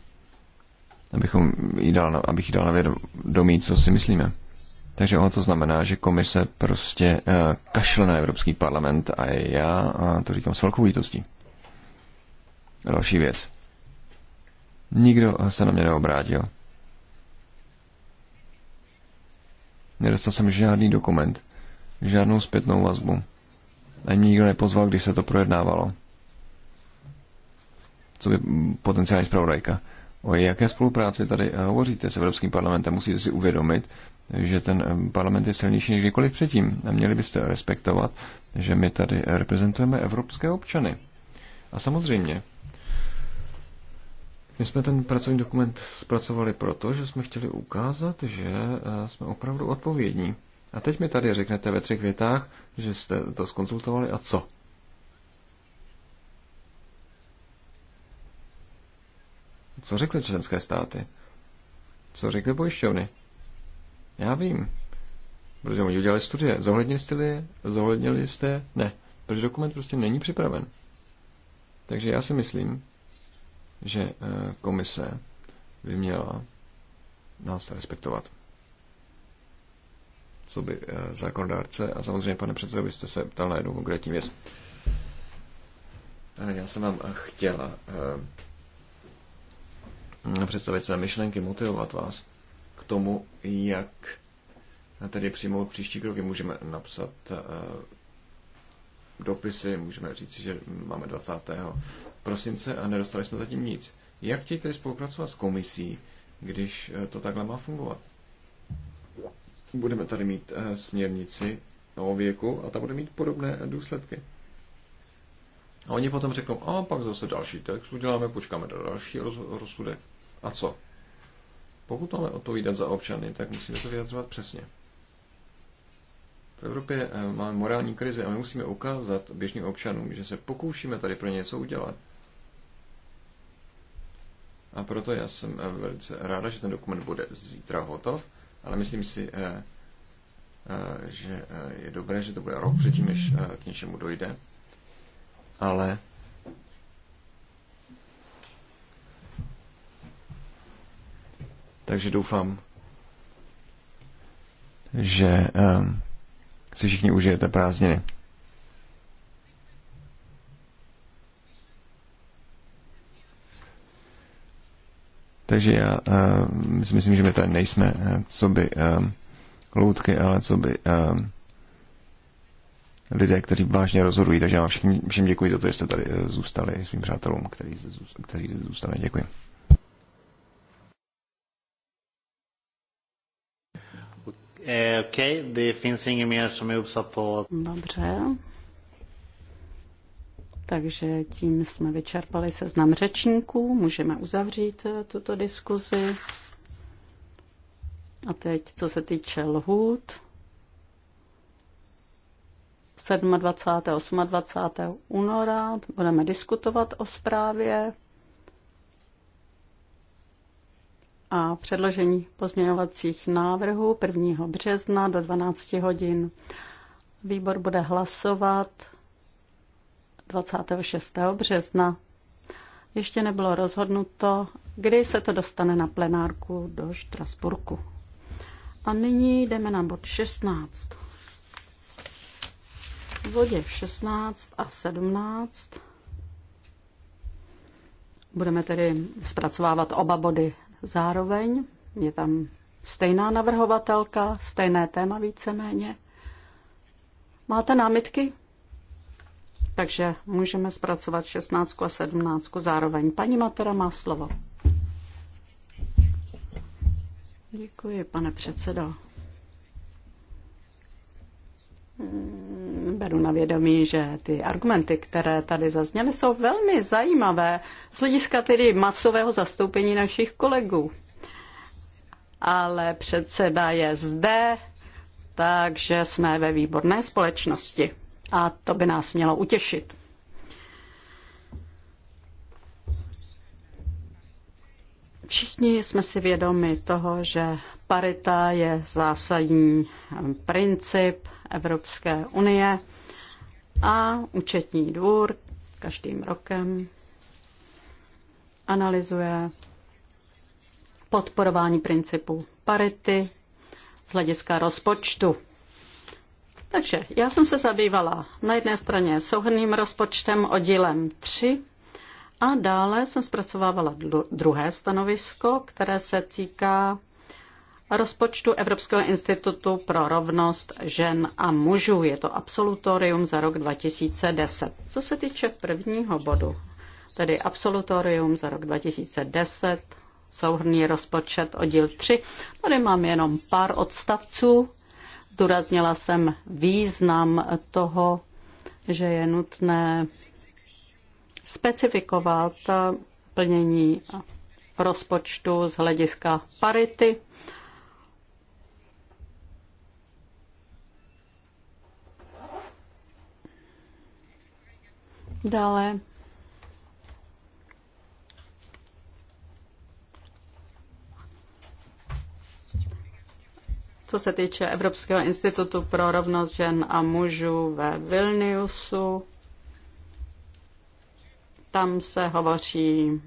abychom jí dal, abych jí dal na vědomí, co si myslíme. Takže ono to znamená, že komise prostě eh, kašle na Evropský parlament a já a to říkám s velkou lítostí. Další věc. Nikdo se na mě neobrátil. Nedostal jsem žádný dokument, žádnou zpětnou vazbu. Ani mě nikdo nepozval, když se to projednávalo. Co by potenciální zpravodajka. O jaké spolupráci tady eh, hovoříte s Evropským parlamentem? Musíte si uvědomit, že ten eh, parlament je silnější než kdykoliv předtím. A měli byste respektovat, že my tady eh, reprezentujeme evropské občany. A samozřejmě, my jsme ten pracovní dokument zpracovali proto, že jsme chtěli ukázat, že jsme opravdu odpovědní. A teď mi tady řeknete ve třech větách, že jste to skonzultovali a co? Co řekly členské státy? Co řekly pojišťovny? Já vím. Protože oni udělali studie. Zohlednili jste je? Zohlednili jste? Ne. Protože dokument prostě není připraven. Takže já si myslím, že eh, komise by měla nás respektovat. Co by eh, zákonodárce, a samozřejmě, pane předsedo, byste se ptal na jednu konkrétní věc. Eh, já jsem vám chtěla představit své myšlenky, motivovat vás k tomu, jak tedy přijmout příští kroky. Můžeme napsat eh, dopisy, můžeme říct, že máme 20. prosince a nedostali jsme zatím nic. Jak chtějí tedy spolupracovat s komisí, když eh, to takhle má fungovat? Budeme tady mít eh, směrnici o věku a ta bude mít podobné důsledky. A oni potom řeknou, a pak zase další text uděláme, počkáme na další roz, rozsudek. A co? Pokud máme odpovídat za občany, tak musíme se vyjadřovat přesně. V Evropě eh, máme morální krizi a my musíme ukázat běžným občanům, že se pokoušíme tady pro něco udělat. A proto já jsem eh, velice ráda, že ten dokument bude zítra hotov, ale myslím si, eh, že je dobré, že to bude rok předtím, než k něčemu dojde. Ale Takže doufám, že um, si všichni užijete prázdniny. Takže já uh, si myslím, že my tady nejsme, uh, co by uh, loutky, ale co by uh, lidé, kteří vážně rozhodují. Takže já vám všem, všem děkuji za to, že jste tady uh, zůstali, svým přátelům, kteří, kteří zůstali. Děkuji. Eh, okay, det finns inget mer som är uppsatt på... Dobře. Takže tím jsme vyčerpali seznam řečníků, můžeme uzavřít eh, tuto diskuzi. A teď, co se týče lhůt, 27. 28. února budeme diskutovat o zprávě. a předložení pozměňovacích návrhů 1. března do 12 hodin. Výbor bude hlasovat 26. března. Ještě nebylo rozhodnuto, kdy se to dostane na plenárku do Štrasburku. A nyní jdeme na bod 16. V bodě 16 a 17 budeme tedy zpracovávat oba body Zároveň je tam stejná navrhovatelka, stejné téma víceméně. Máte námitky? Takže můžeme zpracovat 16 a 17 zároveň. Paní Matera má slovo. Děkuji, pane předsedo. Mm, beru na vědomí, že ty argumenty, které tady zazněly, jsou velmi zajímavé z hlediska tedy masového zastoupení našich kolegů. Ale předseda je zde, takže jsme ve výborné společnosti. A to by nás mělo utěšit. Všichni jsme si vědomi toho, že parita je zásadní princip Evropské unie a účetní dvůr každým rokem analyzuje podporování principu parity z hlediska rozpočtu. Takže já jsem se zabývala na jedné straně souhrným rozpočtem oddílem 3 a dále jsem zpracovávala druhé stanovisko, které se týká rozpočtu Evropského institutu pro rovnost žen a mužů. Je to absolutorium za rok 2010. Co se týče prvního bodu, tedy absolutorium za rok 2010, souhrný rozpočet díl 3, tady mám jenom pár odstavců. Zdůraznila jsem význam toho, že je nutné specifikovat plnění rozpočtu z hlediska parity Dále co se týče Evropského institutu pro rovnost žen a mužů ve Vilniusu. Tam se hovoří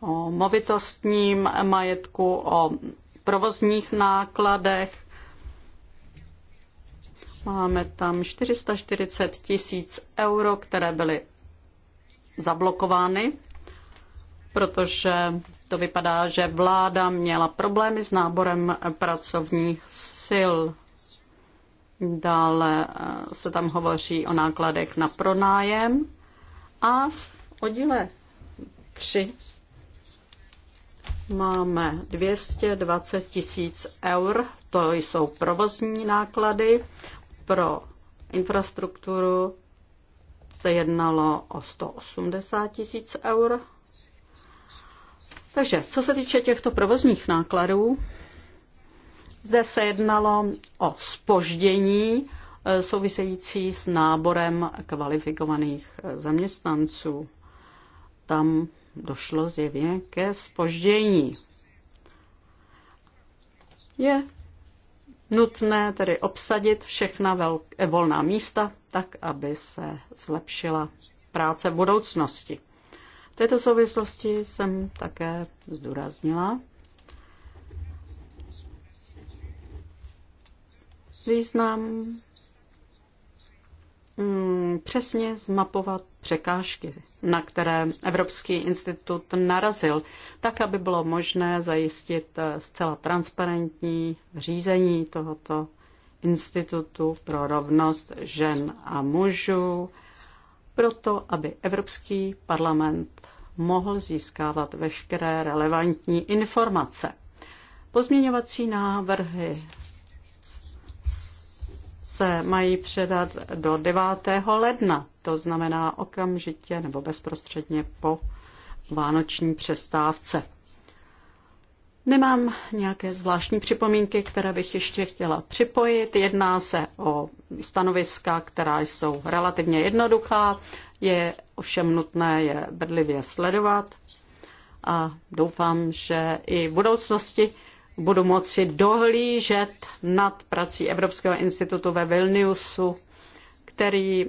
o movitostním majetku, o provozních nákladech. Máme tam 440 tisíc euro, které byly zablokovány, protože to vypadá, že vláda měla problémy s náborem pracovních sil. Dále eh, se tam hovoří o nákladech na pronájem a v oddíle 3 máme 220 tisíc eur, to jsou provozní náklady pro infrastrukturu se jednalo o 180 tisíc eur. Takže co se týče těchto provozních nákladů, zde se jednalo o spoždění eh, související s náborem kvalifikovaných eh, zaměstnanců. Tam došlo zjevně ke spoždění. Je nutné tedy obsadit všechna velk- eh, volná místa, tak aby se zlepšila práce v budoucnosti. V této souvislosti jsem také zdůraznila význam Mm, přesně zmapovat překážky, na které Evropský institut narazil, tak, aby bylo možné zajistit eh, zcela transparentní řízení tohoto institutu pro rovnost žen a mužů, proto aby Evropský parlament mohl získávat veškeré relevantní informace. Pozměňovací návrhy se mají předat do 9. ledna, to znamená okamžitě nebo bezprostředně po vánoční přestávce. Nemám nějaké zvláštní připomínky, které bych ještě chtěla připojit. Jedná se o stanoviska, která jsou relativně jednoduchá, je ovšem nutné je bedlivě sledovat a doufám, že i v budoucnosti budu moci dohlížet nad prací Evropského institutu ve Vilniusu, který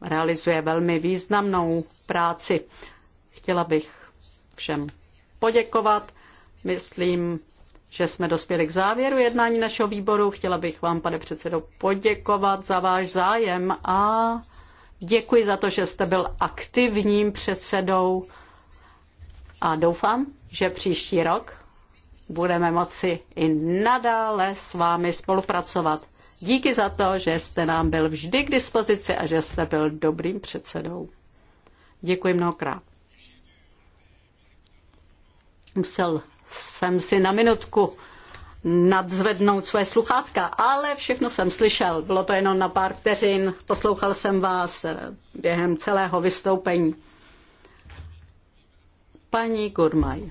realizuje velmi významnou práci. Chtěla bych všem poděkovat. Myslím, že jsme dospěli k závěru jednání našeho výboru. Chtěla bych vám, pane předsedo, poděkovat za váš zájem a děkuji za to, že jste byl aktivním předsedou a doufám, že příští rok budeme moci i nadále s vámi spolupracovat. Díky za to, že jste nám byl vždy k dispozici a že jste byl dobrým předsedou. Děkuji mnohokrát. Musel jsem si na minutku nadzvednout své sluchátka, ale všechno jsem slyšel. Bylo to jenom na pár vteřin. Poslouchal jsem vás eh, během celého vystoupení. Paní Gurmaj.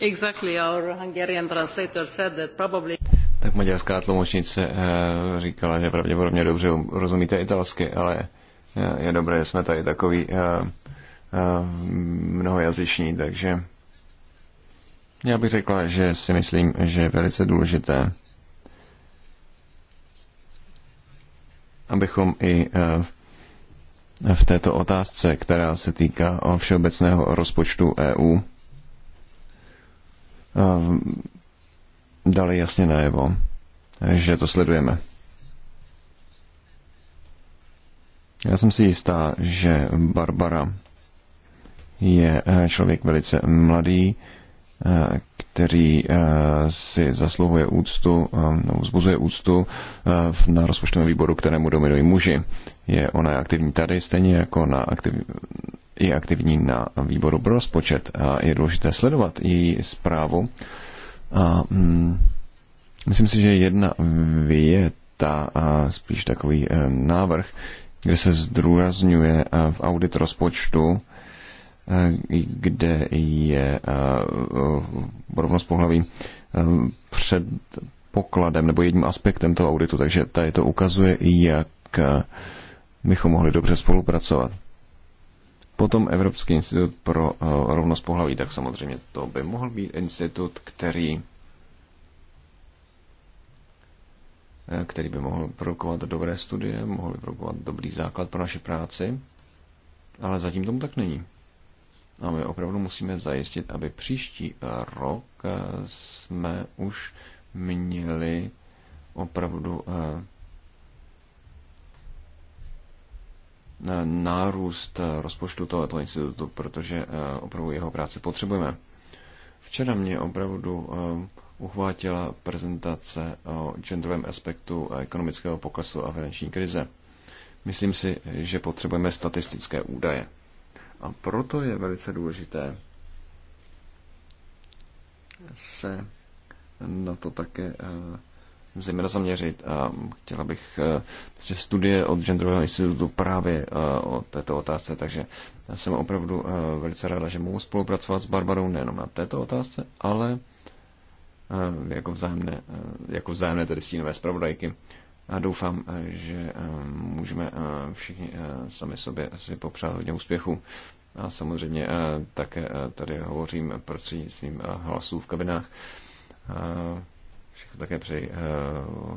Exactly, our Hungarian translator said that probably... Tak maďarská tlumočnice eh, říkala, že pravděpodobně dobře um, rozumíte italsky, ale eh, je dobré, že jsme tady takový eh, mnohojazyční, takže já bych řekla, že si myslím, že je velice důležité, abychom i v této otázce, která se týká o všeobecného rozpočtu EU, Ehm, dali jasně najevo, že to sledujeme. Já jsem si jistá, že Barbara je eh, člověk velice mladý, eh, který eh, si zasluhuje úctu, ehm, nebo vzbuzuje úctu na rozpočtovém výboru, kterému dominují muži. Je ona aktivní tady, stejně jako na, aktiv, je aktivní na výboru pro rozpočet a je důležité sledovat její zprávu. A, mm, myslím si, že jedna věta a spíš takový e, návrh, kde se zdůrazňuje e, v audit rozpočtu, e, kde je e, rovnost pohlaví před pokladem nebo jedním aspektem toho auditu, takže tady to ukazuje, jak bychom mohli dobře spolupracovat. Potom Evropský institut pro eh, rovnost pohlaví, tak samozřejmě to by mohl být institut, který eh, který by mohl produkovat dobré studie, mohl by produkovat dobrý základ pro naši práci, ale zatím tomu tak není. A my opravdu musíme zajistit, aby příští eh, rok jsme už měli opravdu nárůst eh, rozpočtu tohoto institutu, protože eh, opravdu jeho práci potřebujeme. Včera mě opravdu eh, uchvátila prezentace o genderovém aspektu ekonomického poklesu a finanční krize. Myslím si, že potřebujeme statistické údaje. A proto je velice důležité se na to také zejména zaměřit. A chtěla bych prostě studie od Genderového institutu právě eh, o této otázce, takže jsem opravdu eh, velice ráda, že mohu spolupracovat s Barbarou nejenom na této otázce, ale jako vzájemné, jako vzájemné tedy stínové zpravodajky. A doufám, že můžeme všichni sami sobě asi popřát hodně úspěchu. A samozřejmě také tady hovořím prostřednictvím hlasů v kabinách. Všechno také přeji eh,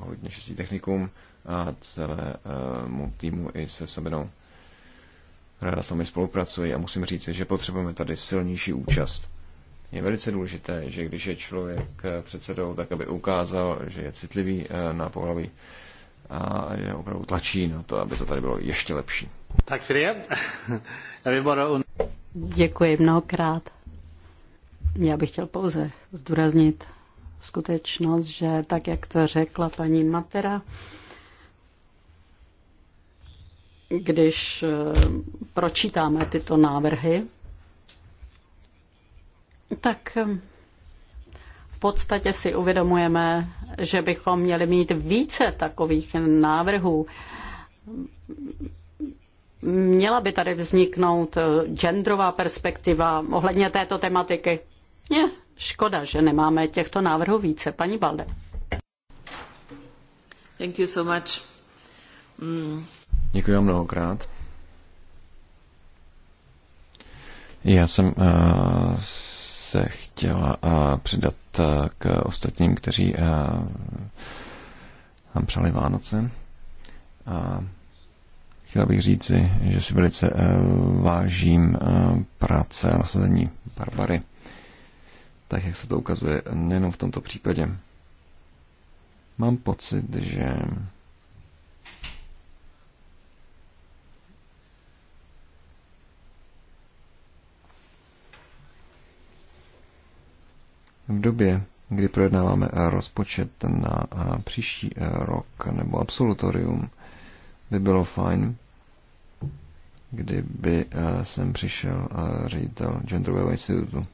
hodně štěstí technikům a celému týmu i se Sabinou. Ráda s vámi spolupracuji a musím říct, že potřebujeme tady silnější účast. Je velice důležité, že když je člověk eh, předsedou, tak aby ukázal, že je citlivý eh, na pohlaví a je opravdu tlačí na to, aby to tady bylo ještě lepší. Tak Děkuji mnohokrát. Já bych chtěl pouze zdůraznit, skutečnost, že tak, jak to řekla paní Matera, když eh, pročítáme tyto návrhy, tak eh, v podstatě si uvědomujeme, že bychom měli mít více takových návrhů. Měla by tady vzniknout eh, genderová perspektiva ohledně této tematiky. Je škoda, že nemáme těchto návrhů více. Paní Balde. Thank you so much. Mm. Děkuji vám mnohokrát. Já jsem uh, se chtěla uh, přidat uh, k ostatním, kteří uh, nám přali Vánoce. A chtěla bych říci, že si velice uh, vážím uh, práce a nasazení Barbary tak jak se to ukazuje nejenom v tomto případě. Mám pocit, že v době, kdy projednáváme rozpočet na příští rok nebo absolutorium, by bylo fajn, kdyby sem přišel ředitel genderového institutu.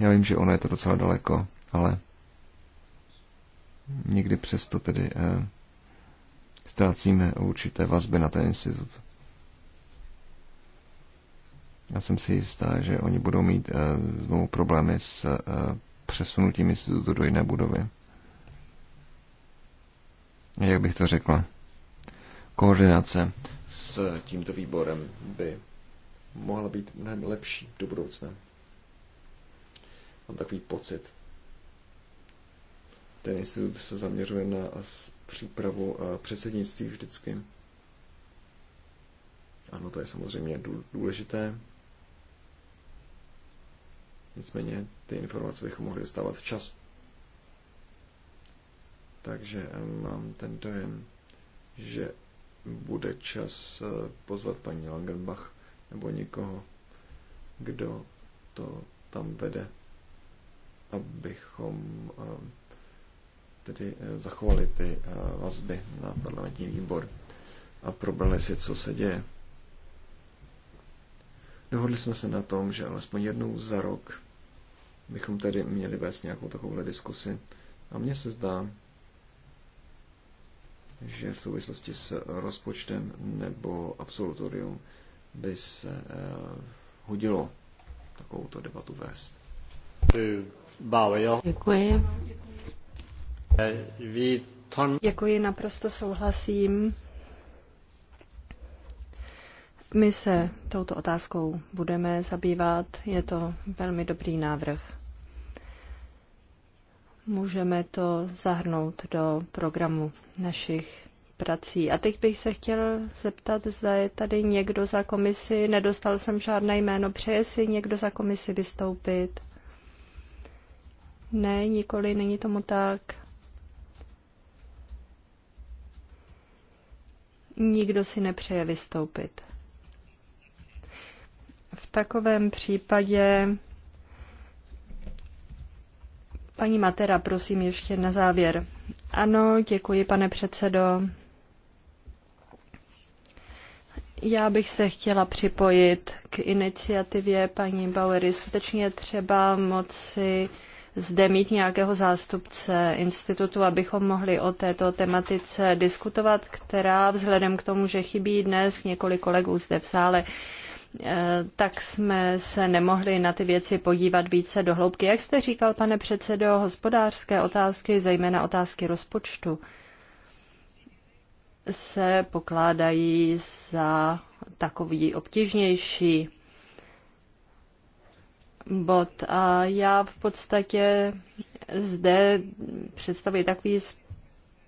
Já vím, že ono je to docela daleko, ale někdy přesto tedy eh, ztrácíme určité vazby na ten institut. Já jsem si jistá, že oni budou mít eh, znovu problémy s eh, přesunutím institutu do jiné budovy. Jak bych to řekla? Koordinace s tímto výborem by mohla být mnohem lepší do budoucna. Mám takový pocit. Ten institut se zaměřuje na přípravu eh, předsednictví vždycky. Ano, to je samozřejmě důležité. Nicméně ty informace bychom mohli dostávat včas. Takže eh, mám ten dojem, že bude čas eh, pozvat paní Langenbach nebo někoho, kdo to tam vede abychom eh, tedy eh, zachovali ty eh, vazby na parlamentní výbor a probrali si, co se děje. Dohodli jsme se na tom, že alespoň jednou za rok bychom tedy měli vést nějakou takovouhle diskusi. A mně se zdá, že v souvislosti s rozpočtem nebo absolutorium by se hodilo takovouto debatu vést. Děkuji. naprosto souhlasím. My se touto otázkou budeme zabývat. Je to velmi dobrý návrh. Můžeme to zahrnout do programu našich prací. A teď bych se chtěl zeptat, zda je tady někdo za komisi. Nedostal jsem žádné jméno. Přeje si někdo za komisi vystoupit? Ne, nikoli, není tomu tak. Nikdo si nepřeje vystoupit. V takovém případě paní Matera, prosím ještě na závěr. Ano, děkuji, pane předsedo. Já bych se chtěla připojit k iniciativě paní Bauery. Skutečně třeba moci zde mít nějakého zástupce institutu, abychom mohli o této tematice diskutovat, která vzhledem k tomu, že chybí dnes několik kolegů zde v sále, eh, tak jsme se nemohli na ty věci podívat více do hloubky. Jak jste říkal, pane předsedo, hospodářské otázky, zejména otázky rozpočtu, se pokládají za takový obtížnější bod a já v podstatě zde představuji takový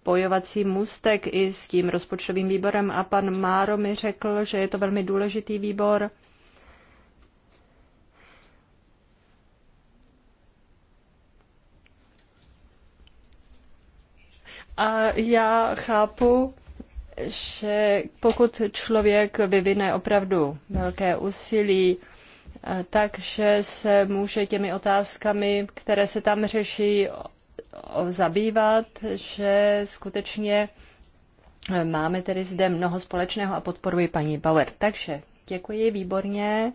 spojovací můstek i s tím rozpočtovým výborem a pan Máro mi řekl, že je to velmi důležitý výbor. A já chápu, že pokud člověk vyvine opravdu velké úsilí, Eh, takže se může těmi otázkami, které se tam řeší, zabývat, že skutečně eh, máme tedy zde mnoho společného a podporuji paní Bauer. Takže děkuji, výborně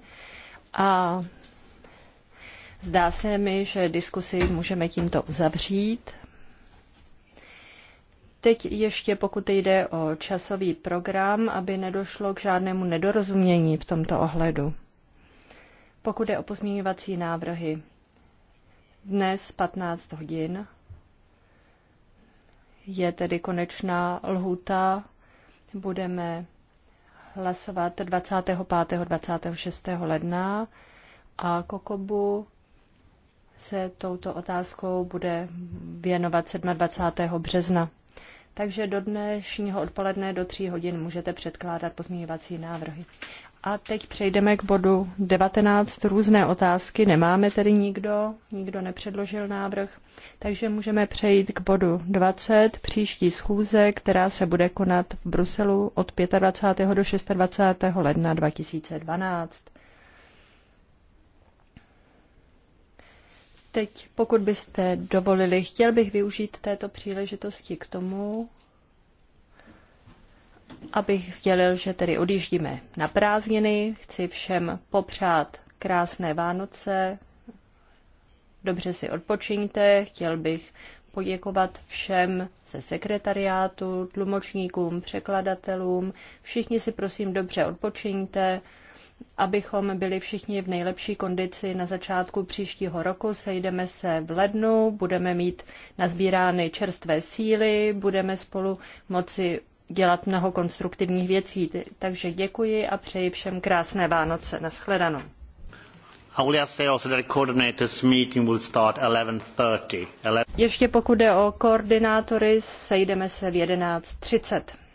a zdá se mi, že diskusi můžeme tímto uzavřít. Teď ještě pokud jde o časový program, aby nedošlo k žádnému nedorozumění v tomto ohledu. Pokud je o pozměňovací návrhy, dnes 15 hodin je tedy konečná lhůta. Budeme hlasovat 25. 26. ledna a Kokobu se touto otázkou bude věnovat 27. března. Takže do dnešního odpoledne do 3 hodin můžete předkládat pozměňovací návrhy. A teď přejdeme k bodu 19. Různé otázky. Nemáme tedy nikdo, nikdo nepředložil návrh, takže můžeme přejít k bodu 20. Příští schůze, která se bude konat v Bruselu od 25. do 26. ledna 2012. Teď, pokud byste dovolili, chtěl bych využít této příležitosti k tomu, abych sdělil, že tedy odjíždíme na prázdniny. Chci všem popřát krásné Vánoce, dobře si odpočiňte. Chtěl bych poděkovat všem ze sekretariátu, tlumočníkům, překladatelům. Všichni si prosím dobře odpočiňte, abychom byli všichni v nejlepší kondici na začátku příštího roku. Sejdeme se v lednu, budeme mít nazbírány čerstvé síly, budeme spolu moci dělat mnoho konstruktivních věcí. Takže děkuji a přeji všem krásné Vánoce. Naschledanou. Ještě pokud jde o koordinátory, sejdeme se v 11.30.